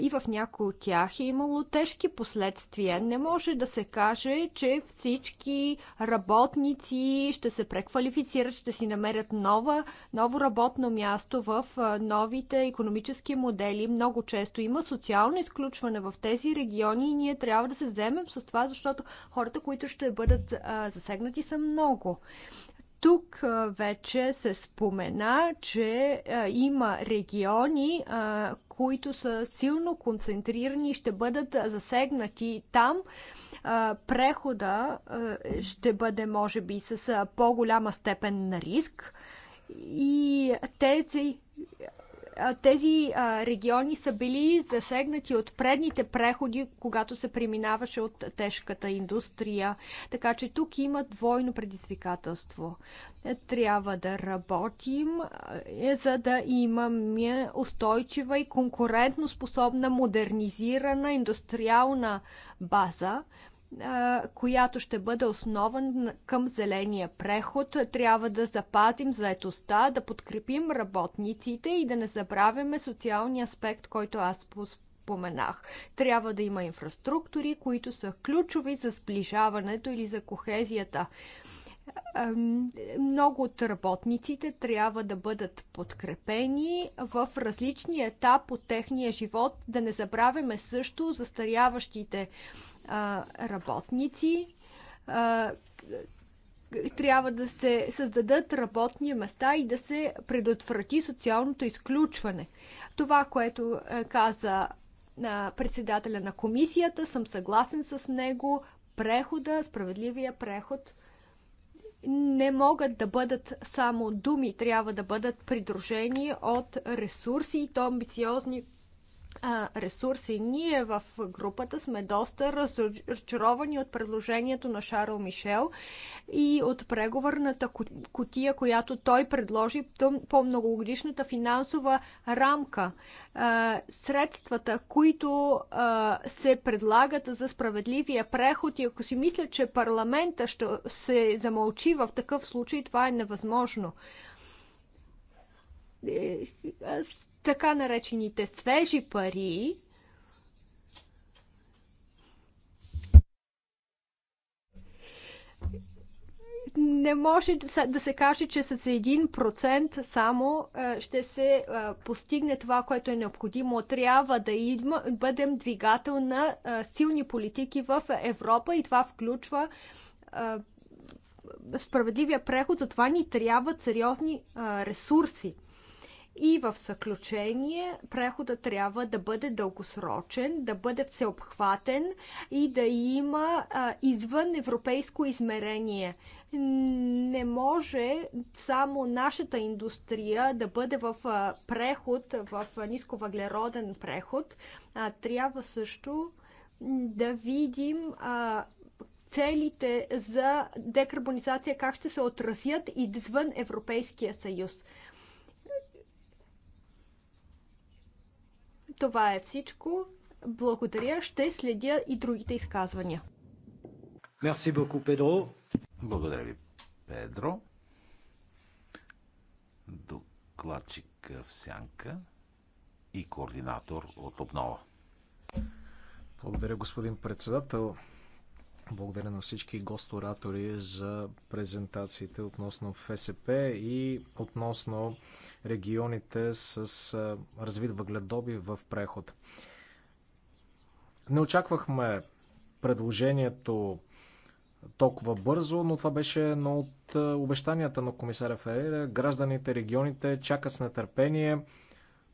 Speaker 3: и в някои от тях е имало тежки последствия. Не може да се каже, че всички работници ще се преквалифицират, ще си намерят нова, ново работно място в новите економически модели. Много често има социално изключване в тези региони и ние трябва да се вземем с това, защото хората, които ще бъдат засегнати са много. Тук вече се спомена, че има региони, които са силно концентрирани ще бъдат засегнати там. Прехода ще бъде, може би, с по-голяма степен на риск. И тези тези а, региони са били засегнати от предните преходи, когато се преминаваше от тежката индустрия. Така че тук има двойно предизвикателство. Трябва да работим, е, за да имаме устойчива и конкурентно способна модернизирана индустриална база, която ще бъде основан към зеления преход. Трябва да запазим заетостта, да подкрепим работниците и да не забравяме социалния аспект, който аз споменах. Трябва да има инфраструктури, които са ключови за сближаването или за кохезията много от работниците трябва да бъдат подкрепени в различни етап от техния живот. Да не забравяме също застаряващите работници. Трябва да се създадат работни места и да се предотврати социалното изключване. Това, което е, каза председателя на комисията, съм съгласен с него. Прехода, справедливия преход – не могат да бъдат само думи, трябва да бъдат придружени от ресурси и то амбициозни ресурси. Ние в групата сме доста разочаровани от предложението на Шарл Мишел и от преговорната котия, която той предложи по многогодишната финансова рамка. Средствата, които се предлагат за справедливия преход и ако си мисля, че парламента ще се замълчи в такъв случай, това е невъзможно е, аз така наречените свежи пари, не може да се каже, че с 1% само е, ще се е, постигне това, което е необходимо. Трябва да бъдем двигател на е, силни политики в Европа и това включва справедливия преход. Затова ни трябват сериозни ресурси. И в съключение, прехода трябва да бъде дългосрочен, да бъде всеобхватен и да има а, извън европейско измерение. Не може само нашата индустрия да бъде в а, преход, в а, нисковъглероден преход. А, трябва също да видим. А, целите за декарбонизация как ще се отразят и извън Европейския съюз. Това е всичко. Благодаря. Ще следя и другите изказвания.
Speaker 2: Мерси beaucoup, Педро. Благодаря ви, Педро. Докладчик в сянка и координатор от обнова.
Speaker 1: Благодаря, господин председател. Благодаря на всички госторатори за презентациите относно ФСП и относно регионите с развит въгледоби в преход. Не очаквахме предложението толкова бързо, но това беше едно от обещанията на комисаря Ферера. Гражданите, регионите чакат с нетърпение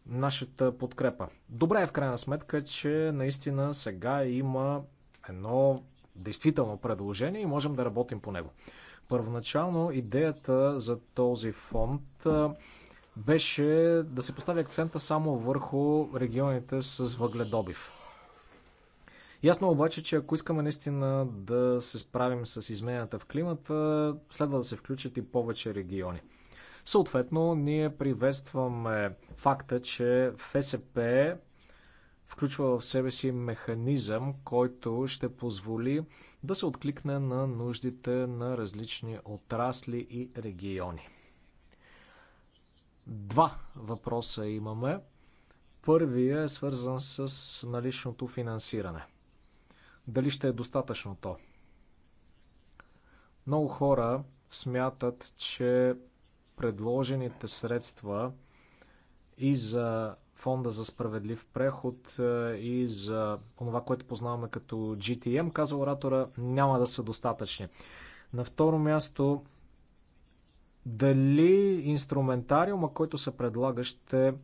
Speaker 1: нашата подкрепа. Добре е в крайна сметка, че наистина сега има едно действително предложение и можем да работим по него. Първоначално идеята за този фонд беше да се постави акцента само върху регионите с въгледобив. Ясно обаче, че ако искаме наистина да се справим с измененията в климата, следва да се включат и повече региони. Съответно, ние приветстваме факта, че ФСП включва в себе си механизъм, който ще позволи да се откликне на нуждите на различни отрасли и региони. Два въпроса имаме. Първият е свързан с наличното финансиране. Дали ще е достатъчно то? Много хора смятат, че предложените средства и за фонда за справедлив преход е, и за това, което познаваме като GTM, казва оратора, няма да са достатъчни. На второ място, дали инструментариума, който се предлага, ще е,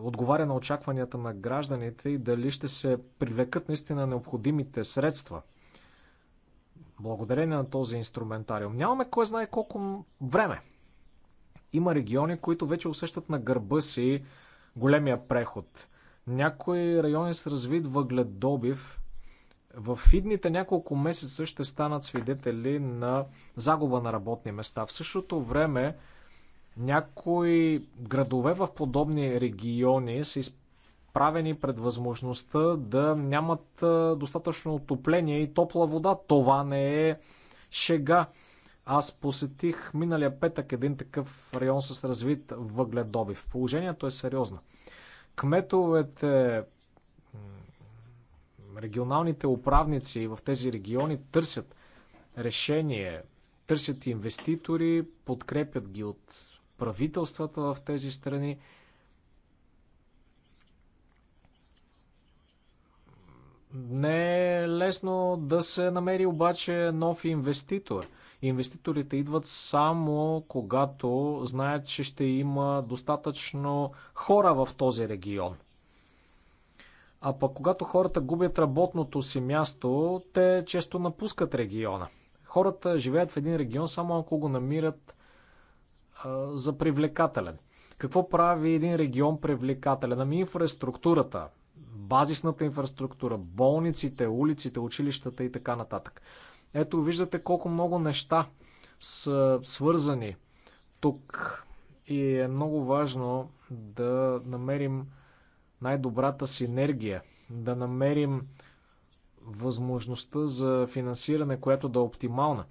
Speaker 1: отговаря на очакванията на гражданите и дали ще се привлекат наистина необходимите средства благодарение на този инструментариум. Нямаме кой знае колко време. Има региони, които вече усещат на гърба си големия преход. Някои райони с развит въгледобив в идните няколко месеца ще станат свидетели на загуба на работни места. В същото време някои градове в подобни региони са изправени пред възможността да нямат достатъчно отопление и топла вода. Това не е шега. Аз посетих миналия петък един такъв район с развит въгледобив. Положението е сериозно. Кметовете, регионалните управници в тези региони търсят решение, търсят инвеститори, подкрепят ги от правителствата в тези страни. Не е лесно да се намери обаче нов инвеститор. Инвеститорите идват само когато знаят, че ще има достатъчно хора в този регион. А пък когато хората губят работното си място, те често напускат региона. Хората живеят в един регион само ако го намират а, за привлекателен. Какво прави един регион привлекателен? Ами инфраструктурата, базисната инфраструктура, болниците, улиците, училищата и така нататък. Ето виждате колко много неща са свързани тук и е много важно да намерим най-добрата синергия, да намерим възможността за финансиране, която да е оптимална.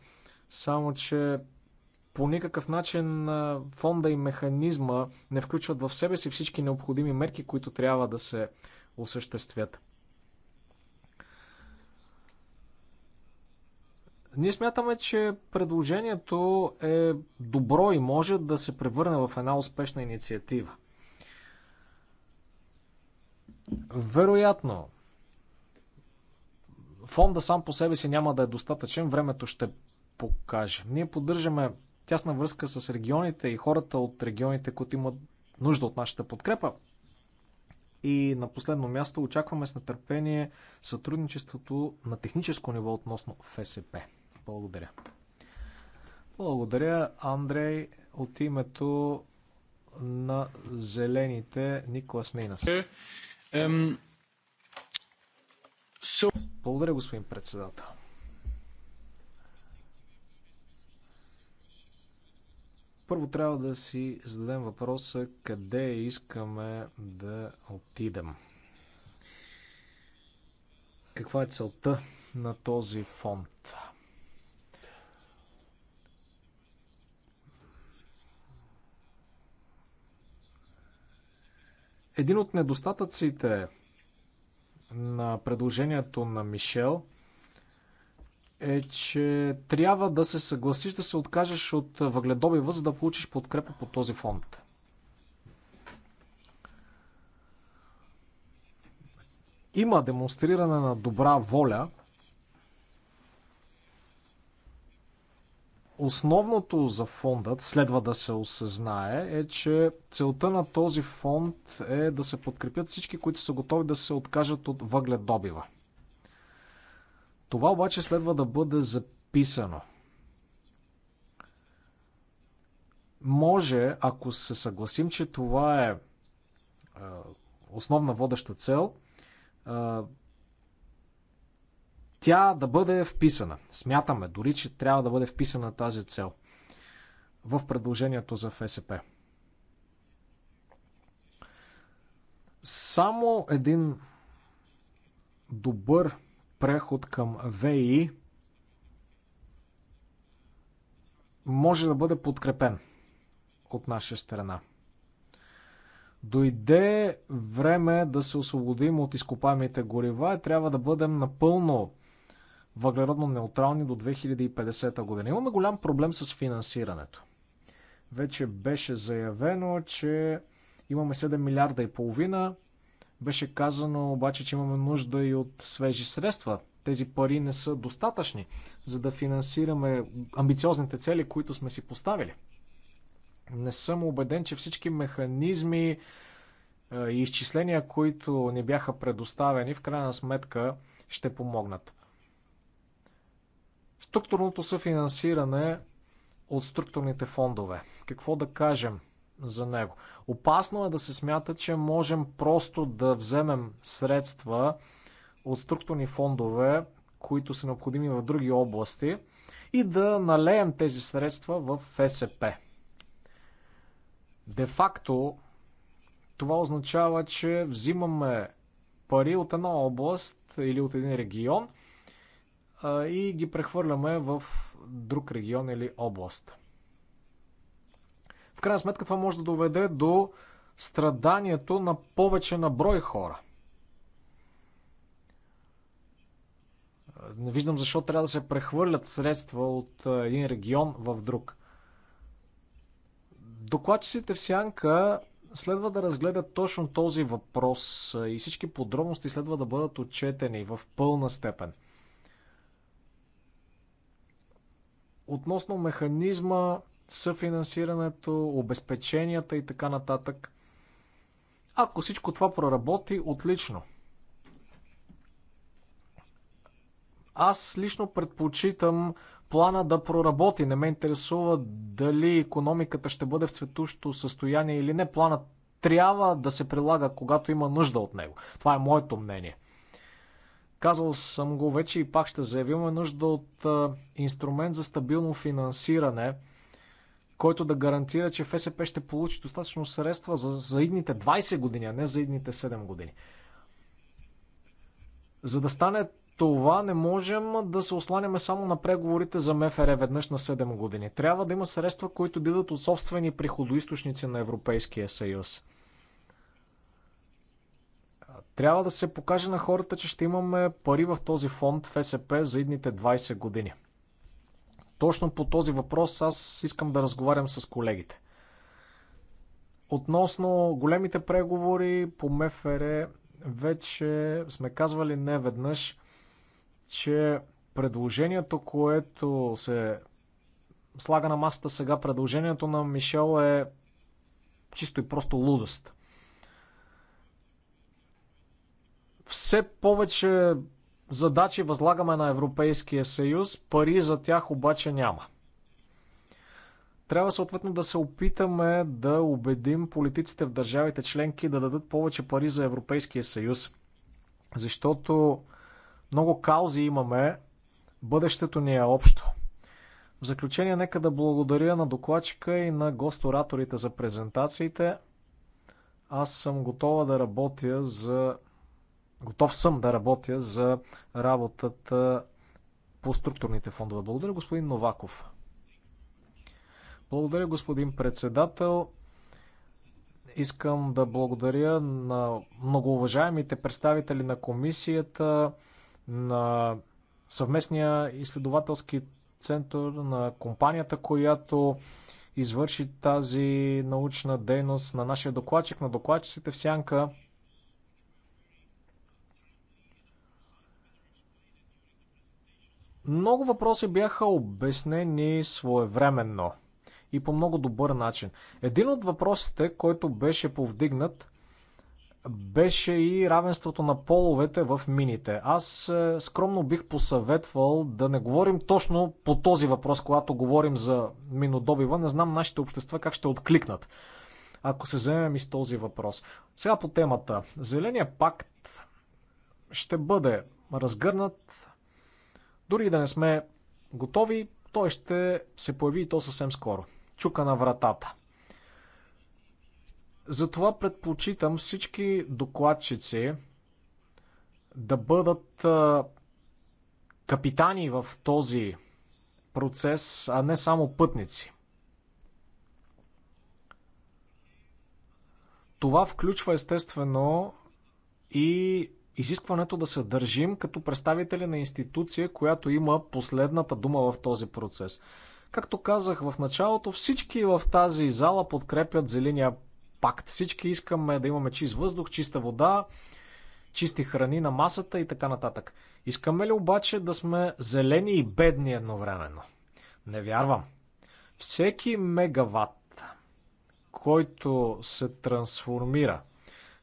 Speaker 1: Само, че по никакъв начин фонда и механизма не включват в себе си всички необходими мерки, които трябва да се осъществят. Ние смятаме, че предложението е добро и може да се превърне в една успешна инициатива. Вероятно, фонда сам по себе си няма да е достатъчен, времето ще покаже. Ние поддържаме тясна връзка с регионите и хората от регионите, които имат нужда от нашата подкрепа. И на последно място очакваме с нетърпение сътрудничеството на техническо ниво относно ФСП. Благодаря. Благодаря, Андрей, от името на зелените Николас Нинас. Е, Благодаря, господин председател. Първо трябва да си зададем въпроса къде искаме да отидем. Каква е целта на този фонд? Един от недостатъците на предложението на Мишел е, че трябва да се съгласиш да се откажеш от въгледобива, за да получиш подкрепа по този фонд. Има демонстриране на добра воля Основното за фондът, следва да се осъзнае, е, че целта на този фонд е да се подкрепят всички, които са готови да се откажат от въгледобива. Това обаче следва да бъде записано. Може, ако се съгласим, че това е основна водеща цел, тя да бъде вписана. Смятаме дори, че трябва да бъде вписана тази цел в предложението за ФСП. Само един добър преход към ВИ може да бъде подкрепен от наша страна. Дойде време да се освободим от изкопаемите горива и трябва да бъдем напълно въглеродно неутрални до 2050 година. Имаме голям проблем с финансирането. Вече беше заявено, че имаме 7 милиарда и половина. Беше казано обаче, че имаме нужда и от свежи средства. Тези пари не са достатъчни, за да финансираме амбициозните цели, които сме си поставили. Не съм убеден, че всички механизми е, и изчисления, които ни бяха предоставени, в крайна сметка ще помогнат. Структурното съфинансиране от структурните фондове. Какво да кажем за него? Опасно е да се смята, че можем просто да вземем средства от структурни фондове, които са необходими в други области и да налеем тези средства в ФСП. Де факто, това означава, че взимаме пари от една област или от един регион – и ги прехвърляме в друг регион или област. В крайна сметка това може да доведе до страданието на повече на брой хора. Не виждам защо трябва да се прехвърлят средства от един регион в друг. Докладчиците в Сянка следва да разгледат точно този въпрос и всички подробности следва да бъдат отчетени в пълна степен – Относно механизма, съфинансирането, обезпеченията и така нататък. Ако всичко това проработи, отлично. Аз лично предпочитам плана да проработи. Не ме интересува дали економиката ще бъде в цветущо състояние или не. Планът трябва да се прилага, когато има нужда от него. Това е моето мнение. Казал съм го вече и пак ще заявим нужда от инструмент за стабилно финансиране, който да гарантира, че ФСП ще получи достатъчно средства за, за идните 20 години, а не за идните 7 години. За да стане това, не можем да се осланяме само на преговорите за МФР веднъж на 7 години. Трябва да има средства, които да идват от собствени приходоисточници на Европейския съюз. Трябва да се покаже на хората, че ще имаме пари в този фонд в СП за идните 20 години. Точно по този въпрос аз искам да разговарям с колегите. Относно големите преговори по МФР, вече сме казвали не веднъж, че предложението, което се слага на масата сега, предложението на Мишел е чисто и просто лудост. Все повече задачи възлагаме на Европейския съюз, пари за тях обаче няма. Трябва съответно да се опитаме да убедим политиците в държавите членки да дадат повече пари за Европейския съюз. Защото много каузи имаме, бъдещето ни е общо. В заключение, нека да благодаря на докладчика и на гостораторите за презентациите. Аз съм готова да работя за Готов съм да работя за работата по структурните фондове. Благодаря, господин Новаков. Благодаря, господин председател. Искам да благодаря на многоуважаемите представители на комисията, на съвместния изследователски център, на компанията, която извърши тази научна дейност, на нашия докладчик, на докладчиците в Сянка. Много въпроси бяха обяснени своевременно и по много добър начин. Един от въпросите, който беше повдигнат, беше и равенството на половете в мините. Аз е, скромно бих посъветвал да не говорим точно по този въпрос, когато говорим за минодобива. Не знам нашите общества как ще откликнат, ако се вземем и с този въпрос. Сега по темата. Зеления пакт ще бъде разгърнат дори да не сме готови, той ще се появи и то съвсем скоро. Чука на вратата. Затова предпочитам всички докладчици да бъдат капитани в този процес, а не само пътници. Това включва естествено и изискването да се държим като представители на институция, която има последната дума в този процес. Както казах в началото, всички в тази зала подкрепят зеления пакт. Всички искаме да имаме чист въздух, чиста вода, чисти храни на масата и така нататък. Искаме ли обаче да сме зелени и бедни едновременно? Не вярвам. Всеки мегаватт, който се трансформира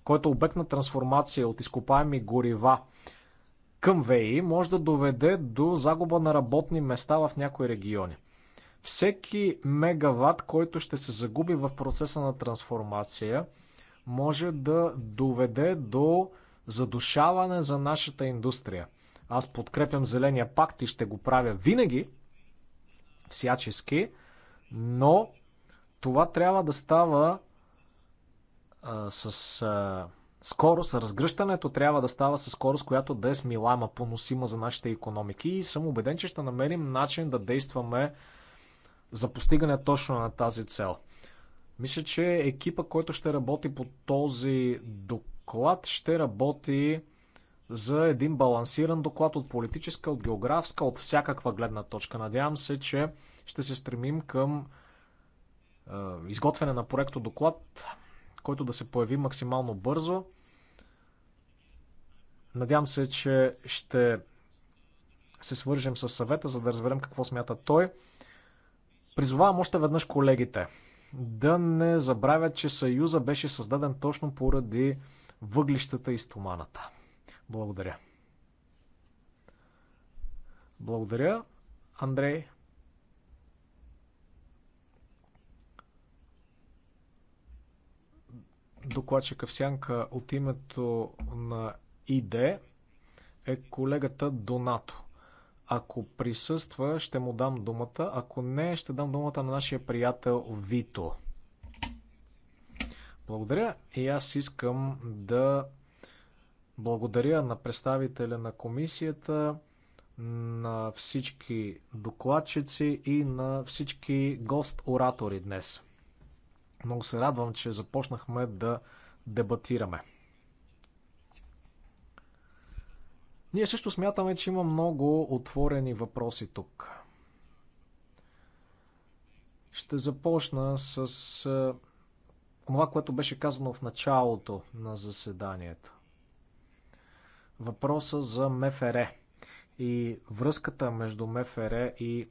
Speaker 1: който е обект на трансформация от изкопаеми горива към ВЕИ, може да доведе до загуба на работни места в някои региони. Всеки мегаватт, който ще се загуби в процеса на трансформация, може да доведе до задушаване за нашата индустрия. Аз подкрепям Зеления пакт и ще го правя винаги, всячески, но това трябва да става с а, скорост, разгръщането трябва да става с скорост, която да е смилама, поносима за нашите економики и съм убеден, че ще намерим начин да действаме за постигане точно на тази цел. Мисля, че екипа, който ще работи по този доклад, ще работи за един балансиран доклад от политическа, от географска, от всякаква гледна точка. Надявам се, че ще се стремим към е, изготвяне на проекто доклад, който да се появи максимално бързо. Надявам се, че ще се свържем с съвета, за да разберем какво смята той. Призовавам още веднъж колегите да не забравят, че Съюза беше създаден точно поради въглищата и стоманата. Благодаря. Благодаря, Андрей. Докладчика в сянка от името на ИД е колегата Донато. Ако присъства, ще му дам думата. Ако не, ще дам думата на нашия приятел Вито. Благодаря и аз искам да благодаря на представителя на комисията, на всички докладчици и на всички гост-оратори днес. Много се радвам, че започнахме да дебатираме. Ние също смятаме, че има много отворени въпроси тук. Ще започна с това, е, което беше казано в началото на заседанието. Въпроса за МФР и връзката между МФР и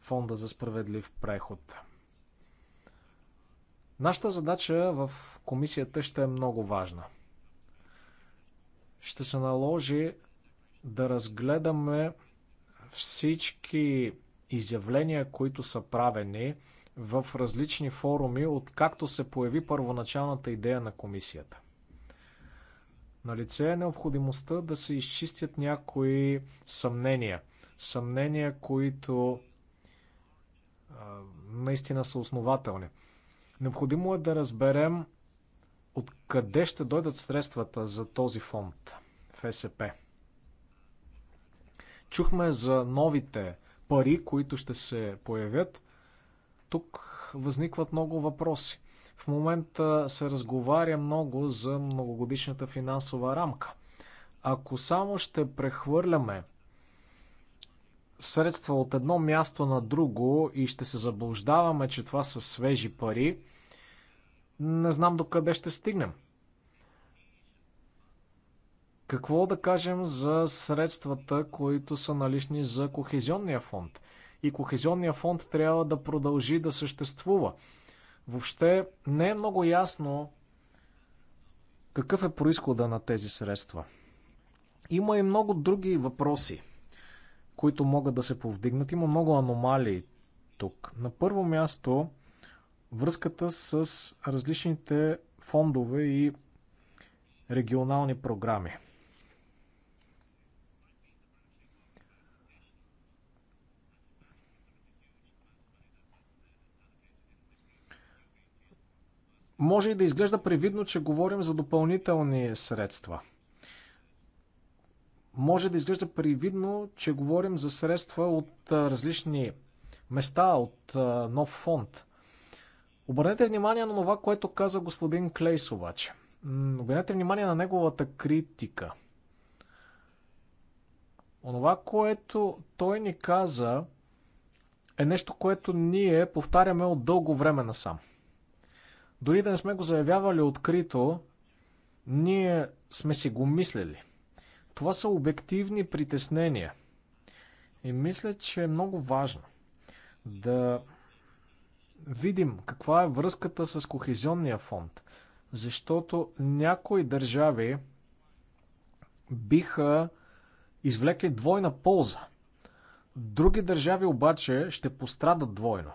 Speaker 1: Фонда за справедлив преход – Нашата задача в комисията ще е много важна. Ще се наложи да разгледаме всички изявления, които са правени в различни форуми, откакто се появи първоначалната идея на комисията. Налице е необходимостта да се изчистят някои съмнения. Съмнения, които наистина са основателни. Необходимо е да разберем откъде ще дойдат средствата за този фонд в СП. Чухме за новите пари, които ще се появят. Тук възникват много въпроси. В момента се разговаря много за многогодишната финансова рамка. Ако само ще прехвърляме средства от едно място на друго и ще се заблуждаваме, че това са свежи пари, не знам до къде ще стигнем. Какво да кажем за средствата, които са налични за Кохезионния фонд? И Кохезионния фонд трябва да продължи да съществува. Въобще не е много ясно какъв е происхода на тези средства. Има и много други въпроси – които могат да се повдигнат. Има много аномалии тук. На първо място, връзката с различните фондове и регионални програми. Може и да изглежда привидно, че говорим за допълнителни средства – може да изглежда привидно, че говорим за средства от различни места, от нов фонд. Обърнете внимание на това, което каза господин Клейс обаче. Обърнете внимание на неговата критика. Онова, което той ни каза, е нещо, което ние повтаряме от дълго време насам. Дори да не сме го заявявали открито, ние сме си го мислили – това са обективни притеснения. И мисля, че е много важно да видим каква е връзката с Кохезионния фонд. Защото някои държави биха извлекли двойна полза. Други държави обаче ще пострадат двойно.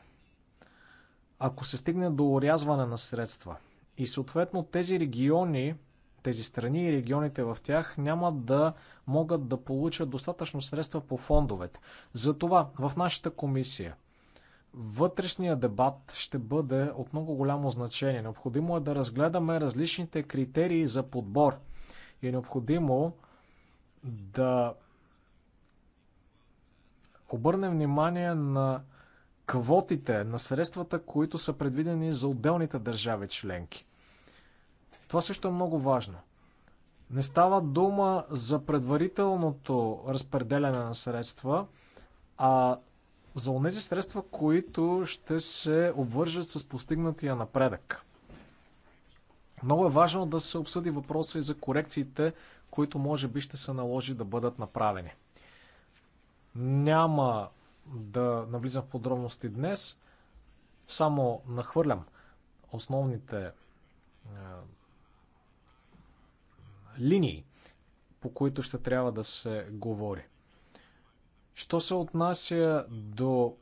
Speaker 1: Ако се стигне до урязване на средства. И съответно тези региони тези страни и регионите в тях няма да могат да получат достатъчно средства по фондовете. Затова в нашата комисия вътрешният дебат ще бъде от много голямо значение. Необходимо е да разгледаме различните критерии за подбор и е необходимо да обърнем внимание на квотите, на средствата, които са предвидени за отделните държави членки. Това също е много важно. Не става дума за предварителното разпределяне на средства, а за тези средства, които ще се обвържат с постигнатия напредък. Много е важно да се обсъди въпроса и за корекциите, които може би ще се наложи да бъдат направени. Няма да навлизам в подробности днес, само нахвърлям основните е, линии, по които ще трябва да се говори. Що се отнася до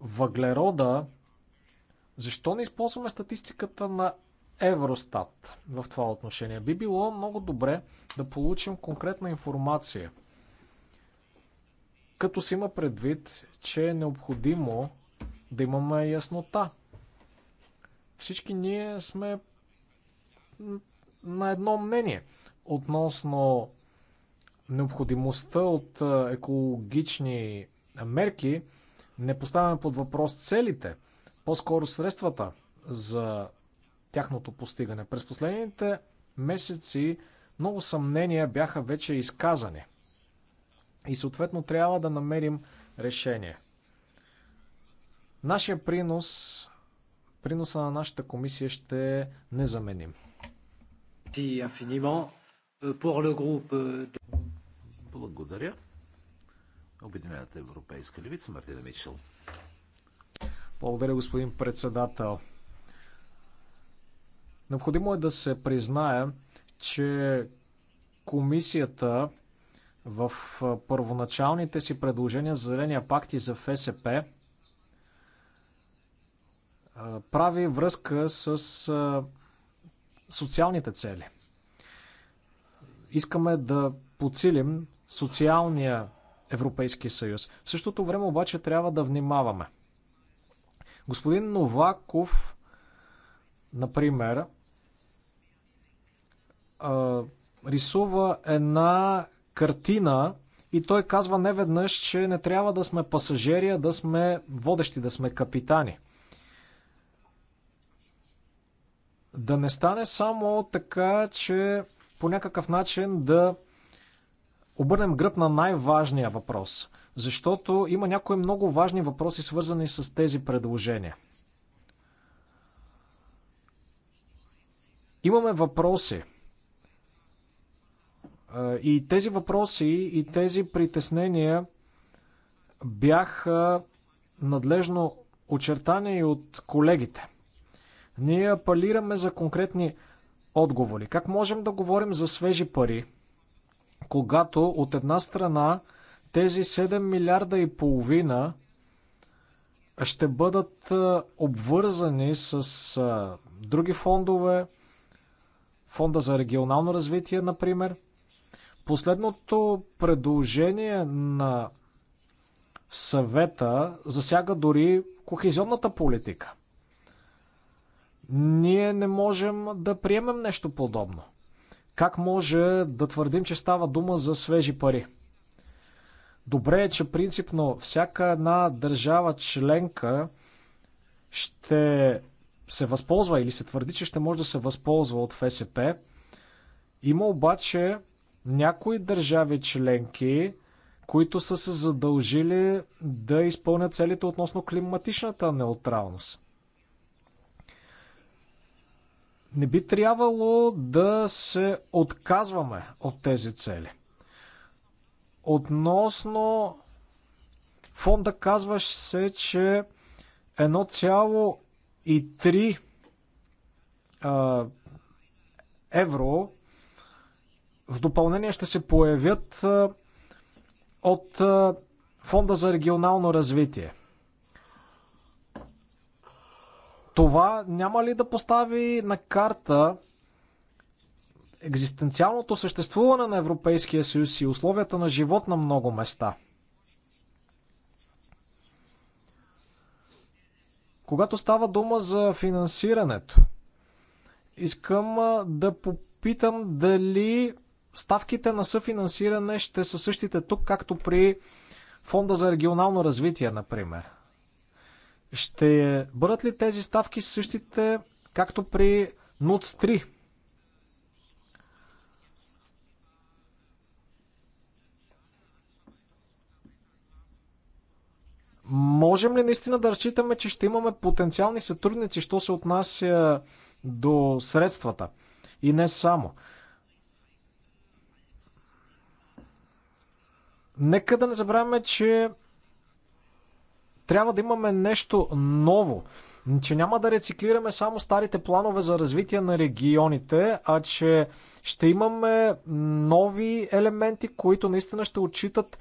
Speaker 1: въглерода, защо не използваме статистиката на Евростат в това отношение? Би било много добре да получим конкретна информация, като се има предвид, че е необходимо да имаме яснота. Всички ние сме на едно мнение относно необходимостта от екологични мерки. Не поставяме под въпрос целите, по-скоро средствата за тяхното постигане. През последните месеци много съмнения бяха вече изказани. И съответно трябва да намерим решение. Нашия принос, приноса на нашата комисия ще не заменим. Euh, euh, Благодаря.
Speaker 2: Обединената европейска левица, Мартина Мичел.
Speaker 1: Благодаря, господин председател. Необходимо е да се признае, че комисията в първоначалните си предложения за Зеления пакт и за ФСП прави връзка с социалните цели. Искаме да подсилим социалния Европейски съюз. В същото време обаче трябва да внимаваме. Господин Новаков, например, рисува една картина и той казва неведнъж, че не трябва да сме пасажери, а да сме водещи, да сме капитани. Да не стане само така, че по някакъв начин да обърнем гръб на най-важния въпрос. Защото има някои много важни въпроси, свързани с тези предложения. Имаме въпроси. И тези въпроси и тези притеснения бяха надлежно очертани от колегите. Ние апелираме за конкретни отговори. Как можем да говорим за свежи пари, когато от една страна тези 7 милиарда и половина ще бъдат обвързани с други фондове, фонда за регионално развитие, например. Последното предложение на съвета засяга дори кохезионната политика ние не можем да приемем нещо подобно. Как може да твърдим, че става дума за свежи пари? Добре е, че принципно всяка една държава членка ще се възползва или се твърди, че ще може да се възползва от ФСП. Има обаче някои държави членки, които са се задължили да изпълнят целите относно климатичната неутралност. Не би трябвало да се отказваме от тези цели. Относно фонда казваш се, че 1,3 евро в допълнение ще се появят от Фонда за регионално развитие. Това няма ли да постави на карта екзистенциалното съществуване на Европейския съюз и условията на живот на много места? Когато става дума за финансирането, искам да попитам дали ставките на съфинансиране ще са същите тук, както при Фонда за регионално развитие, например. Ще бъдат ли тези ставки същите, както при NUTS 3? Можем ли наистина да разчитаме, че ще имаме потенциални сътрудници, що се отнася до средствата? И не само. Нека да не забравяме, че трябва да имаме нещо ново че няма да рециклираме само старите планове за развитие на регионите, а че ще имаме нови елементи, които наистина ще отчитат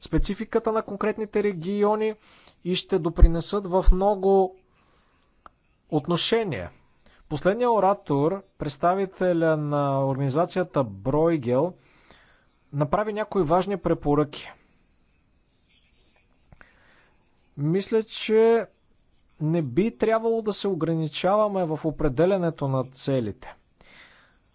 Speaker 1: спецификата на конкретните региони и ще допринесат в много отношения. Последният оратор, представителя на организацията Бройгел, направи някои важни препоръки. Мисля, че не би трябвало да се ограничаваме в определенето на целите.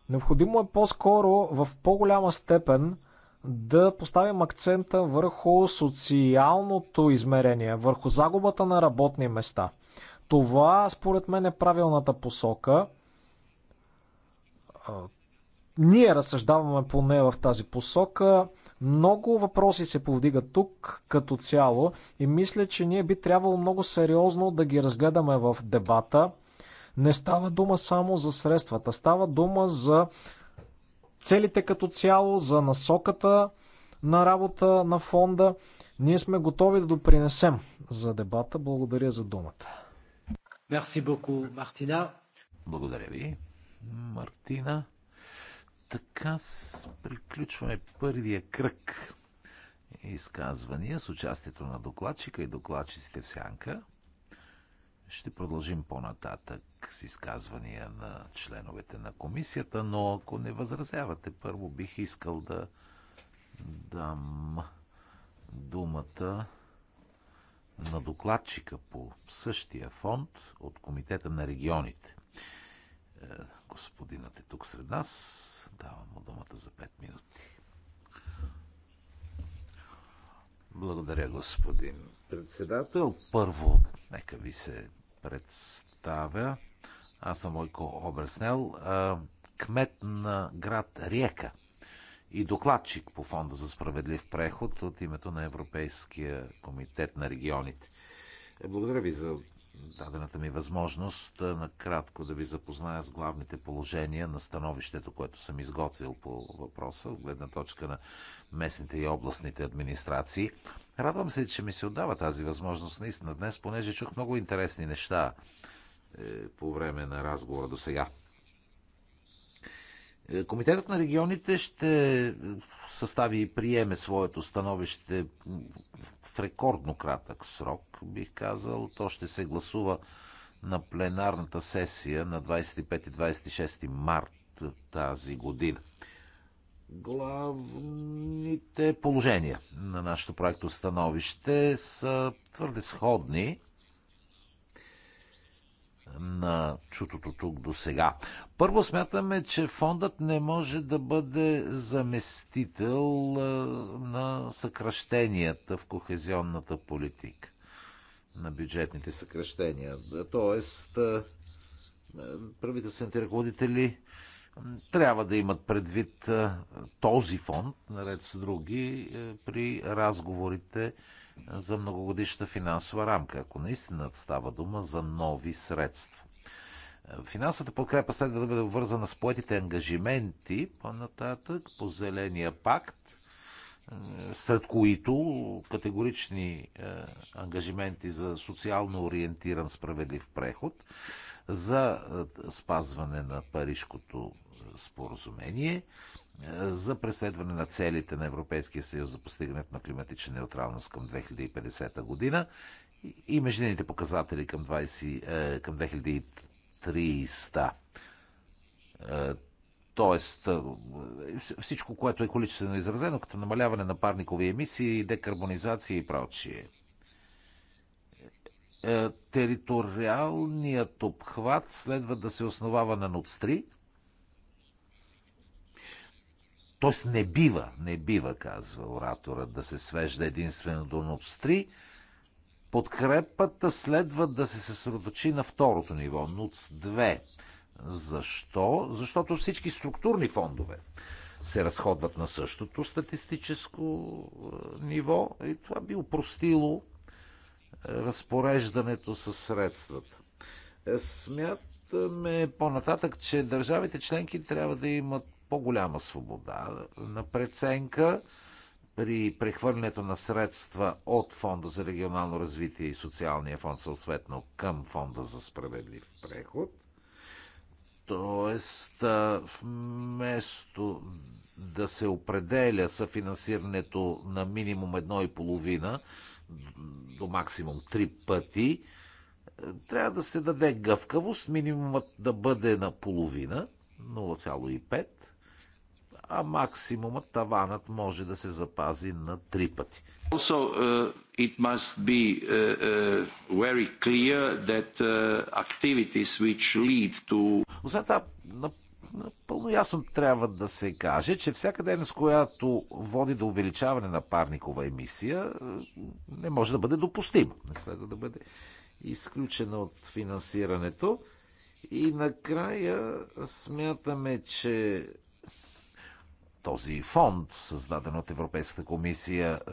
Speaker 1: Необходимо е по-скоро в по-голяма степен да поставим акцента върху социалното измерение, върху загубата на работни места. Това, според мен, е правилната посока. Ние разсъждаваме поне в тази посока. Много въпроси се повдигат тук като цяло и мисля, че ние би трябвало много сериозно да ги разгледаме в дебата. Не става дума само за средствата, става дума за целите като цяло, за насоката на работа на фонда. Ние сме готови да допринесем за дебата. Благодаря за думата.
Speaker 2: Мерси Мартина. Благодаря ви, Мартина така приключваме първия кръг изказвания с участието на докладчика и докладчиците в сянка. Ще продължим по-нататък с изказвания на членовете на комисията, но ако не възразявате, първо бих искал да дам думата на докладчика по същия фонд от Комитета на регионите. Е, господинът е тук сред нас. Давам му думата за 5 минути. Благодаря, господин председател. Първо, нека ви се представя. Аз съм Ойко Обреснел, кмет на град Река и докладчик по Фонда за справедлив преход от името на Европейския комитет на регионите. Благодаря ви за дадената ми възможност накратко да ви запозная с главните положения на становището, което съм изготвил по въпроса, в гледна точка на местните и областните администрации. Радвам се, че ми се отдава тази възможност наистина днес, понеже чух много интересни неща е, по време на разговора до сега. Е, Комитетът на регионите ще състави и приеме своето становище в рекордно кратък срок, бих казал. То ще се гласува на пленарната сесия на 25 26 март тази година. Главните положения на нашето проекто становище са твърде сходни на чутото тук до сега. Първо смятаме, че фондът не може да бъде заместител на съкръщенията в кохезионната политика. На бюджетните съкръщения. Тоест, правителствените ръководители трябва да имат предвид този фонд, наред с други, при разговорите за многогодишната финансова рамка, ако наистина става дума за нови средства. Финансовата подкрепа следва да бъде обвързана с поетите ангажименти по-нататък по Зеления пакт, е, сред които категорични е, ангажименти за социално ориентиран справедлив преход, за е, спазване на Парижкото споразумение за преследване на целите на Европейския съюз за постигането на климатична неутралност към 2050 година и междинните показатели към, 20, е, към 2300. Е, тоест, е, всичко, което е количествено изразено, като намаляване на парникови емисии, декарбонизация и прочие. Териториалният обхват следва да се основава на НОЦ-3, Тоест не бива, не бива, казва ораторът, да се свежда единствено до НОЦ-3. Подкрепата следва да се съсредоточи на второто ниво, НОЦ-2. Защо? Защото всички структурни фондове се разходват на същото статистическо е, ниво и това би упростило е, разпореждането със средствата. Е, смятаме по-нататък, че държавите членки трябва да имат по-голяма свобода на преценка при прехвърлянето на средства от Фонда за регионално развитие и социалния фонд съответно към Фонда за справедлив преход. Тоест, вместо да се определя съфинансирането на минимум 1,5 до максимум 3 пъти, трябва да се даде гъвкавост, минимумът да бъде на половина, 0,5 а максимумът, таванът може да се запази на три пъти. Also, uh, it must be uh, uh, very clear that uh, activities which lead to... Освен това, напълно ясно трябва да се каже, че всяка дейност, която води до увеличаване на парникова емисия, е, не може да бъде допустима. Не следва да бъде изключена от финансирането. И накрая смятаме, че този фонд, създаден от Европейската комисия е,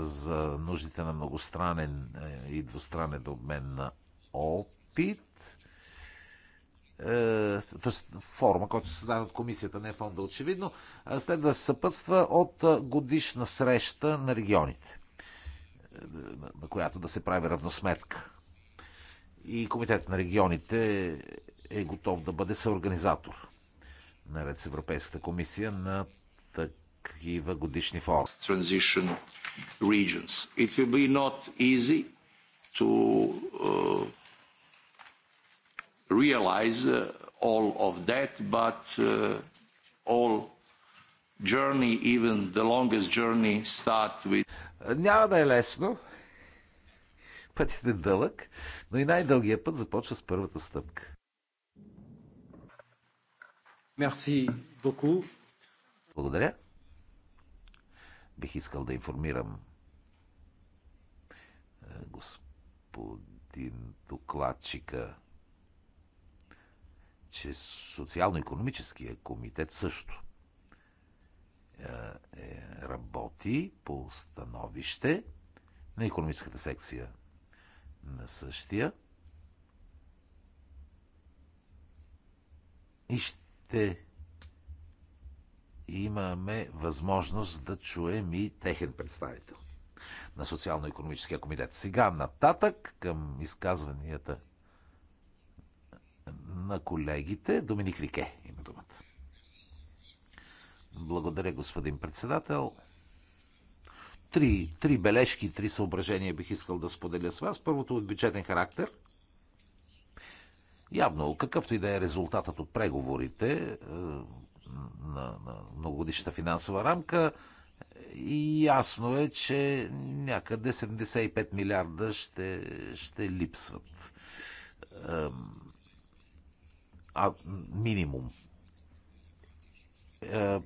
Speaker 2: за нуждите на многостранен е, и двустранен обмен на опит. Е, тоест форума, който се създаде от комисията, не е фонда очевидно, следва да се съпътства от годишна среща на регионите, на която да се прави равносметка. И Комитет на регионите е готов да бъде съорганизатор наред с Европейската комисия на такива годишни форми. Uh, uh, all of that, but uh, Няма да е лесно. Пътят е дълъг, но и най-дългият път започва с първата стъпка. Благодаря. Бих искал да информирам е, господин докладчика, че Социално-економическия комитет също е, е, работи по становище на економическата секция на същия. И ще имаме възможност да чуем и техен представител на Социално-економическия комитет. Сега нататък към изказванията на колегите. Доминик Рике има думата. Благодаря, господин председател. Три, три бележки, три съображения бих искал да споделя с вас. Първото от бюджетен характер. Явно, какъвто и да е резултатът от преговорите е, на, на многогодишната финансова рамка. И ясно е, че някъде 75 милиарда ще, ще липсват. А, минимум. Е, е,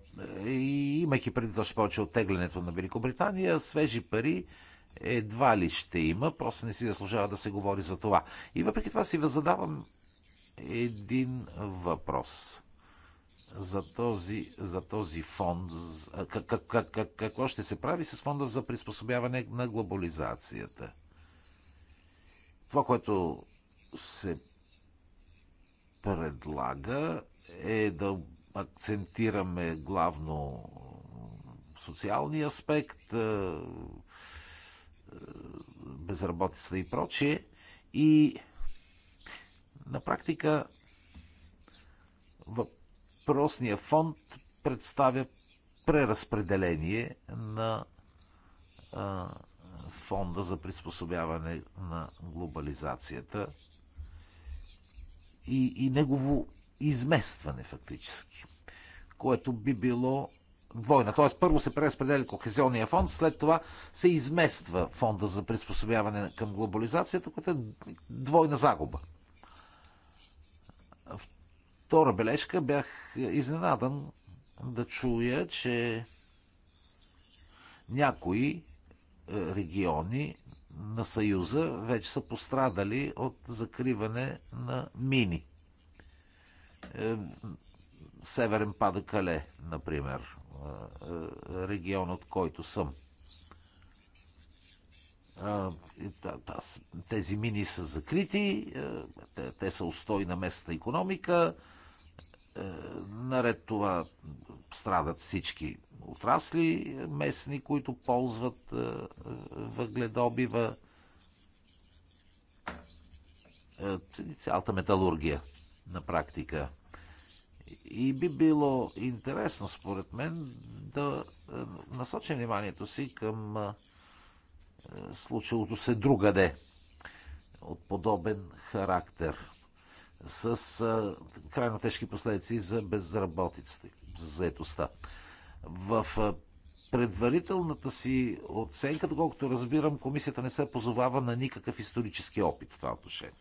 Speaker 2: и имайки преди точно повече оттеглянето на Великобритания, свежи пари едва ли ще има, просто не си заслужава да се говори за това. И въпреки това си задавам един въпрос за този, за този фонд? Как, как, как, какво ще се прави с фонда за приспособяване на глобализацията? Това, което се предлага е да акцентираме главно социалния аспект, е, е, безработица и прочие. И на практика въпросния фонд представя преразпределение на а, фонда за приспособяване на глобализацията и, и негово изместване фактически, което би било двойна. Тоест, първо се преразпределя кохезионния фонд, след това се измества фонда за приспособяване към глобализацията, което е двойна загуба втора бележка бях изненадан да чуя, че някои е, региони на Съюза вече са пострадали от закриване на мини. Е, Северен Падакале, например, е, регион от който съм. Тези мини са закрити, те са устой на местната економика, е, наред това страдат всички отрасли местни, които ползват е, въгледобива. Е, цялата металургия на практика. И би било интересно, според мен, да насочим вниманието си към случилото се другаде от подобен характер с крайно тежки последици за безработицата, за заетостта. В предварителната си оценка, доколкото разбирам, комисията не се позовава на никакъв исторически опит в това отношение.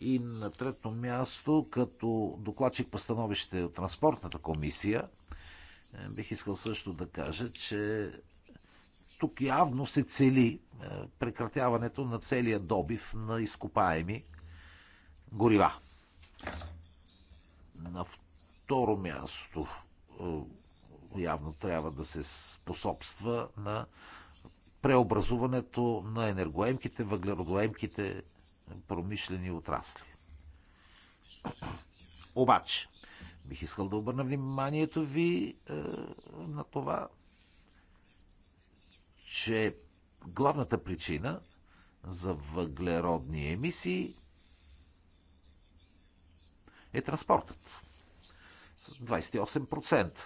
Speaker 2: И на трето място, като докладчик по становище от Транспортната комисия, е, бих искал също да кажа, че тук явно се цели е, прекратяването на целия добив на изкопаеми горива. На второ място е, явно трябва да се способства на преобразуването на енергоемките, въглеродоемките промишлени отрасли. Обаче, бих искал да обърна вниманието ви е, на това, че главната причина за въглеродни емисии е транспортът. С 28%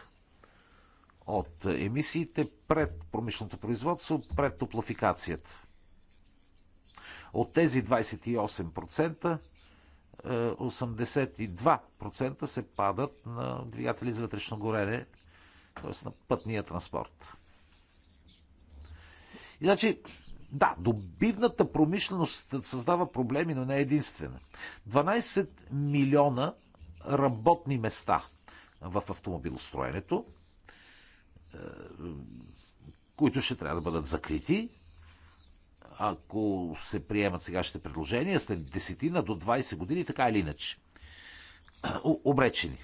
Speaker 2: от емисиите пред промишленото производство, пред топлофикацията. От тези 28%, 82% е, се падат на двигатели за вътрешно горене, т.е. на пътния транспорт. И значи, да, добивната промишленост създава проблеми, но не е единствена. 12 милиона работни места в автомобилостроенето, е, които ще трябва да бъдат закрити, ако се приемат сегашните предложения, след десетина до 20 години, така или иначе. Обречени.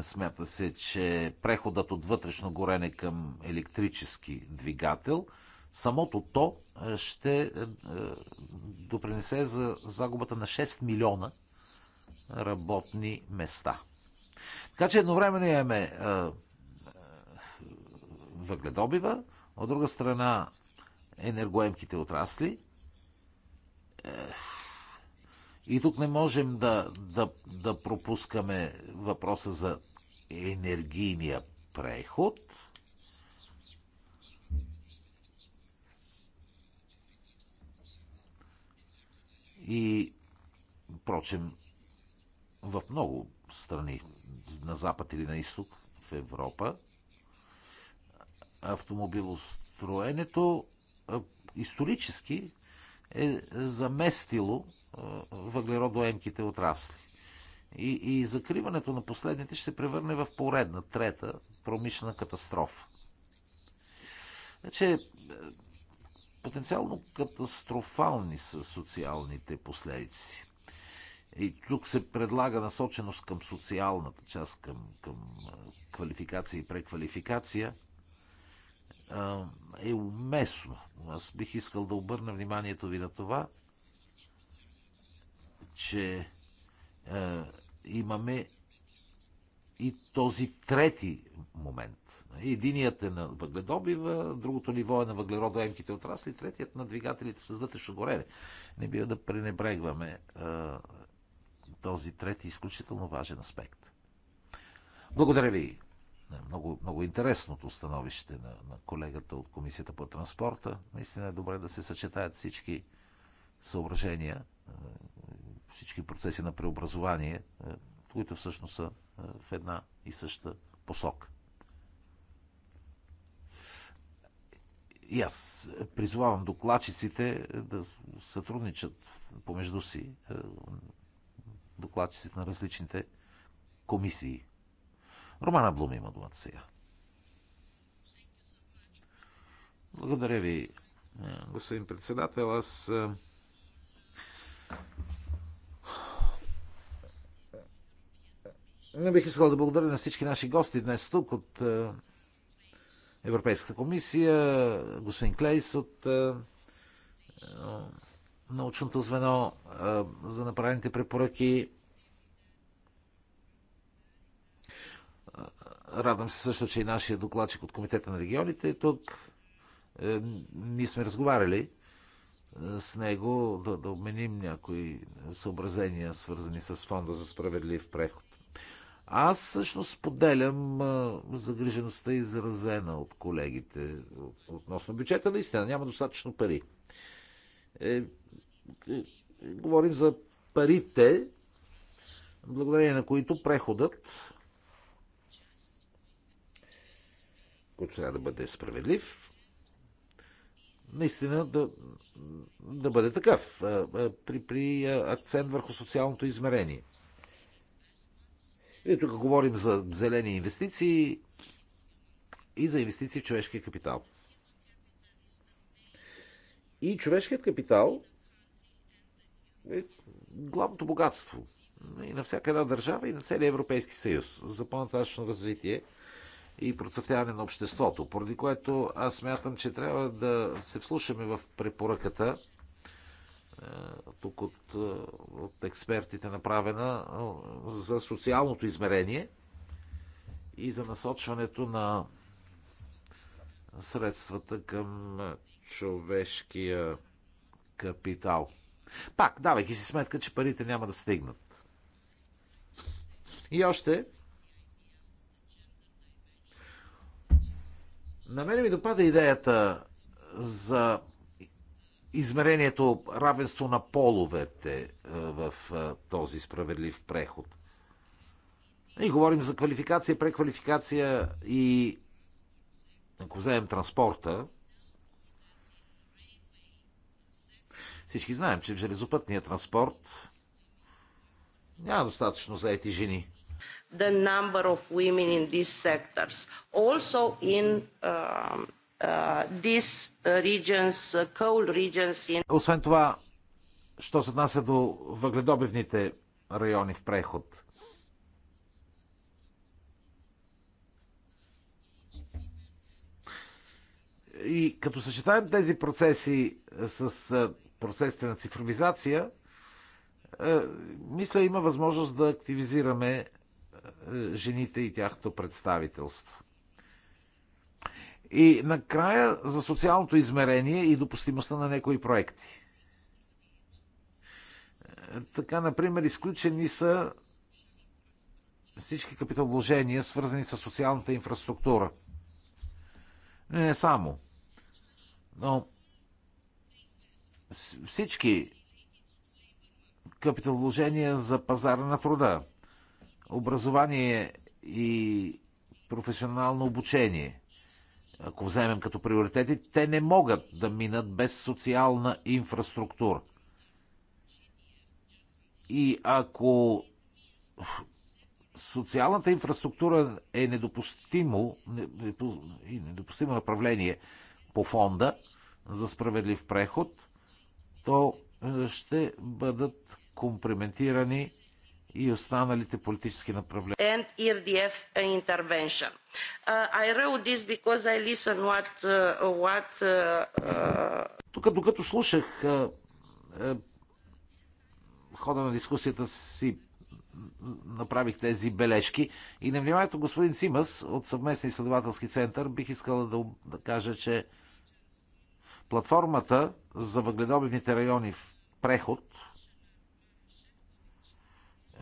Speaker 2: Смята се, че преходът от вътрешно горене към електрически двигател, самото то е, ще е, е, допринесе за загубата на 6 милиона работни места. Така че едновременно имаме въгледобива, от друга страна енергоемките отрасли, и тук не можем да, да, да пропускаме въпроса за енергийния преход. И, впрочем, в много страни, на запад или на изток, в Европа, автомобилостроенето исторически е заместило е, въглеродоемките отрасли. И, и закриването на последните ще се превърне в поредна, трета промишлена катастрофа. Значи, е, потенциално катастрофални са социалните последици. И тук се предлага насоченост към социалната част, към, към е, квалификация и преквалификация – е уместно. Аз бих искал да обърна вниманието ви на това, че е, имаме и този трети момент. Единият е на въгледобива, другото ниво е на въглеродоемките отрасли, третият на двигателите с вътрешно горене. Не бива да пренебрегваме е, този трети изключително важен аспект. Благодаря ви, Нали, много, много интересното становище на, на колегата от Комисията по транспорта. Наистина е добре да се съчетаят всички съображения, е, всички процеси на преобразование, е, които всъщност са е, в една и съща посока. И аз призовавам докладчиците да сътрудничат помежду си, докладчиците на различните комисии Романа Блум има думата сега. Благодаря ви, е, господин председател. Аз е, Не бих искал да благодаря на всички наши гости днес тук от е, Европейската комисия, господин Клейс от научното звено за направените препоръки. Радвам се също, че и нашия докладчик от Комитета на регионите е тук. Е, ние сме разговаряли е, с него да, да обменим някои съобразения, свързани с Фонда за справедлив преход. Аз всъщност поделям загрижеността изразена от колегите относно бюджета. Наистина няма достатъчно пари. е, е, говорим за парите, благодарение на които преходът който трябва да бъде справедлив, наистина да, да бъде такъв, при, при акцент върху социалното измерение. И тук говорим за зелени инвестиции и за инвестиции в човешкия капитал. И човешкият капитал е главното богатство и на всяка една държава, и на целия Европейски съюз за по-нататъчно развитие – и процъфтяване на обществото. Поради което аз смятам, че трябва да се вслушаме в препоръката, е, тук от, е, от експертите направена, е, за социалното измерение и за насочването на средствата към човешкия капитал. Пак, давайки си сметка, че парите няма да стигнат. И още, На мене ми допада идеята за измерението равенство на половете е, в е, този справедлив преход. И говорим за квалификация, преквалификация и ако вземем транспорта, всички знаем, че в железопътния транспорт няма достатъчно заети жени
Speaker 4: the number of women in these sectors. Also in um, uh, these uh, regions, uh, coal regions in...
Speaker 2: Освен това, що се отнася до въгледобивните райони в преход? И като съчетаем тези процеси е, с е, процесите на цифровизация, е, мисля има възможност да активизираме е, жените и тяхното представителство. И накрая за социалното измерение и допустимостта на някои проекти. Е, така, например, изключени са всички капиталовложения, свързани с социалната инфраструктура. Не, не само. Но всички капиталовложения за пазара на труда образование и професионално обучение, ако вземем като приоритети, те не могат да минат без социална инфраструктура. И ако социалната инфраструктура е недопустимо, недопустимо направление по фонда за справедлив преход, то е, ще бъдат комплементирани и останалите политически направления.
Speaker 4: E uh, uh,
Speaker 2: uh, Тук, докато слушах uh, uh, хода на дискусията си направих тези бележки. И на вниманието господин Цимас от съвместния изследователски център бих искала да, да кажа, че платформата за въгледобивните райони в преход –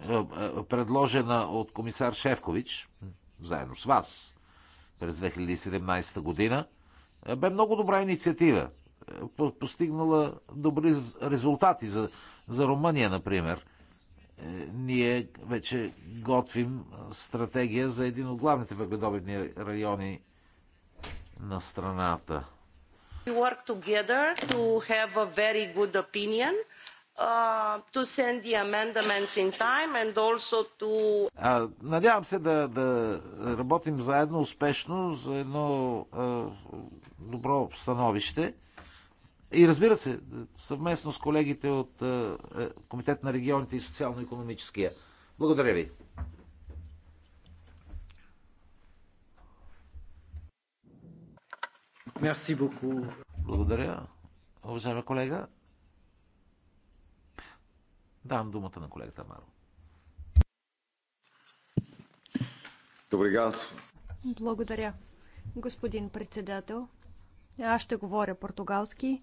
Speaker 2: е, е, предложена от комисар Шевкович, заедно с вас, през 2017 година, е, бе много добра инициатива. Постигнала добри резултати за, за Румъния, например. Ние вече готвим стратегия за един от главните въгледобивни райони на страната.
Speaker 4: We work together to have a very good opinion Uh,
Speaker 2: надявам се да, да работим заедно успешно за едно а, добро становище. И разбира се, съвместно с колегите от а, е, Комитет на регионите и социално-економическия. Благодаря ви. Благодаря, уважаема колега. Давам думата на колегата Маро. Добре,
Speaker 3: Благодаря, господин председател. Аз ще говоря португалски.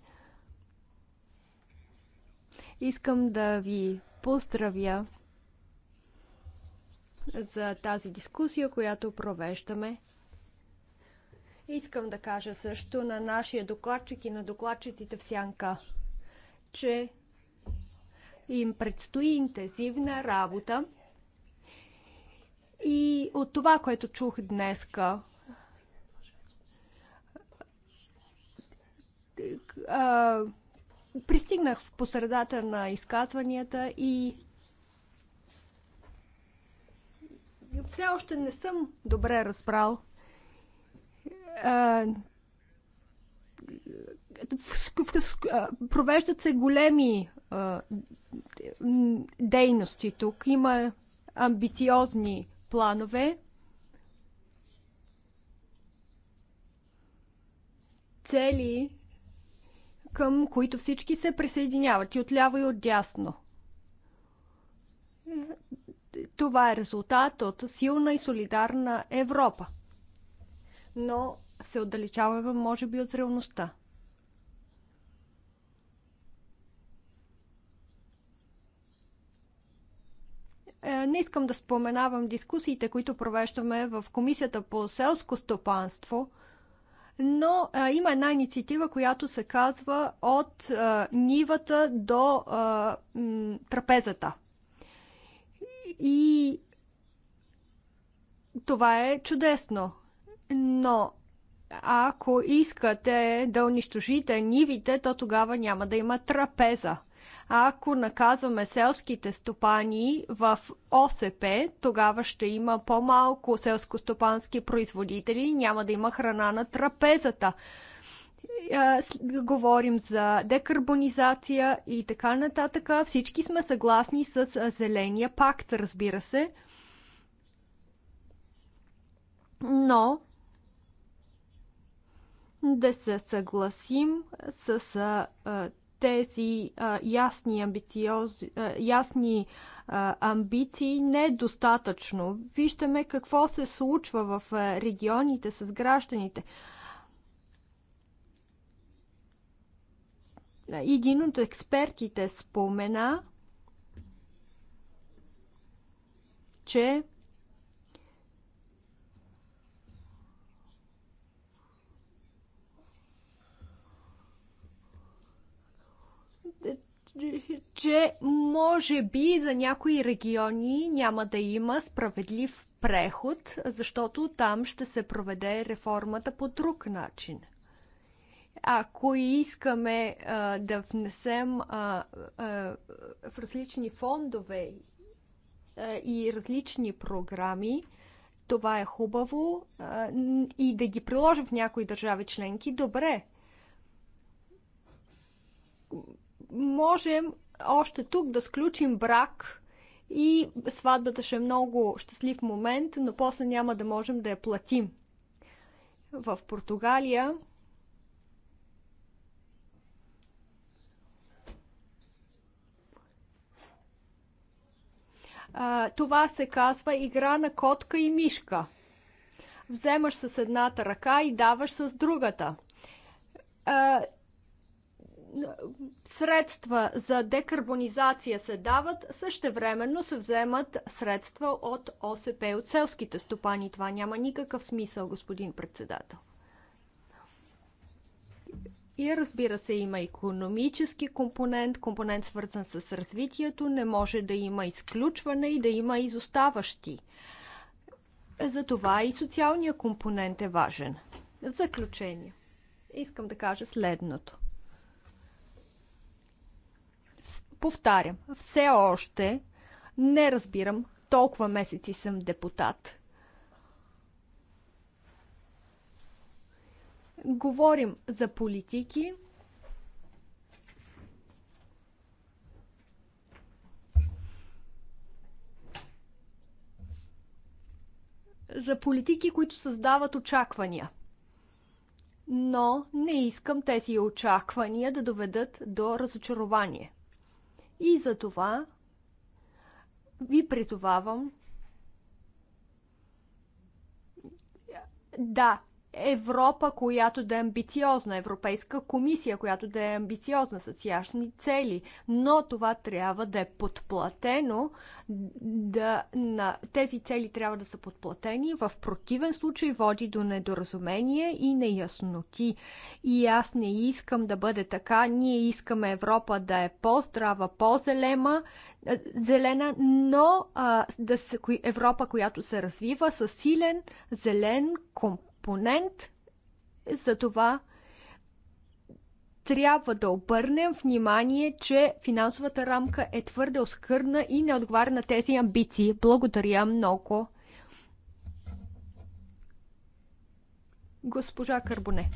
Speaker 3: Искам да ви поздравя за тази дискусия, която провеждаме. Искам да кажа също на нашия докладчик и на докладчиците в Сянка, че им предстои интензивна работа. И от това, което чух днеска, пристигнах в посредата на изказванията и все още не съм добре разбрал провеждат се големи дейности тук. Има амбициозни планове. Цели, към които всички се присъединяват и отляво и отдясно. Това е резултат от силна и солидарна Европа. Но се отдалечаваме, може би, от реалността. Е, не искам да споменавам дискусиите, които провеждаме в Комисията по селско стопанство, но а, е, има една инициатива, която се казва от а, е, нивата до а, м, трапезата. И това е чудесно, но ако искате да унищожите нивите, то тогава няма да има трапеза. Ако наказваме селските стопани в ОСП, тогава ще има по-малко селскостопански производители, няма да има храна на трапезата. Е, говорим за декарбонизация и така нататък. Всички сме съгласни с е, Зеления пакт, разбира се. Но да се съгласим с а, е, тези а, ясни, амбициози, а, ясни а, амбиции не е достатъчно. Виждаме какво се случва в а, регионите с гражданите. Един от експертите спомена, че че може би за някои региони няма да има справедлив преход, защото там ще се проведе реформата по друг начин. Ако искаме а, да внесем а, а, в различни фондове а, и различни програми, това е хубаво а, и да ги приложим в някои държави членки, добре можем още тук да сключим брак и сватбата ще е много щастлив момент, но после няма да можем да я платим. В Португалия това се казва игра на котка и мишка. Вземаш с едната ръка и даваш с другата средства за декарбонизация се дават, същевременно се вземат средства от ОСП, от селските стопани. Това няма никакъв смисъл, господин председател. И разбира се, има економически компонент, компонент свързан с развитието. Не може да има изключване и да има изоставащи. Затова и социалния компонент е важен. В заключение, искам да кажа следното. Повтарям, все още не разбирам, толкова месеци съм депутат. Говорим за политики. За политики, които създават очаквания но не искам тези очаквания да доведат до разочарование. И за това ви призовавам да Европа, която да е амбициозна, Европейска комисия, която да е амбициозна с ясни цели, но това трябва да е подплатено, да, на, тези цели трябва да са подплатени, в противен случай води до недоразумение и неясноти. И аз не искам да бъде така, ние искаме Европа да е по-здрава, по зелема е, зелена, но а, да се, Европа, която се развива с силен зелен комплекс компонент. Затова трябва да обърнем внимание, че финансовата рамка е твърде оскърна и не отговаря на тези амбиции. Благодаря много. Госпожа Карбоне.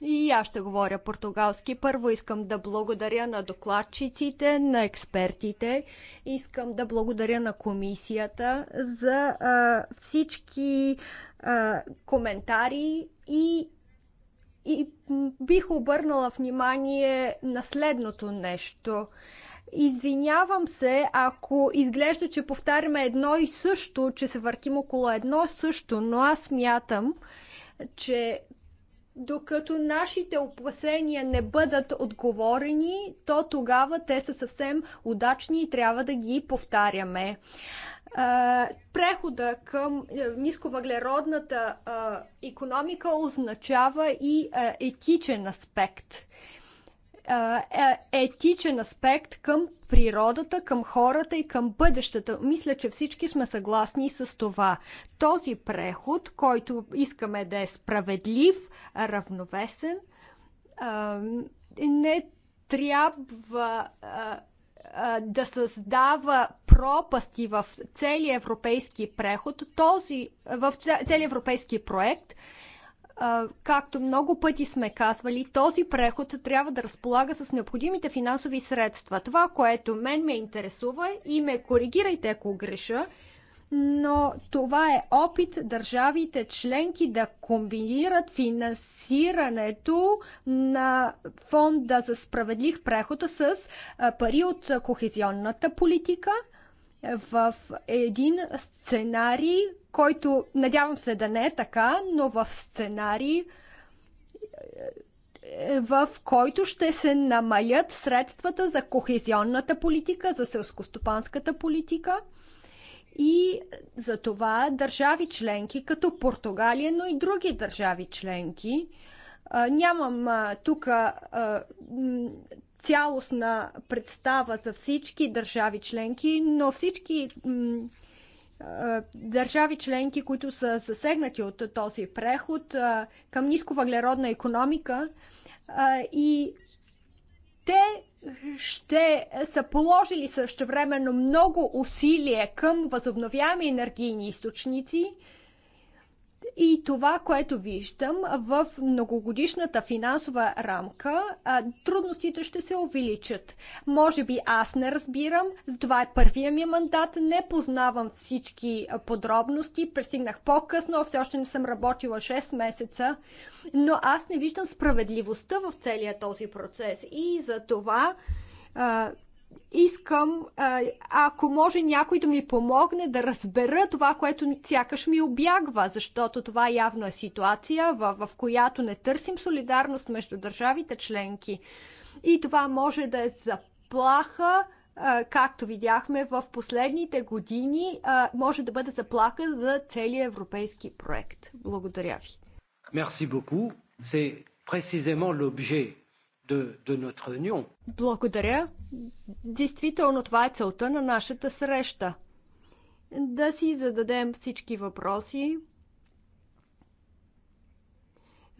Speaker 3: И аз ще говоря португалски. Първо искам да благодаря на докладчиците, на експертите. Искам да благодаря на комисията за а, всички а, коментари и, и бих обърнала внимание на следното нещо. Извинявам се, ако изглежда, че повтаряме едно и също, че се въртим около едно и също, но аз мятам, че докато нашите опасения не бъдат отговорени, то тогава те са съвсем удачни и трябва да ги повтаряме. Прехода към е, нисковъглеродната економика означава и е, етичен аспект е, етичен аспект към природата, към хората и към бъдещето. Мисля, че всички сме съгласни с това. Този преход, който искаме да е справедлив, равновесен, не трябва да създава пропасти в целия европейски преход, този, в целия европейски проект както много пъти сме казвали, този преход трябва да разполага с необходимите финансови средства. Това, което мен ме интересува и ме коригирайте, ако греша, но това е опит държавите членки да комбинират финансирането на фонда за справедлив преход с пари от кохезионната политика – в един сценарий, който надявам се да не е така, но в сценарий, е, е, в който ще се намалят средствата за кохезионната политика, за селскостопанската политика. И за това държави членки, като Португалия, но и други държави членки, нямам тук цялостна представа за всички държави членки, но всички държави членки, които са засегнати от този преход към нисковъглеродна економика и те ще са положили същевременно много усилие към възобновяеми енергийни източници – и това, което виждам в многогодишната финансова рамка, трудностите ще се увеличат. Може би аз не разбирам, това е първия ми мандат, не познавам всички подробности, пристигнах по-късно, все още не съм работила 6 месеца, но аз не виждам справедливостта в целия този процес. И за това искам, ако може някой да ми помогне да разбера това, което сякаш ми обягва, защото това явно е ситуация, в, в която не търсим солидарност между държавите членки. И това може да е заплаха, както видяхме в последните години, може да бъде заплаха за целия европейски проект. Благодаря ви.
Speaker 1: Merci beaucoup. C'est précisément l'objet de, de notre union.
Speaker 3: Благодаря. Действително това е целта на нашата среща. Да си зададем всички въпроси,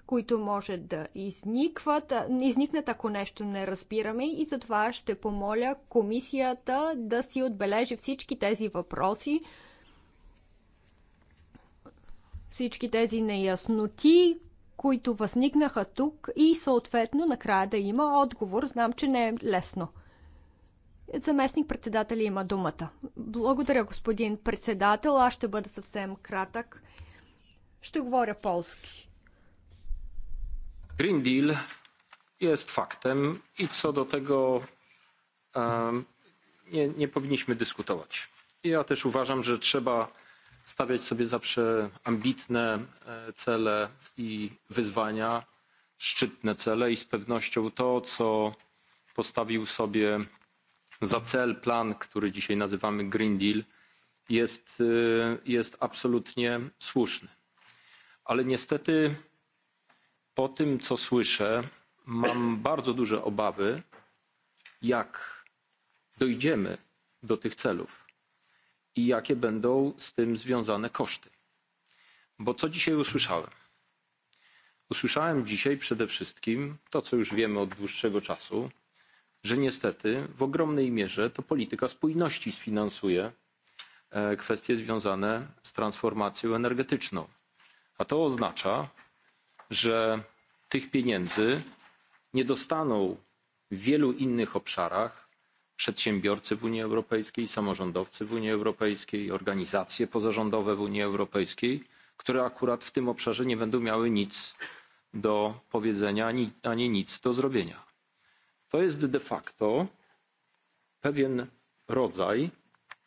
Speaker 3: които може да изникват, изникнат, ако нещо не разбираме и затова ще помоля комисията да си отбележи всички тези въпроси, всички тези неясноти, които възникнаха тук и съответно накрая да има отговор. Знам, че не е лесно. Заместник председател има думата. Благодаря, господин председател. Аз ще бъда съвсем кратък. Ще говоря полски.
Speaker 5: Green Deal е фактем и co do tego не nie, nie powinniśmy dyskutować. Ja też uważam, że trzeba stawiać sobie zawsze ambitne cele i wyzwania, szczytne cele i z pewnością to, co postawił sobie za cel plan, który dzisiaj nazywamy Green Deal, jest, jest absolutnie słuszny. Ale niestety po tym, co słyszę, mam bardzo duże obawy, jak dojdziemy do tych celów i jakie będą z tym związane koszty. Bo co dzisiaj usłyszałem? Usłyszałem dzisiaj przede wszystkim to, co już wiemy od dłuższego czasu, że niestety w ogromnej mierze to polityka spójności sfinansuje kwestie związane z transformacją energetyczną. A to oznacza, że tych pieniędzy nie dostaną w wielu innych obszarach przedsiębiorcy w Unii Europejskiej, samorządowcy w Unii Europejskiej, organizacje pozarządowe w Unii Europejskiej, które akurat w tym obszarze nie będą miały nic do powiedzenia ani nic do zrobienia. To jest de facto pewien rodzaj,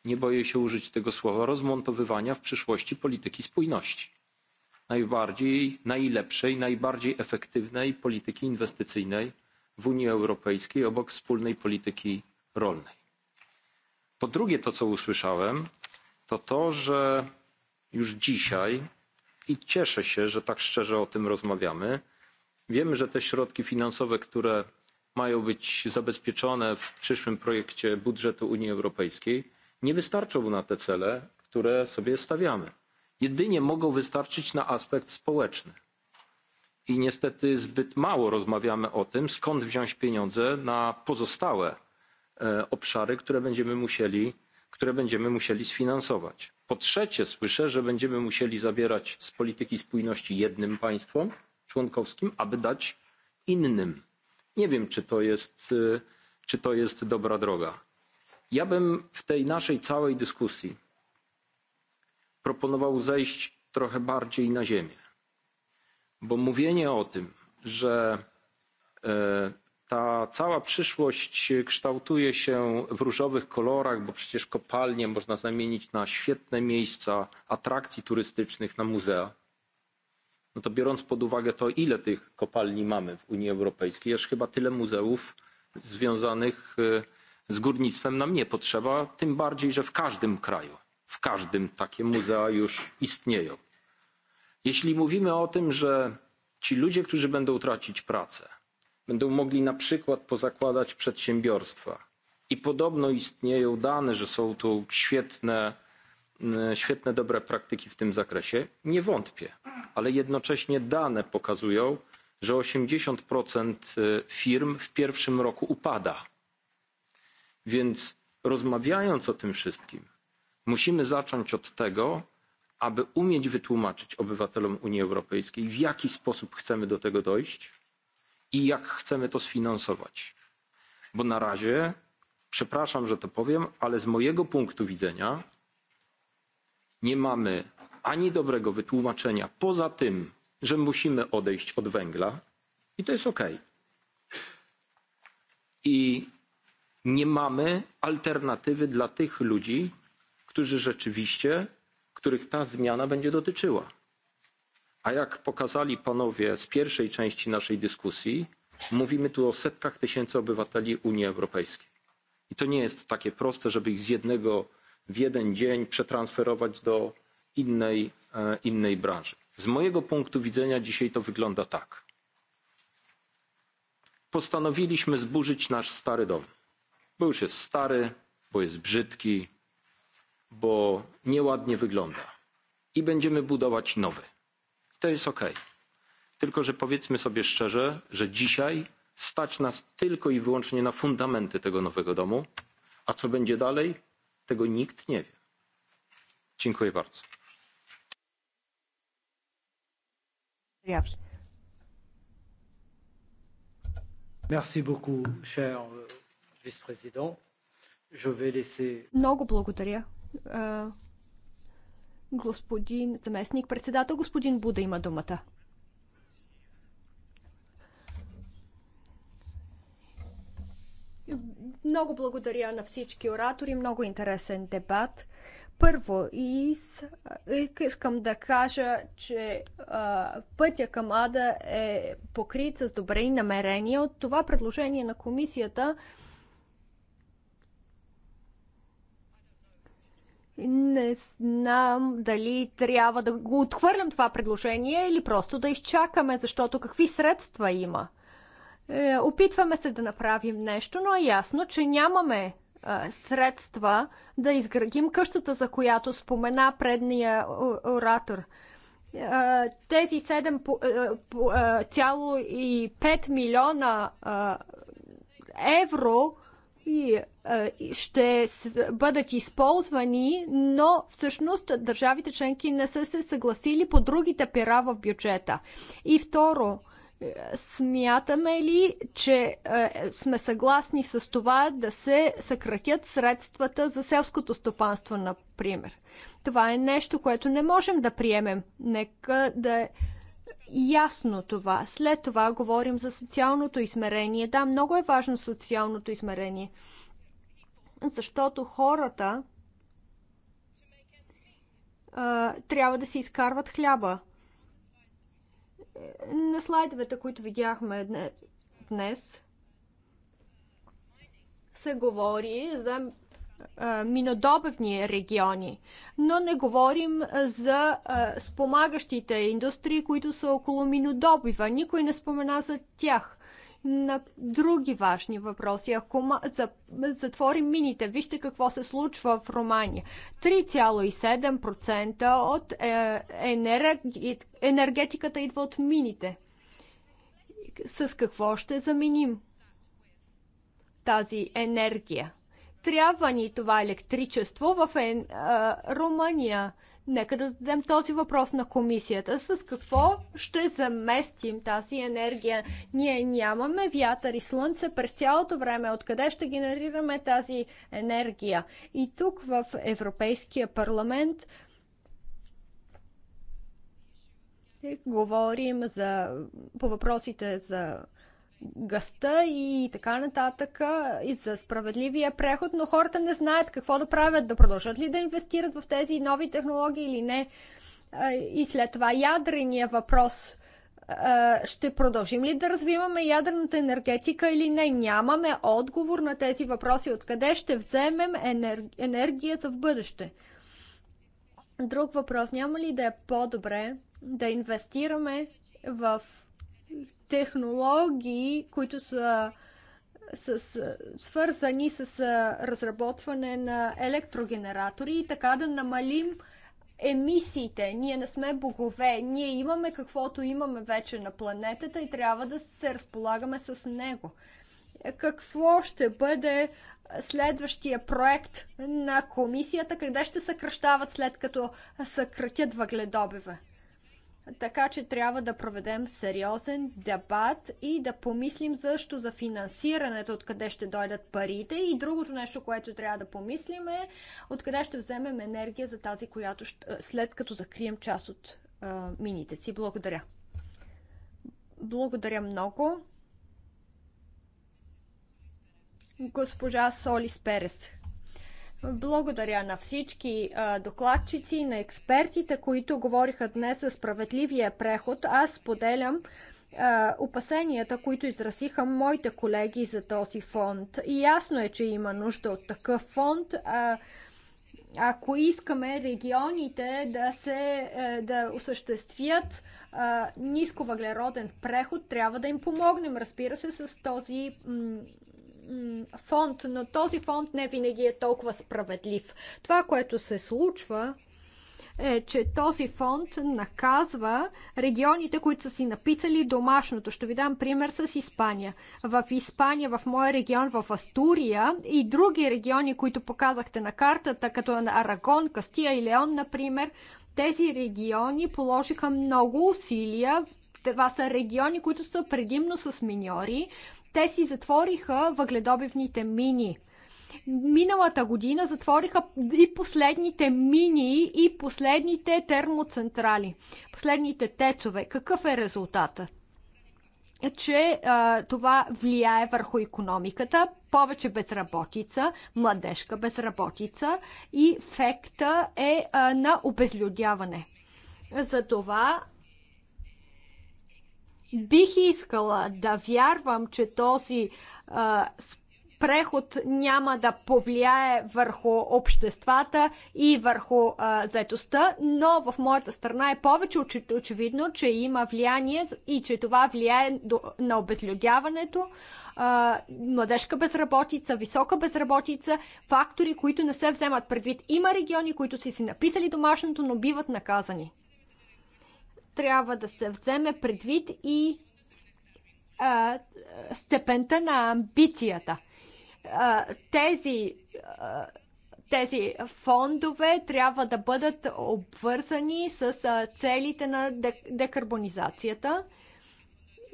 Speaker 5: nie boję się użyć tego słowa, rozmontowywania w przyszłości polityki spójności. Najbardziej, najlepszej, najbardziej efektywnej polityki inwestycyjnej w Unii Europejskiej obok wspólnej polityki rolnej. Po drugie, to co usłyszałem, to to, że już dzisiaj i cieszę się, że tak szczerze o tym rozmawiamy. Wiemy, że te środki finansowe, które mają być zabezpieczone w przyszłym projekcie budżetu Unii Europejskiej, nie wystarczą na te cele, które sobie stawiamy. Jedynie mogą wystarczyć na aspekt społeczny. I niestety zbyt mało rozmawiamy o tym, skąd wziąć pieniądze na pozostałe obszary, które będziemy musieli, które będziemy musieli sfinansować. Po trzecie, słyszę, że będziemy musieli zabierać z polityki spójności jednym państwom członkowskim, aby dać innym. Nie wiem, czy to jest, czy to jest dobra droga. Ja bym w tej naszej całej dyskusji proponował zejść trochę bardziej na ziemię, bo mówienie o tym, że ta cała przyszłość kształtuje się w różowych kolorach, bo przecież kopalnie można zamienić na świetne miejsca atrakcji turystycznych, na muzea. No to biorąc pod uwagę to, ile tych kopalni mamy w Unii Europejskiej, aż chyba tyle muzeów związanych z górnictwem nam nie potrzeba, tym bardziej, że w każdym kraju, w każdym takie muzea już istnieją. Jeśli mówimy o tym, że ci ludzie, którzy będą tracić pracę, będą mogli na przykład pozakładać przedsiębiorstwa. I podobno istnieją dane, że są tu świetne, świetne dobre praktyki w tym zakresie. Nie wątpię, ale jednocześnie dane pokazują, że 80% firm w pierwszym roku upada. Więc rozmawiając o tym wszystkim, musimy zacząć od tego, aby umieć wytłumaczyć obywatelom Unii Europejskiej, w jaki sposób chcemy do tego dojść i jak chcemy to sfinansować. Bo na razie, przepraszam, że to powiem, ale z mojego punktu widzenia nie mamy ani dobrego wytłumaczenia poza tym, że musimy odejść od węgla i to jest ok. I nie mamy alternatywy dla tych ludzi, którzy rzeczywiście, których ta zmiana będzie dotyczyła. A jak pokazali panowie z pierwszej części naszej dyskusji, mówimy tu o setkach tysięcy obywateli Unii Europejskiej. I to nie jest takie proste, żeby ich z jednego w jeden dzień przetransferować do innej, innej branży. Z mojego punktu widzenia dzisiaj to wygląda tak. Postanowiliśmy zburzyć nasz stary dom, bo już jest stary, bo jest brzydki, bo nieładnie wygląda. I będziemy budować nowy to jest ok. Tylko, że powiedzmy sobie szczerze, że dzisiaj stać nas tylko i wyłącznie na fundamenty tego nowego domu, a co będzie dalej, tego nikt nie wie. Dziękuję bardzo.
Speaker 1: Merci beaucoup, cher vice-président. Je vais laisser...
Speaker 3: Много благодаря, Господин заместник председател, господин Буда има думата. Много благодаря на всички оратори, много интересен дебат. Първо, из, искам да кажа, че а, пътя към Ада е покрит с добри намерения. От това предложение на комисията а, Не знам дали трябва да го отхвърлям това предложение или просто да изчакаме, защото какви средства има. Е, опитваме се да направим нещо, но е ясно, че нямаме е, средства да изградим къщата, за която спомена предния е, оратор. Е, тези 7,5 милиона евро и ще бъдат използвани, но всъщност държавите членки не са се съгласили по другите пера в бюджета. И второ, е, смятаме ли, че е, сме съгласни с това да се съкратят средствата за селското стопанство, например? Това е нещо, което не можем да приемем. Нека да ясно това. След това говорим за социалното измерение. Да, много е важно социалното измерение, защото хората а, трябва да си изкарват хляба. На слайдовете, които видяхме днес, се говори за минодобивни региони. Но не говорим за спомагащите индустрии, които са около минодобива. Никой не спомена за тях. На други важни въпроси. Ако затворим мините, вижте какво се случва в Румания. 3,7% от е, енергетиката идва от мините. С какво ще заменим тази енергия? трябва ни това електричество в е, Румъния? Нека да зададем този въпрос на комисията. С какво ще заместим тази енергия? Ние нямаме вятър и слънце през цялото време. Откъде ще генерираме тази енергия? И тук в Европейския парламент говорим за, по въпросите за гъста и така нататък и за справедливия преход, но хората не знаят какво да правят, да продължат ли да инвестират в тези нови технологии или не. И след това ядрения въпрос. Ще продължим ли да развиваме ядрената енергетика или не? Нямаме отговор на тези въпроси. Откъде ще вземем енергия за в бъдеще? Друг въпрос. Няма ли да е по-добре да инвестираме в технологии, които са с, свързани с разработване на електрогенератори и така да намалим емисиите. Ние не сме богове. Ние имаме каквото имаме вече на планетата и трябва да се разполагаме с него. Какво ще бъде следващия проект на комисията, къде ще съкръщават след като съкратят въгледобива? Така че трябва да проведем сериозен дебат и да помислим също за финансирането, откъде ще дойдат парите. И другото нещо, което трябва да помислим е откъде ще вземем енергия за тази, която след като закрием част от а, мините си. Благодаря. Благодаря много. Госпожа Солис Перес. Благодаря на всички докладчици, на експертите, които говориха днес за справедливия преход. Аз поделям опасенията, които изразиха моите колеги за този фонд. И ясно е, че има нужда от такъв фонд. Ако искаме регионите да се е, да осъществят нисковъглероден преход, трябва да им помогнем, разбира се, с този фонд, но този фонд не винаги е толкова справедлив. Това, което се случва е, че този фонд наказва регионите, които са си написали домашното. Ще ви дам пример с Испания. В Испания, в моя регион, в Астурия и други региони, които показахте на картата, като на Арагон, Кастия и Леон, например, тези региони положиха много усилия. Това са региони, които са предимно с миньори те си затвориха въгледобивните мини. Миналата година затвориха и последните мини и последните термоцентрали, последните тецове. Какъв е резултата? че а, това влияе върху економиката, повече безработица, младежка безработица и фекта е а, на обезлюдяване. Затова Бих искала да вярвам, че този а, преход няма да повлияе върху обществата и върху а, заедостта, но в моята страна е повече оч, очевидно, че има влияние и че това влияе до, на обезлюдяването, а, младежка безработица, висока безработица, фактори, които не се вземат предвид. Има региони, които са си написали домашното, но биват наказани трябва да се вземе предвид и а, степента на амбицията. А, тези, а, тези фондове трябва да бъдат обвързани с а, целите на декарбонизацията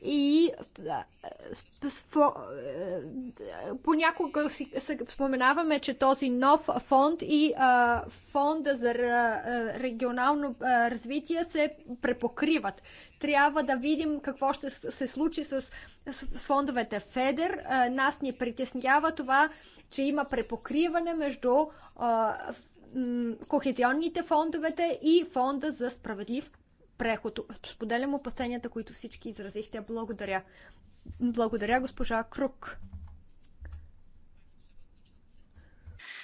Speaker 3: и понякога си споменаваме, че този нов фонд и фонда за регионално развитие се препокриват. Трябва да видим какво ще се случи с фондовете ФЕДЕР. Нас ни притеснява това, че има препокриване между кохезионните фондовете и фонда за справедлив преход. Споделям опасенията, които всички изразихте. Благодаря. Благодаря, госпожа Крук.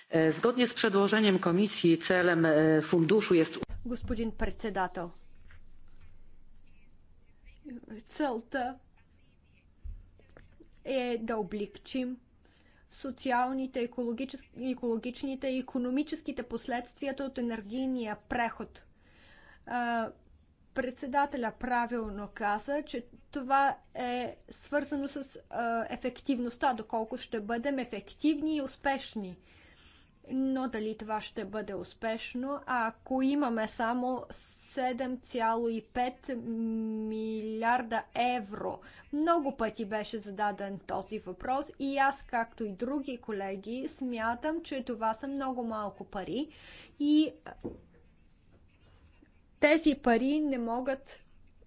Speaker 4: Е, згодни с предложением комисии, целем е, фундушу е...
Speaker 3: Господин председател, целта е да облегчим социалните, екологичните и економическите последствията от енергийния преход – Председателя правилно каза, че това е свързано с а, ефективността, доколко ще бъдем ефективни и успешни. Но дали това ще бъде успешно, ако имаме само 7,5 милиарда евро. Много пъти беше зададен този въпрос и аз, както и други колеги, смятам, че това са много малко пари и тези пари не могат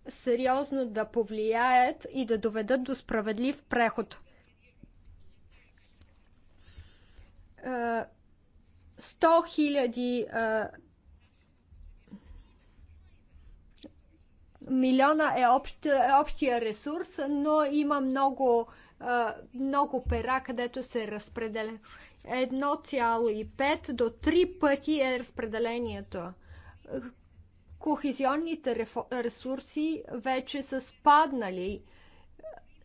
Speaker 3: сериозно да повлияят и да доведат до справедлив преход. 100 е, хиляди е, милиона е, е общия ресурс, но има много, е, много пера, където се разпределя. 1,5 до 3 пъти е разпределението кохезионните ресурси вече са спаднали е,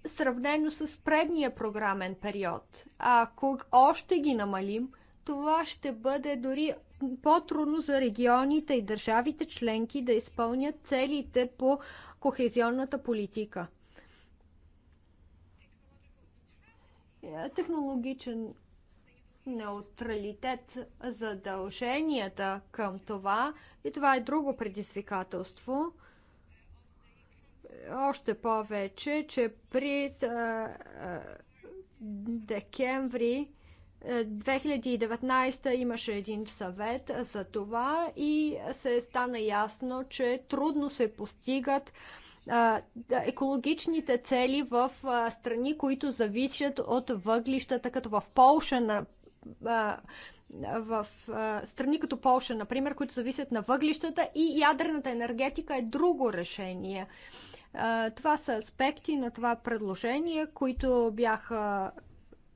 Speaker 3: сравнено с предния програмен период. А ако още ги намалим, това ще бъде дори по-трудно за регионите и държавите членки да изпълнят целите по кохезионната политика. Е, технологичен неутралитет задълженията към това и това е друго предизвикателство. Още повече, че при а, декември 2019 имаше един съвет за това и се стана ясно, че трудно се постигат екологичните цели в страни, които зависят от въглищата, като в Полша, в страни като Полша, например, които зависят на въглищата и ядрената енергетика е друго решение. Това са аспекти на това предложение, които бяха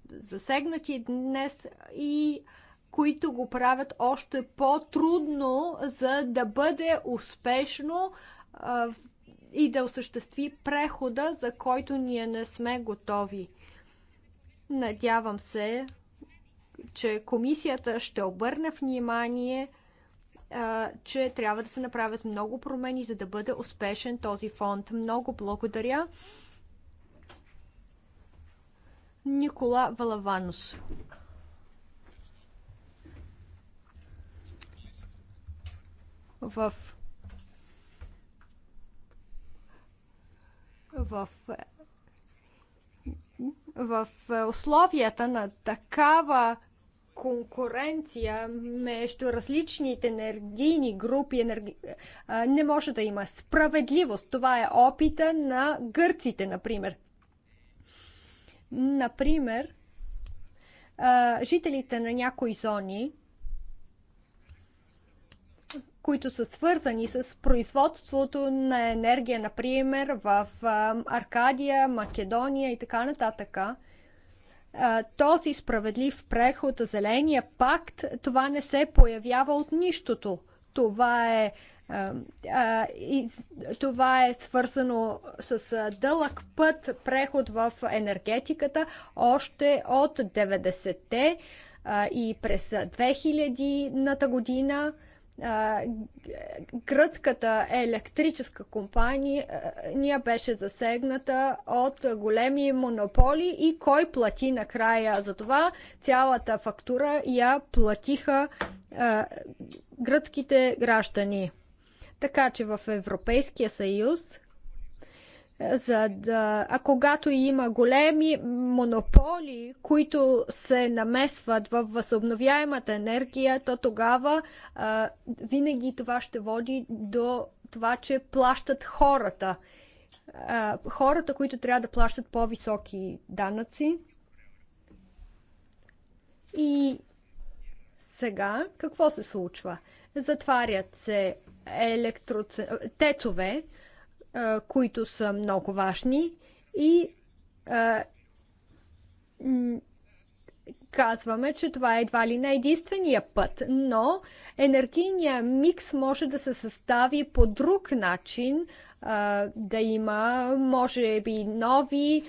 Speaker 3: засегнати днес и които го правят още по-трудно, за да бъде успешно и да осъществи прехода, за който ние не сме готови. Надявам се, че комисията ще обърне внимание, че трябва да се направят много промени, за да бъде успешен този фонд. Много благодаря. Никола Валаванус. В в в условията на такава конкуренция между различните енергийни групи енерги... не може да има справедливост. Това е опита на гърците, например. Например, жителите на някои зони, които са свързани с производството на енергия, например, в Аркадия, Македония и така нататък – този справедлив преход, зеления пакт, това не се появява от нищото. Това е, това е свързано с дълъг път, преход в енергетиката, още от 90-те и през 2000-та година гръцката електрическа компания ние беше засегната от големи монополи и кой плати накрая за това. Цялата фактура я платиха гръцките граждани. Така че в Европейския съюз за да, а когато има големи монополи, които се намесват в възобновяемата енергия, то тогава а, винаги това ще води до това, че плащат хората. А, хората, които трябва да плащат по-високи данъци. И сега какво се случва? Затварят се електроцентрали, тецове, които са много важни и казваме, че това е едва ли не единствения път, но енергийният микс може да се състави по друг начин, да има, може би, нови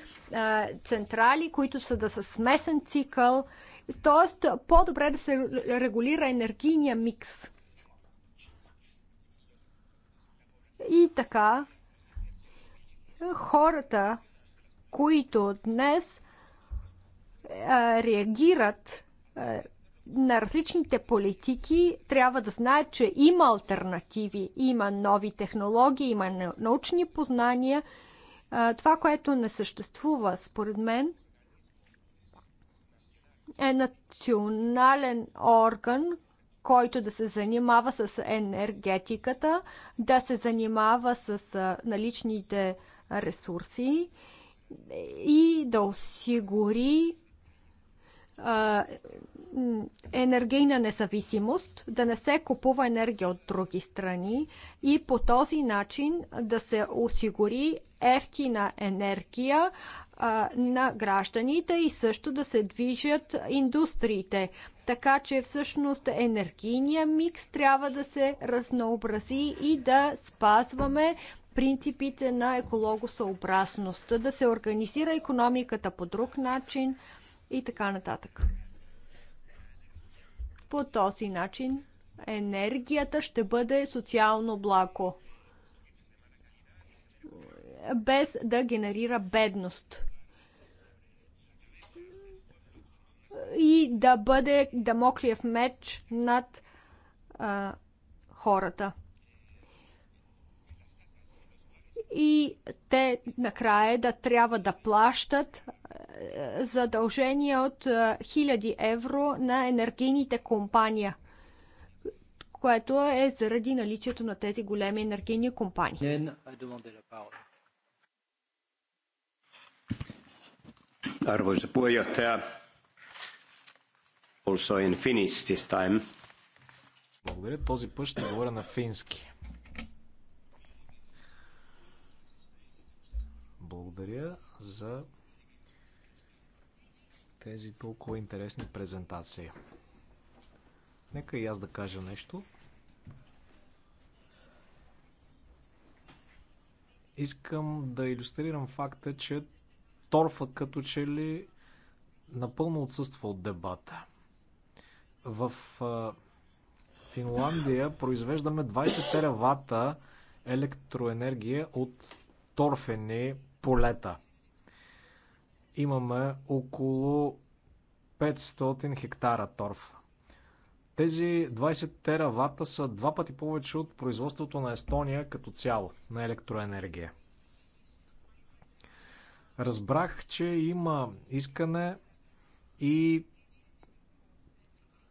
Speaker 3: централи, които са да са смесен цикъл. т.е. по-добре да се регулира енергийния микс. И така, хората, които днес а, реагират а, на различните политики, трябва да знаят, че има альтернативи, има нови технологии, има научни познания. А, това, което не съществува, според мен, е национален орган, който да се занимава с енергетиката, да се занимава с наличните ресурси и да осигури енергийна независимост, да не се купува енергия от други страни и по този начин да се осигури ефтина енергия на гражданите и също да се движат индустриите. Така че всъщност енергийния микс трябва да се разнообрази и да спазваме принципите на екологосъобразността, да се организира економиката по друг начин и така нататък. По този начин енергията ще бъде социално благо, без да генерира бедност. И да бъде дамоклиев меч над а, хората. и те накрая да трябва да плащат е, задължения от е, хиляди евро на енергийните компании, което е заради наличието на тези големи енергийни компании.
Speaker 5: Arvoisa puheenjohtaja, also in Finnish this time.
Speaker 1: Благодаря. Този път ще говоря на фински. благодаря за тези толкова интересни презентации. Нека и аз да кажа нещо. Искам да иллюстрирам факта, че торфа като че ли напълно отсъства от дебата. В Финландия произвеждаме 20 теравата електроенергия от торфени полета. Имаме около 500 хектара торф. Тези 20 теравата са два пъти повече от производството на Естония като цяло на електроенергия. Разбрах, че има искане и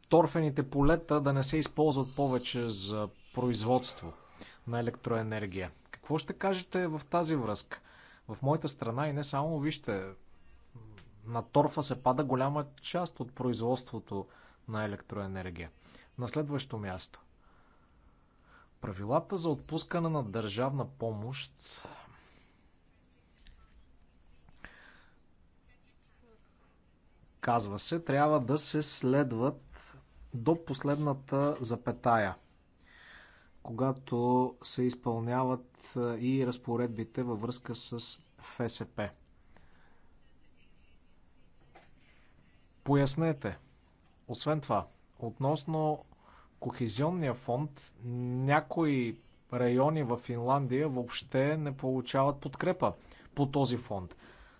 Speaker 1: торфените полета да не се използват повече за производство на електроенергия. Какво ще кажете в тази връзка? В моята страна и не само, вижте, на торфа се пада голяма част от производството на електроенергия. На следващо място. Правилата за отпускане на държавна помощ казва се, трябва да се следват до последната запетая, когато се изпълняват и разпоредбите във връзка с ФСП. Пояснете. Освен това, относно Кохезионния фонд, някои райони в Финландия въобще не получават подкрепа по този фонд.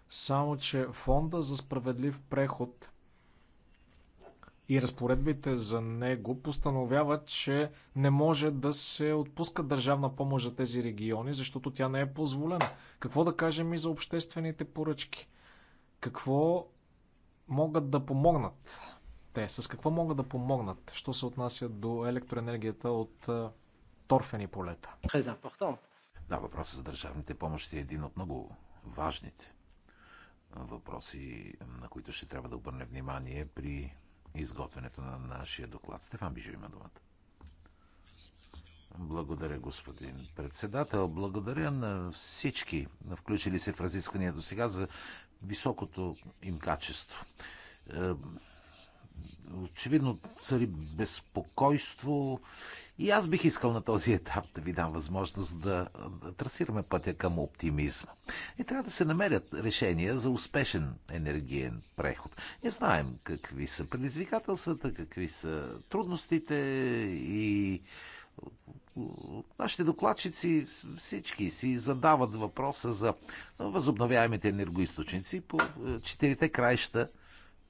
Speaker 1: Само, че фонда за справедлив преход и разпоредбите за него постановяват, че не може да се отпуска държавна помощ за тези региони, защото тя не е позволена. Какво да кажем и за обществените поръчки? Какво могат да помогнат те? С какво могат да помогнат, що се отнася до електроенергията от торфени полета? Да, въпросът за държавните помощи
Speaker 2: е един от много важните въпроси, на които ще трябва да обърне внимание при изготвянето на нашия доклад. Стефан Бижо има думата. Благодаря, господин председател. Благодаря на всички, включили се в разисквания до сега, за високото им качество. Е, очевидно цари безпокойство и аз бих искал на този етап да ви дам възможност да, да трасираме пътя към оптимизма. И трябва да се намерят решения за успешен енергиен преход. Не знаем какви са предизвикателствата, какви са трудностите и нашите докладчици всички си задават въпроса за възобновяемите енергоисточници по е, четирите краища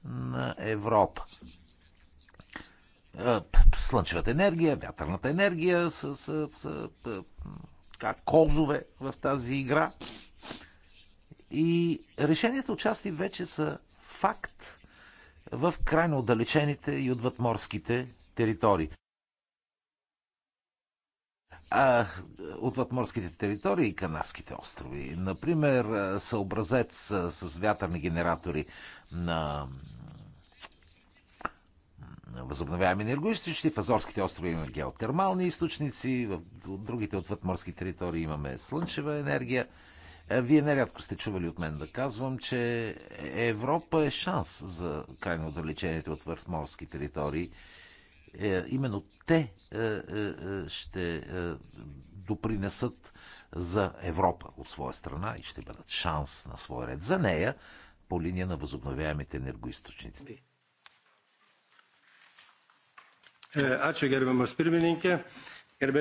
Speaker 2: на Европа. Е, слънчевата енергия, вятърната енергия с, с, с така, козове в тази игра. И решенията участи вече са факт в крайно отдалечените и отвъдморските територии. А, отвъдморските територии и Канарските острови. Например, съобразец с вятърни генератори на възобновяеми енергоисточници, в Азорските острови има геотермални източници, в другите отвъдморски територии имаме слънчева енергия. Вие нерядко сте чували от мен да казвам, че Европа е шанс за крайно отдалечените от върхморски територии. Е, именно те е, е, ще допринесат за Европа от своя страна и ще бъдат шанс на своя ред за нея по линия на възобновяемите енергоисточници.
Speaker 5: Ačiū gerbiamas pirmininkė.
Speaker 1: Gerbė...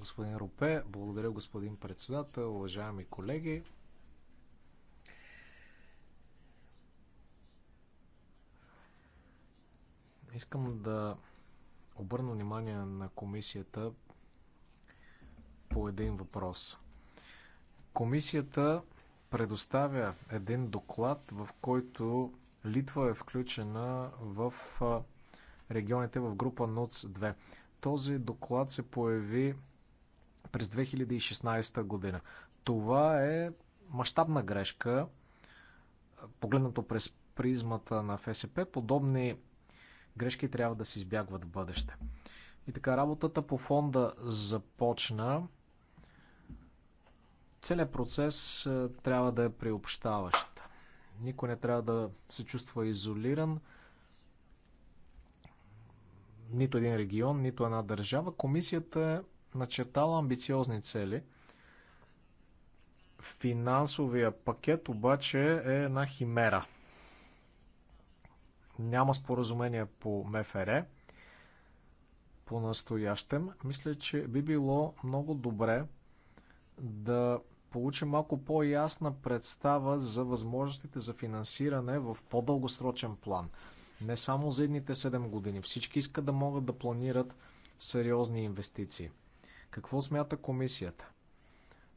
Speaker 1: Господин Рупе, благодаря господин председател, уважаеми колеги. Искам да обърна внимание на комисията по един въпрос. Комисията предоставя един доклад, в който Литва е включена в регионите в група НОЦ-2. Този доклад се появи през 2016 година. Това е мащабна грешка, погледнато през призмата на ФСП. Подобни грешки трябва да се избягват в бъдеще. И така, работата по фонда започна. Целият процес е, трябва да е приобщаващ. Никой не трябва да се чувства изолиран нито един регион, нито една държава. Комисията е начертала амбициозни цели. Финансовия пакет обаче е една химера. Няма споразумение по МФР по-настоящем. Мисля, че би било много добре да получим малко по-ясна представа за възможностите за финансиране в по-дългосрочен план – не само за едните 7 години. Всички искат да могат да планират сериозни инвестиции. Какво смята комисията?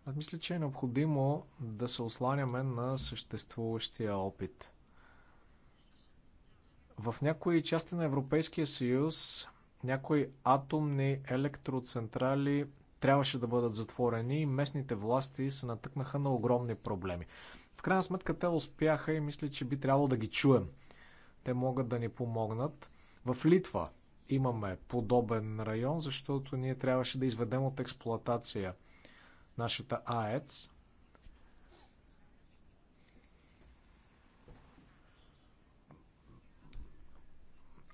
Speaker 1: Аз мисля, че е необходимо да се осланяме на съществуващия опит. В някои части на Европейския съюз някои атомни електроцентрали трябваше да бъдат затворени и местните власти се натъкнаха на огромни проблеми. В крайна сметка те успяха и мисля, че би трябвало да ги чуем те могат да ни помогнат. В Литва имаме подобен район, защото ние трябваше да изведем от експлоатация нашата АЕЦ.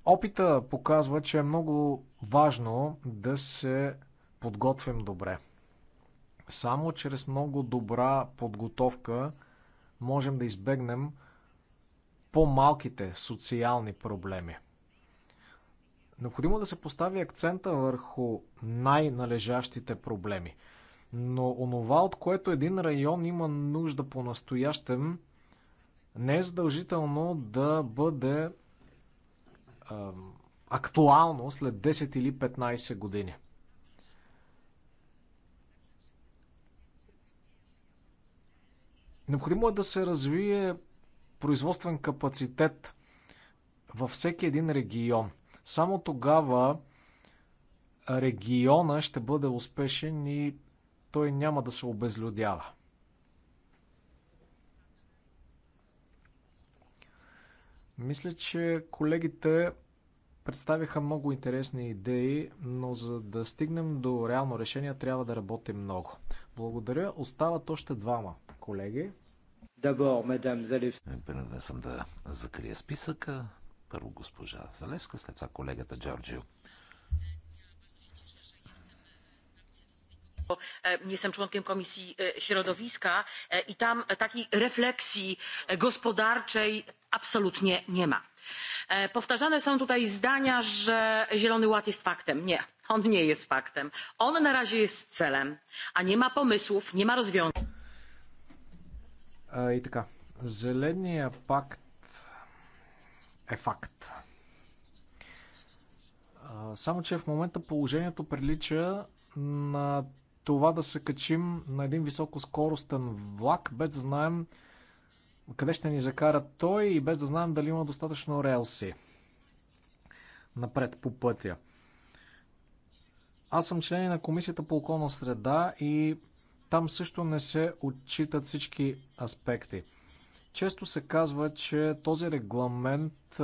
Speaker 1: Опита показва, че е много важно да се подготвим добре. Само чрез много добра подготовка можем да избегнем по-малките социални проблеми. Необходимо да се постави акцента върху най-належащите проблеми. Но онова, от което един район има нужда по-настоящем, не е задължително да бъде е, актуално след 10 или 15 години. Необходимо е да се развие производствен капацитет във всеки един регион. Само тогава региона ще бъде успешен и той няма да се обезлюдява. Мисля, че колегите представиха много интересни идеи, но за да стигнем до реално решение трябва да работим много. Благодаря. Остават още двама колеги.
Speaker 2: Принуден съм да закрия списъка. Първо госпожа Залевска, след това колегата Джорджио.
Speaker 5: jestem członkiem komisji środowiska i tam takiej refleksji gospodarczej absolutnie nie ma. Powtarzane są tutaj zdania, że Zielony Ład jest faktem. Nie, on nie jest faktem. On na razie jest celem, a nie ma pomysłów, nie ma rozwiązań.
Speaker 1: А, и така, Зеления пакт е факт. А, само, че в момента положението прилича на това да се качим на един високоскоростен влак, без да знаем къде ще ни закара той и без да знаем дали има достатъчно релси напред по пътя. Аз съм член на Комисията по околна среда и там също не се отчитат всички аспекти. Често се казва, че този регламент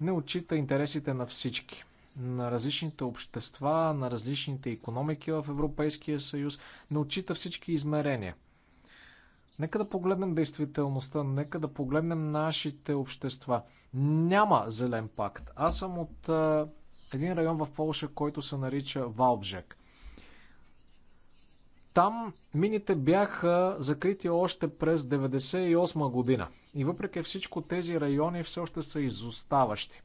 Speaker 1: не отчита интересите на всички на различните общества, на различните економики в Европейския съюз, не отчита всички измерения. Нека да погледнем действителността, нека да погледнем нашите общества. Няма зелен пакт. Аз съм от един район в Полша, който се нарича Валбжек. Там мините бяха закрити още през 1998 година. И въпреки всичко тези райони все още са изоставащи.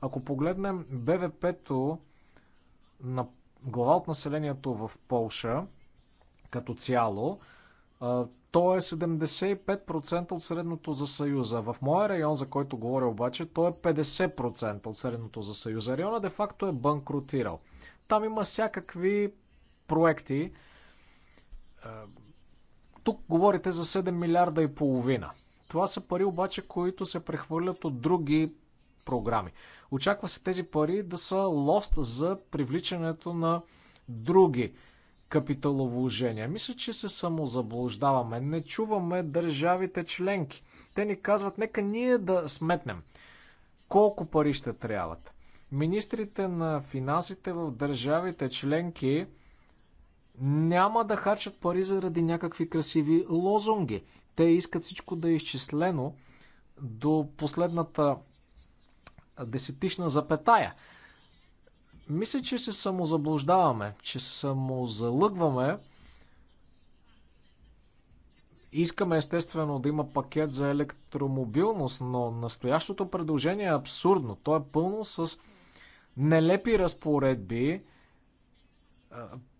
Speaker 1: Ако погледнем БВП-то на глава от населението в Полша като цяло, то е 75% от средното за Съюза. В моя район, за който говоря обаче, то е 50% от средното за Съюза. Района де факто е банкротирал. Там има всякакви проекти, е, тук говорите за 7 милиарда и половина. Това са пари обаче, които се прехвърлят от други програми. Очаква се тези пари да са лост за привличането на други капиталовложения. Мисля, че се самозаблуждаваме. Не чуваме държавите членки. Те ни казват, нека ние да сметнем колко пари ще трябват. Министрите на финансите в държавите членки няма да харчат пари заради някакви красиви лозунги. Те искат всичко да е изчислено до последната десетична запетая. Мисля, че се самозаблуждаваме, че самозалъгваме. Искаме естествено да има пакет за електромобилност, но настоящото предложение е абсурдно. То е пълно с нелепи разпоредби,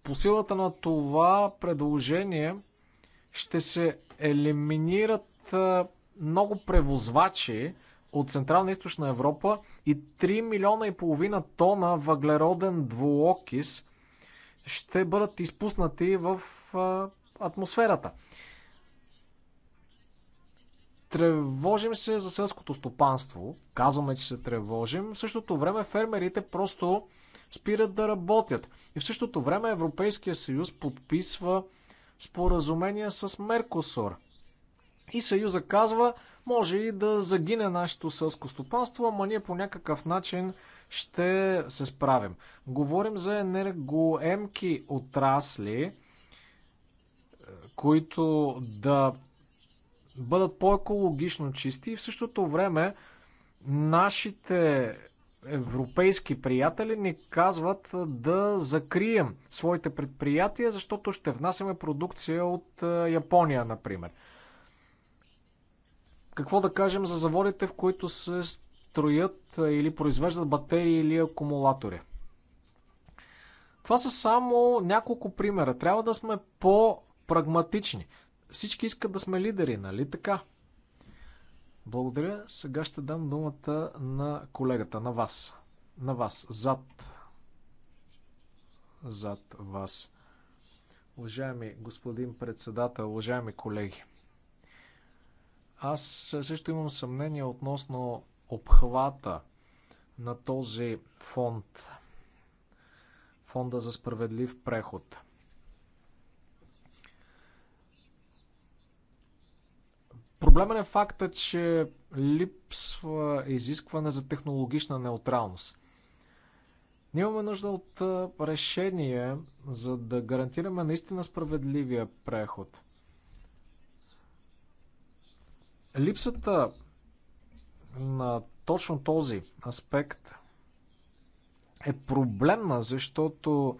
Speaker 1: по силата на това предложение ще се елиминират много превозвачи от Централна и Източна Европа и 3 милиона и половина тона въглероден двуокис ще бъдат изпуснати в атмосферата. Тревожим се за селското стопанство. Казваме, че се тревожим. В същото време фермерите просто спират да работят. И в същото време Европейския съюз подписва споразумение с Меркосур. И съюза казва, може и да загине нашето сълско стопанство, ама ние по някакъв начин ще се справим. Говорим за енергоемки отрасли, е, които да бъдат по-екологично чисти и в същото време нашите европейски приятели ни казват да закрием своите предприятия, защото ще внасяме продукция от Япония, например. Какво да кажем за заводите, в които се строят или произвеждат батерии или акумулатори? Това са само няколко примера. Трябва да сме по-прагматични. Всички искат да сме лидери, нали така? Благодаря. Сега ще дам думата на колегата, на вас. На вас, зад. Зад вас. Уважаеми господин председател, уважаеми колеги. Аз също имам съмнение относно обхвата на този фонд. Фонда за справедлив преход – Проблемът е факта, че липсва изискване за технологична неутралност. Ние имаме нужда от решение, за да гарантираме наистина справедливия преход. Липсата на точно този аспект е проблемна, защото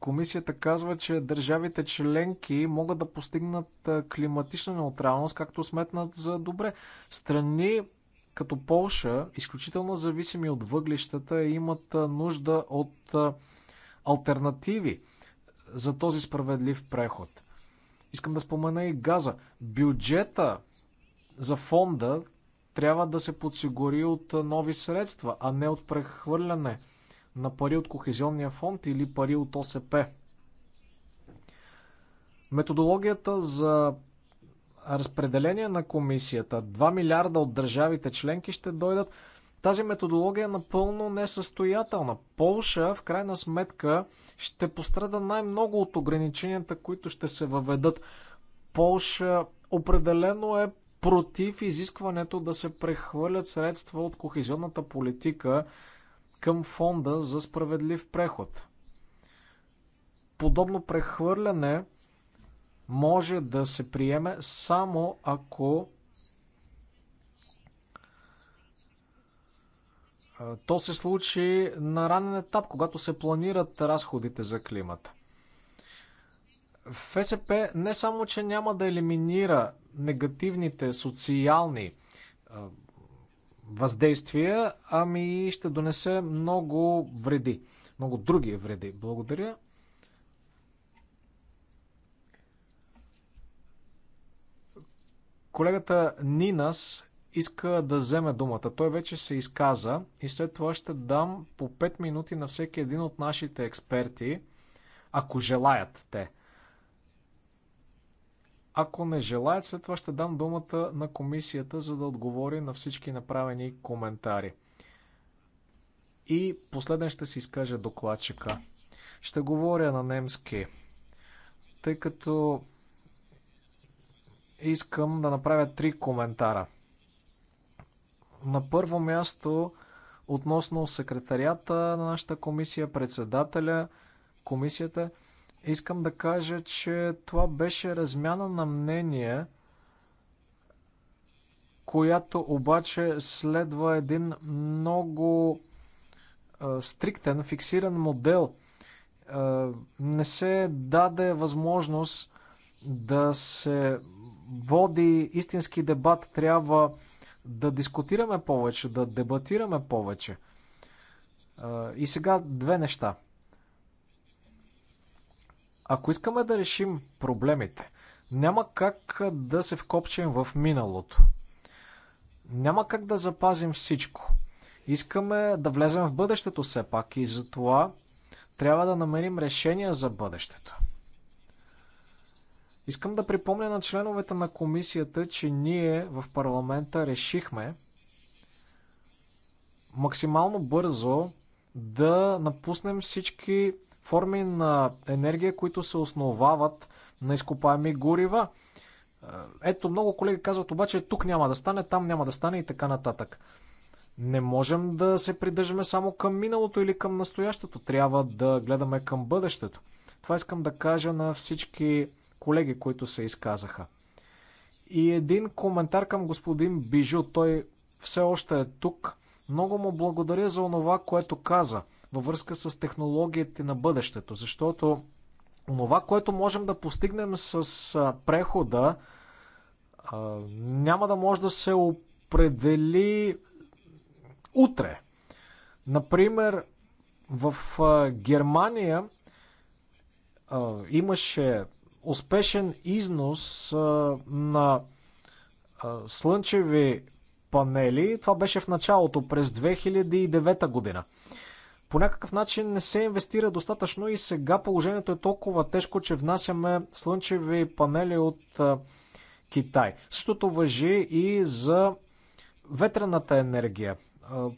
Speaker 1: Комисията казва, че държавите членки могат да постигнат климатична неутралност, както сметнат за добре. Страни като Полша, изключително зависими от въглищата, имат нужда от альтернативи за този справедлив преход. Искам да спомена и газа. Бюджета за фонда трябва да се подсигури от нови средства, а не от прехвърляне на пари от Кохезионния фонд или пари от ОСП. Методологията за разпределение на комисията 2 милиарда от държавите членки ще дойдат. Тази методология е напълно несъстоятелна. Полша, в крайна сметка, ще пострада най-много от ограниченията, които ще се въведат. Полша определено е против изискването да се прехвърлят средства от кохезионната политика към фонда за справедлив преход. Подобно прехвърляне може да се приеме само ако то се случи на ранен етап, когато се планират разходите за климата. ФСП не само, че няма да елиминира негативните социални въздействия, ами ще донесе много вреди, много други вреди. Благодаря. Колегата Нинас иска да вземе думата. Той вече се изказа и след това ще дам по 5 минути на всеки един от нашите експерти, ако желаят те. Ако не желаят, след това ще дам думата на комисията, за да отговори на всички направени коментари. И последен ще си изкаже докладчика. Ще говоря на немски, тъй като искам да направя три коментара. На първо място, относно секретарията на нашата комисия, председателя, комисията – Искам да кажа, че това беше размяна на мнение, която обаче следва един много а, стриктен, фиксиран модел. А, не се даде възможност да се води истински дебат. Трябва да дискутираме повече, да дебатираме повече. И сега две неща. Ако искаме да решим проблемите, няма как да се вкопчим в миналото. Няма как да запазим всичко. Искаме да влезем в бъдещето все пак и затова трябва да намерим решения за бъдещето. Искам да припомня на членовете на комисията, че ние в парламента решихме максимално бързо да напуснем всички форми на енергия, които се основават на изкопаеми горива. Е, ето, много колеги казват обаче, тук няма да стане, там няма да стане и така нататък. Не можем да се придържаме само към миналото или към настоящето. Трябва да гледаме към бъдещето. Това искам да кажа на всички колеги, които се изказаха. И един коментар към господин Бижу. Той все още е тук. Много му благодаря за онова, което каза във връзка с технологиите на бъдещето, защото това, което можем да постигнем с прехода, няма да може да се определи утре. Например, в Германия имаше успешен износ на слънчеви панели. Това беше в началото, през 2009 година по някакъв начин не се инвестира достатъчно и сега положението е толкова тежко, че внасяме слънчеви панели от Китай. Същото въжи и за ветрената енергия.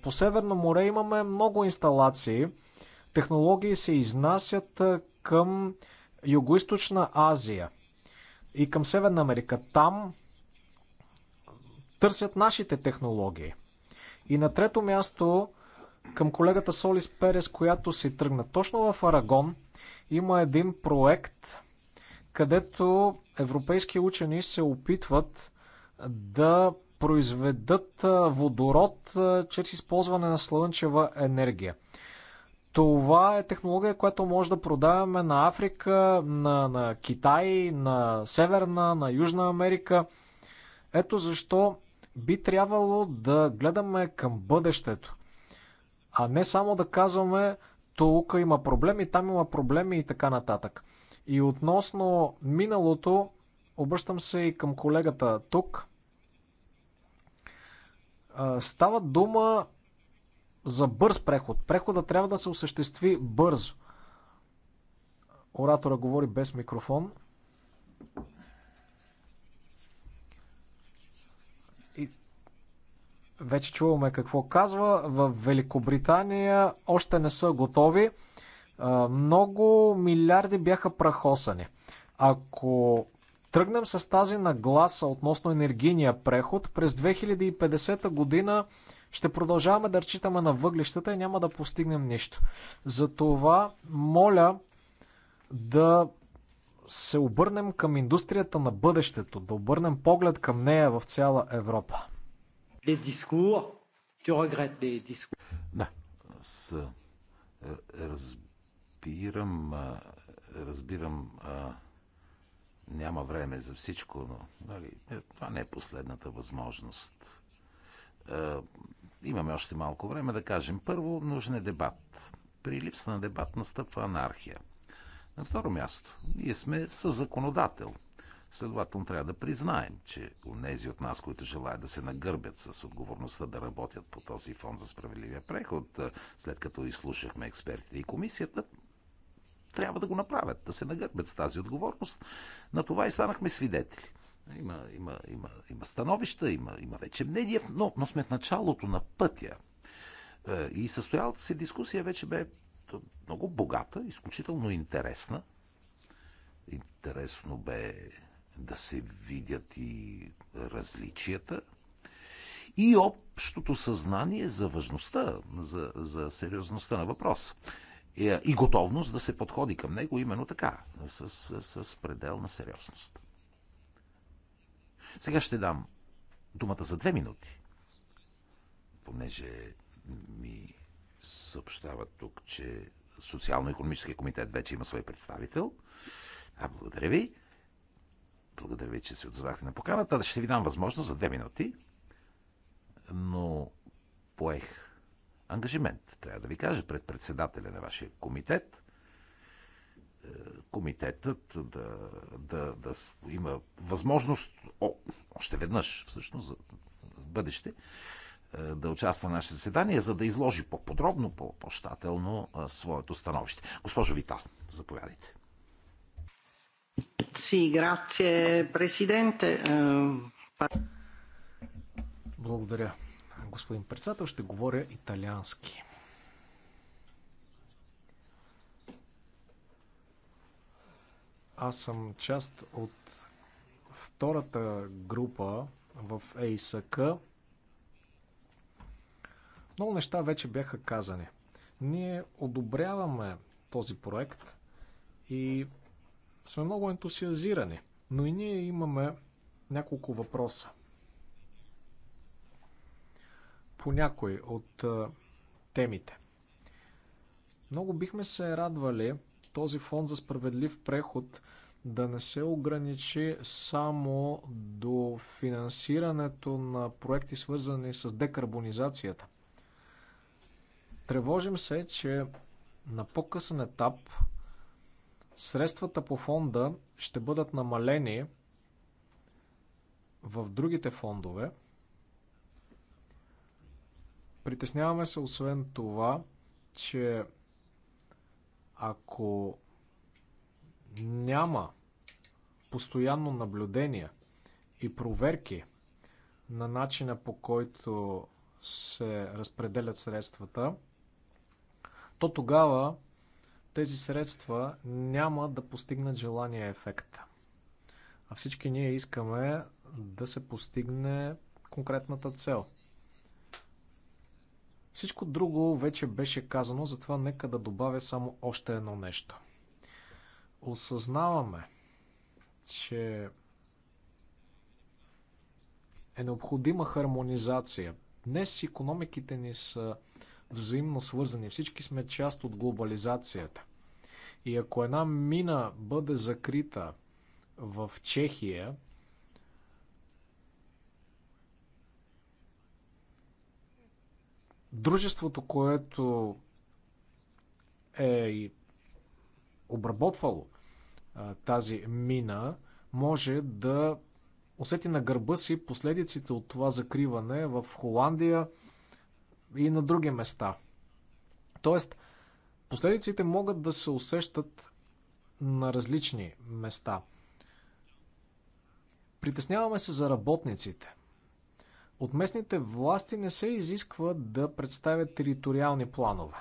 Speaker 1: По Северно море имаме много инсталации. Технологии се изнасят към Юго-Источна Азия и към Северна Америка. Там търсят нашите технологии. И на трето място към колегата Солис Перес, която си тръгна. Точно в Арагон има един проект, където европейски учени се опитват да произведат водород чрез използване на слънчева енергия. Това е технология, която може да продаваме на Африка, на, на Китай, на Северна, на Южна Америка. Ето защо би трябвало да гледаме към бъдещето. А не само да казваме, тук има проблеми, там има проблеми и така нататък. И относно миналото, обръщам се и към колегата тук. Става дума за бърз преход. Прехода трябва да се осъществи бързо. Оратора говори без микрофон. Вече чуваме какво казва. В Великобритания още не са готови. Много милиарди бяха прахосани. Ако тръгнем с тази нагласа относно енергийния преход, през 2050 година ще продължаваме да разчитаме на въглищата и няма да постигнем нищо. Затова моля да се обърнем към индустрията на бъдещето, да обърнем поглед към нея в цяла Европа les discours.
Speaker 5: Tu regrettes les discours.
Speaker 2: Да, с. Е, разбирам, е, разбирам, е, няма време за всичко, но нали, това не е последната възможност. имаме още малко време да кажем. Първо, нужен е дебат. При липса на дебат настъпва анархия. На второ място, ние сме със законодател – Следователно трябва да признаем, че унези от нас, които желаят да се нагърбят с отговорността да работят по този фонд за справедливия преход, след като изслушахме експертите и комисията, трябва да го направят, да се нагърбят с тази отговорност. На това и станахме свидетели. Има, има, има, има становища, има, има вече мнение, но, но сме в началото на пътя. Е, и състоялата се дискусия вече бе много богата, изключително интересна. Интересно бе да се видят и различията и общото съзнание за важността, за, за сериозността на въпроса. Е, и готовност да се подходи към него именно така, с, с, с на сериозност. Сега ще дам думата за две минути, понеже ми съобщава тук, че Социално-економическия комитет вече има свой представител. А, благодаря ви. Благодаря ви, че се отзовахте на поканата. Ще ви дам възможност за две минути, но поех ангажимент, трябва да ви кажа, пред председателя на вашия комитет. Е, комитетът да, да, да има възможност, о, още веднъж всъщност, за бъдеще, е, да участва в наше заседание, за да изложи по-подробно, по-щателно е, своето становище. Госпожо
Speaker 4: Витал, заповядайте. Си, грация, президенте. Благодаря. Господин председател,
Speaker 1: ще говоря италиански. Аз съм част от втората група в ЕИСК. Много неща вече бяха казани. Ние одобряваме този проект и сме много ентусиазирани, но и ние имаме няколко въпроса. По някои от темите. Много бихме се радвали този фонд за справедлив преход да не се ограничи само до финансирането на проекти, свързани с декарбонизацията. Тревожим се, че на по-късен етап Средствата по фонда ще бъдат намалени в другите фондове. Притесняваме се освен това, че ако няма постоянно наблюдение и проверки на начина по който се разпределят средствата, то тогава тези средства няма да постигнат желания ефект. А всички ние искаме да се постигне конкретната цел. Всичко друго вече беше казано, затова нека да добавя само още едно нещо. Осъзнаваме, че е необходима хармонизация. Днес економиките ни са взаимно свързани. Всички сме част от глобализацията. И ако една мина бъде закрита в Чехия, дружеството, което е обработвало тази мина, може да усети на гърба си последиците от това закриване в Холандия и на други места. Тоест, Последиците могат да се усещат на различни места. Притесняваме се за работниците. От местните власти не се изисква да представят териториални планове.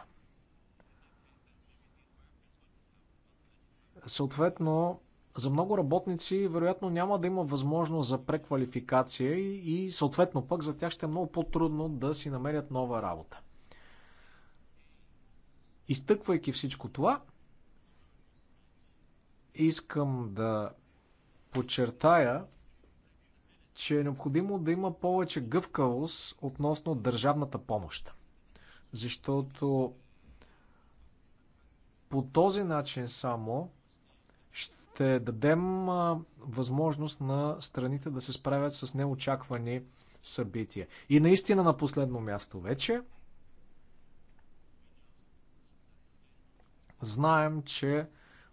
Speaker 1: Съответно, за много работници вероятно няма да има възможност за преквалификация и, съответно пък за тях ще е много по-трудно да си намерят нова работа. Изтъквайки всичко това, искам да подчертая, че е необходимо да има повече гъвкавост относно държавната помощ. Защото по този начин само ще дадем възможност на страните да се справят с неочаквани събития. И наистина на последно място вече – Знаем, че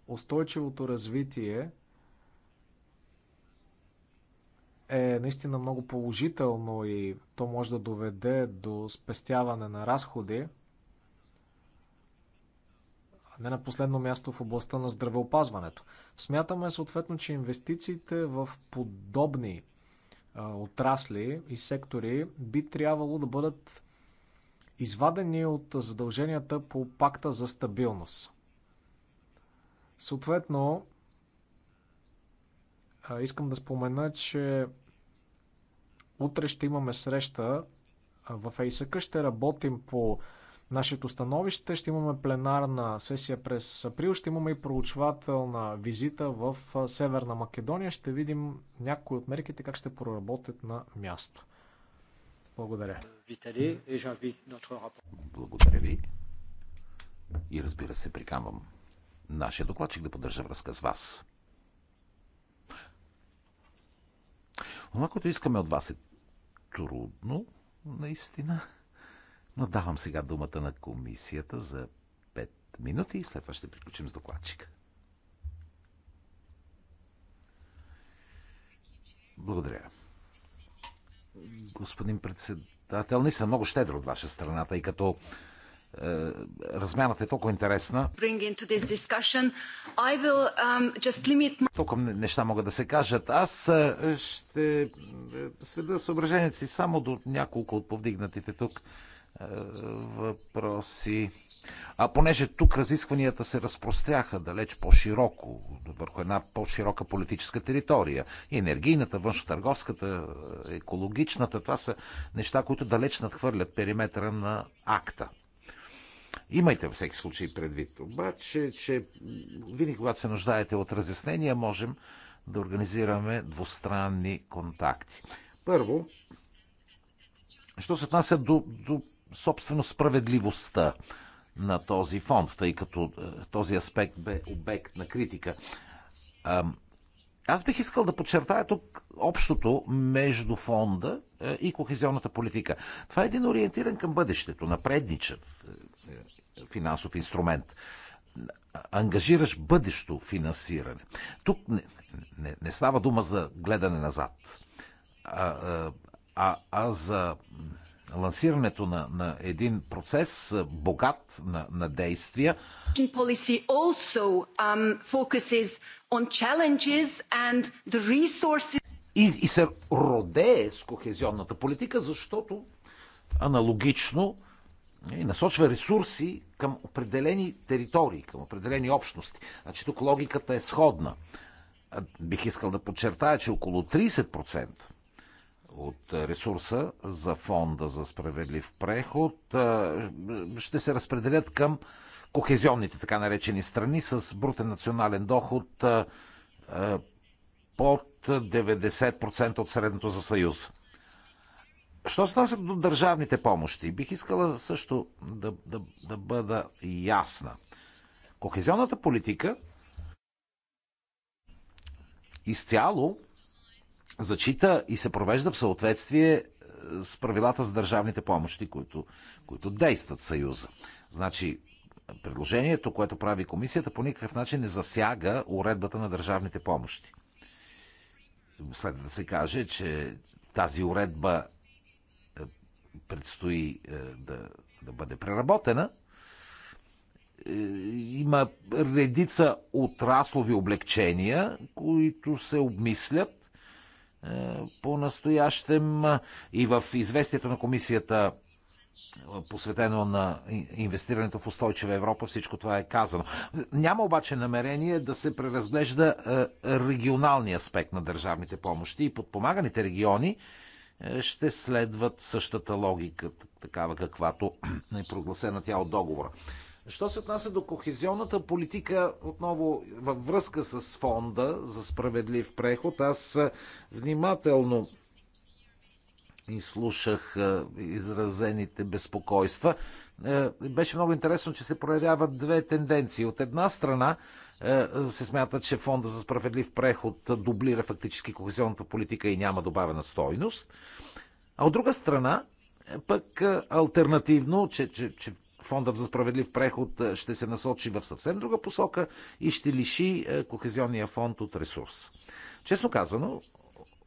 Speaker 1: устойчивото развитие е наистина много положително и то може да доведе до спестяване на разходи. Не на последно място в областта на здравеопазването. Смятаме съответно, че инвестициите в подобни а, отрасли и сектори би трябвало да бъдат извадени от задълженията по пакта за стабилност. Съответно, искам да спомена, че утре ще имаме среща в ЕИСК. Ще работим по нашето становище. Ще имаме пленарна сесия през април. Ще имаме и проучвателна визита в Северна Македония. Ще видим някои от мерките как ще проработят на място. Благодаря. Благодаря ви. И разбира се, приканвам
Speaker 2: нашия докладчик да поддържа връзка с вас. Това, което искаме от вас е трудно, наистина. Но давам сега думата на комисията за 5 минути и след това ще приключим с докладчика. Благодаря. Господин председател, не съм много щедро от ваша страна, тъй като е, размяната е толкова интересна.
Speaker 3: Um,
Speaker 2: толкова неща могат да се кажат. Аз е, ще е, сведа съображението си само до няколко от повдигнатите тук въпроси. А понеже тук разискванията се разпростряха далеч по-широко, върху една по-широка политическа територия, енергийната, външно-търговската, екологичната, това са неща, които далеч надхвърлят периметъра на акта. Имайте във всеки случай предвид. Обаче, че винаги когато се нуждаете от разяснения, можем да организираме двустранни контакти. Първо, що се отнася до, до собствено справедливостта на този фонд, тъй като е, този аспект бе обект на критика. Аз бих искал да подчертая тук общото между фонда е, и кохезионната политика. Това е един ориентиран към бъдещето, напредничав е, е, финансов инструмент ангажираш бъдещо финансиране. Тук не, не, не става дума за гледане назад, а, а, а за лансирането на, на един процес богат на, на действия.
Speaker 3: also um, and the resources. И,
Speaker 2: и се роде с кохезионната политика, защото аналогично и нали, насочва ресурси към определени територии, към определени общности. Значи тук логиката е сходна. Бих искал да подчертая, че около 30% от ресурса за фонда за справедлив преход ще се разпределят към кохезионните така наречени страни с брутен национален доход под 90% от средното за Съюз. Що се отнася до държавните помощи? Бих искала също да, да, да бъда ясна. Кохезионната политика изцяло зачита и се провежда в съответствие е, с правилата за държавните помощи, които, които действат в Съюза. Значи, предложението, което прави комисията, по никакъв начин не засяга уредбата на държавните помощи. След да се каже, че тази уредба предстои е, да, да бъде преработена, е, има редица отраслови облегчения, които се обмислят е, по-настоящем и в известието на комисията посветено на инвестирането в устойчива Европа, всичко това е казано. Няма обаче намерение да се преразглежда регионалния аспект на държавните помощи и подпомаганите региони ще следват същата логика, такава каквато е прогласена тя от договора. Що се отнася до кохезионната политика, отново във връзка с фонда за справедлив преход, аз внимателно изслушах е, изразените безпокойства. Е, беше много интересно, че се проявяват две тенденции. От една страна, е, се смята, че фонда за справедлив преход дублира фактически кохезионната политика и няма добавена стойност. А от друга страна, пък е, альтернативно, че, че, че фондът за справедлив преход е, ще се насочи в съвсем друга посока и ще лиши кохезионния фонд от ресурс. Честно казано,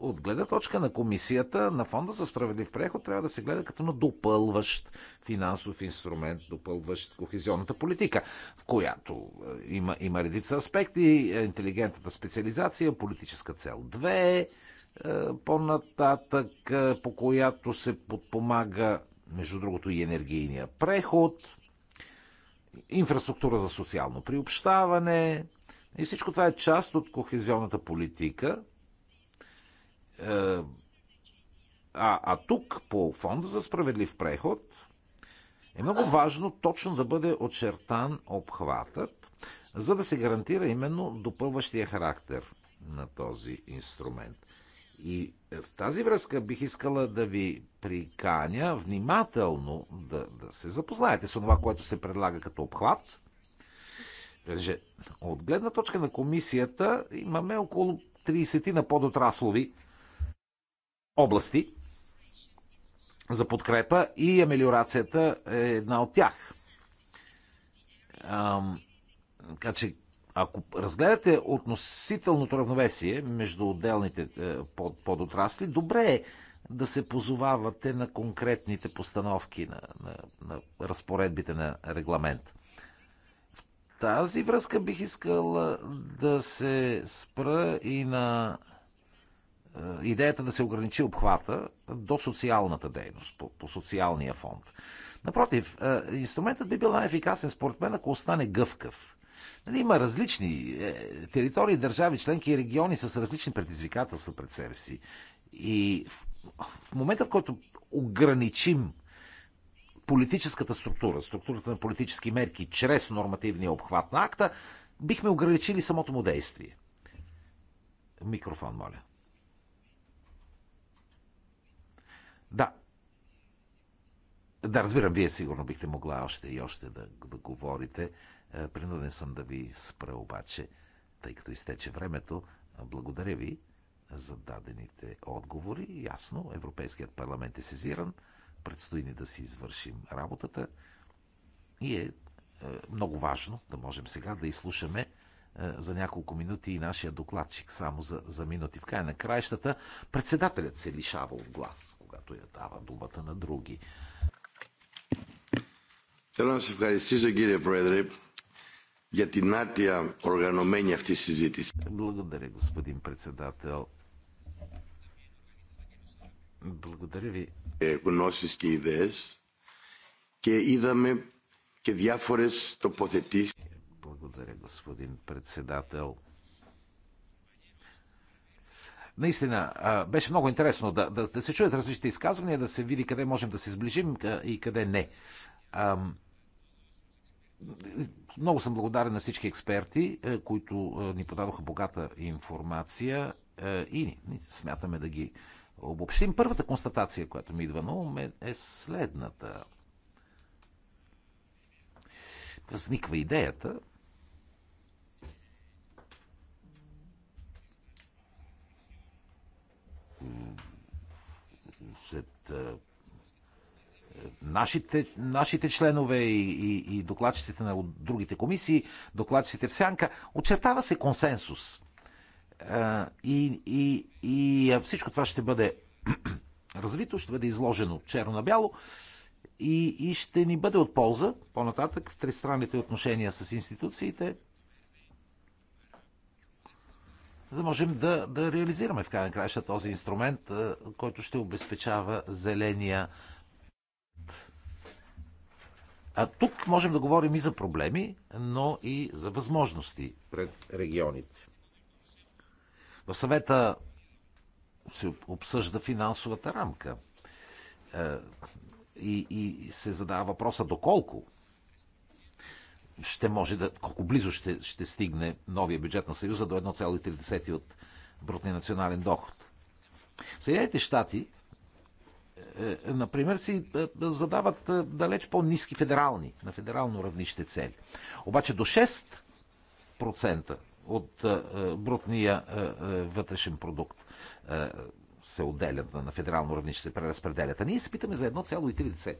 Speaker 2: от гледна точка на комисията, на фонда за справедлив преход трябва да се гледа като на допълващ финансов инструмент, допълващ кохезионната политика, в която е, има, има редица аспекти, е, интелигентната специализация, политическа цел 2, е, по-нататък, по която се подпомага, между другото, и енергийния преход, инфраструктура за социално приобщаване. И всичко това е част от кохезионната политика, е, а, а тук по Фонда за справедлив преход е много важно точно да бъде очертан обхватът, за да се гарантира именно допълващия характер на този инструмент. И е, в тази връзка бих искала да ви приканя внимателно да, да се запознаете с това, което се предлага като обхват. От гледна точка на комисията имаме около 30 на подотраслови области за подкрепа и амелиорацията е една от тях. Така че, ако разгледате относителното равновесие между отделните е, подотрасли, добре е да се позовавате на конкретните постановки на, на, на разпоредбите на регламент. В тази връзка бих искал е, да се спра и на е, идеята да се ограничи обхвата до социалната дейност, по, по социалния фонд. Напротив, е, инструментът би бил най-ефикасен според мен, ако остане гъвкав. Нали, има различни е, територии, държави, членки и региони с различни предизвикателства пред себе си. И в, в момента, в който ограничим политическата структура, структурата на политически мерки чрез нормативния обхват на акта, бихме ограничили самото му действие. Микрофон, моля. Да. Да, разбирам, вие сигурно бихте могла още и още да, да говорите. Е, принуден съм да ви спра обаче, тъй като изтече времето. Благодаря ви за дадените отговори. Ясно, Европейският парламент е сезиран. Предстои ни да си извършим работата. И е, е много важно да можем сега да изслушаме е, за няколко минути и нашия докладчик само за, за минути. В края на краищата председателят се лишава от глас както я дава думата на други. Θέλω να σας ευχαριστήσω κύριε Πρόεδρε για την άτια οργανωμένη αυτή συζήτηση. Благодаря, господин председател. Благодаря ви. Γνώσεις και ιδέες και είδαμε και διάφορες τοποθετήσεις. Благодаря, господин председател. Наистина, беше много интересно да, да, да се чуят различните изказвания, да се види къде можем да се сближим и къде не. Много съм благодарен на всички експерти, които ни подадоха богата информация и смятаме да ги обобщим. Първата констатация, която ми идва на ум е, е следната. Възниква идеята, сред нашите, нашите членове и, и, и докладчиците на другите комисии, докладчиците в сянка, очертава се консенсус. И, и, и всичко това ще бъде развито, ще бъде изложено черно на бяло и, и ще ни бъде от полза по-нататък в тристранните отношения с институциите, за да можем да, да реализираме в крайна краща този инструмент, който ще обезпечава зеления. А тук можем да говорим и за проблеми, но и за възможности пред регионите. В съвета се обсъжда финансовата рамка и, и се задава въпроса доколко ще може да, колко близо ще, ще стигне новия бюджет на Съюза до 1,3 от брутния национален доход. Съединените щати, е, е, например, си е, задават далеч по-низки федерални, на федерално равнище цели. Обаче до 6% от брутния вътрешен продукт се отделят на федерално равнище, се преразпределят. А ние се питаме за 1,3.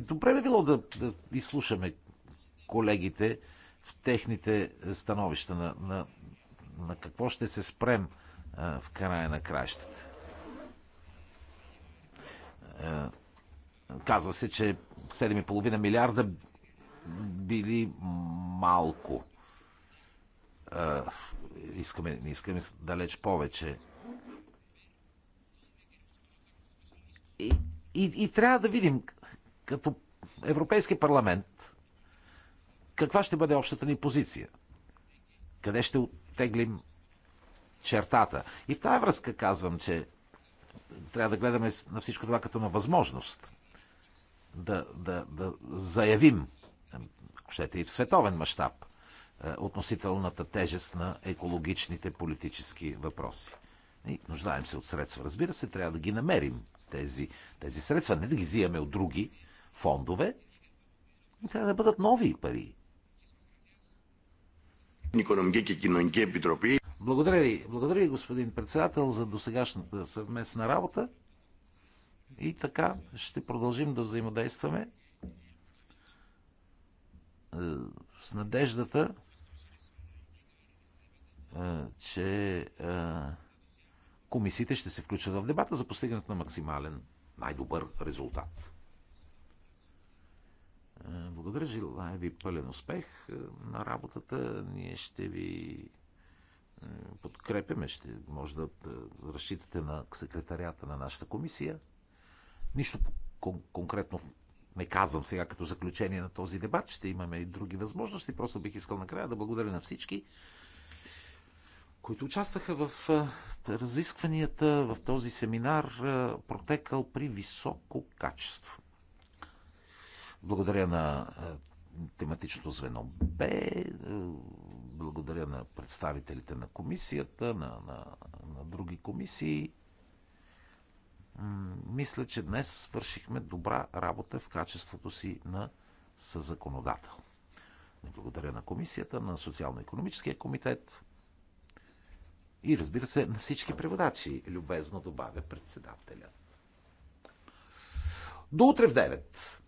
Speaker 2: Добре би било да, да изслушаме колегите в техните становища на, на, на какво ще се спрем а, в края на кращата. А, казва се, че 7,5 милиарда били малко. А, искаме, не искаме далеч повече. И, и, и трябва да видим като Европейски парламент, каква ще бъде общата ни позиция? Къде ще оттеглим чертата? И в тази връзка казвам, че трябва да гледаме на всичко това като на възможност. Да, да, да заявим, ако ще и в световен мащаб, е, относителната тежест на екологичните политически въпроси. И нуждаем се от средства. Разбира се, трябва да ги намерим тези, тези средства, не да ги взимаме от други, фондове, трябва да бъдат нови пари.
Speaker 5: и Епитропи.
Speaker 2: Благодаря ви. Благодаря ви, господин председател, за досегашната съвместна работа. И така ще продължим да взаимодействаме е, с надеждата, е, че е, комисиите ще се включат в дебата за постигането на максимален най-добър резултат. Е, благодаря, желая ви пълен успех е, на работата. Ние ще ви е, подкрепяме, ще може да разчитате на секретарията на нашата комисия. Нищо кон- конкретно не казвам сега като заключение на този дебат. Ще имаме и други възможности. Просто бих искал накрая да благодаря на всички, които участваха в разискванията в този семинар, протекал при високо качество. Благодаря на е, тематичното звено Б, е, благодаря на представителите на комисията, на, на, на други комисии. Мисля, че днес свършихме добра работа в качеството си на съзаконодател. Благодаря на комисията, на Социално-економическия комитет и разбира се на всички преводачи, любезно добавя председателят. До утре в 9.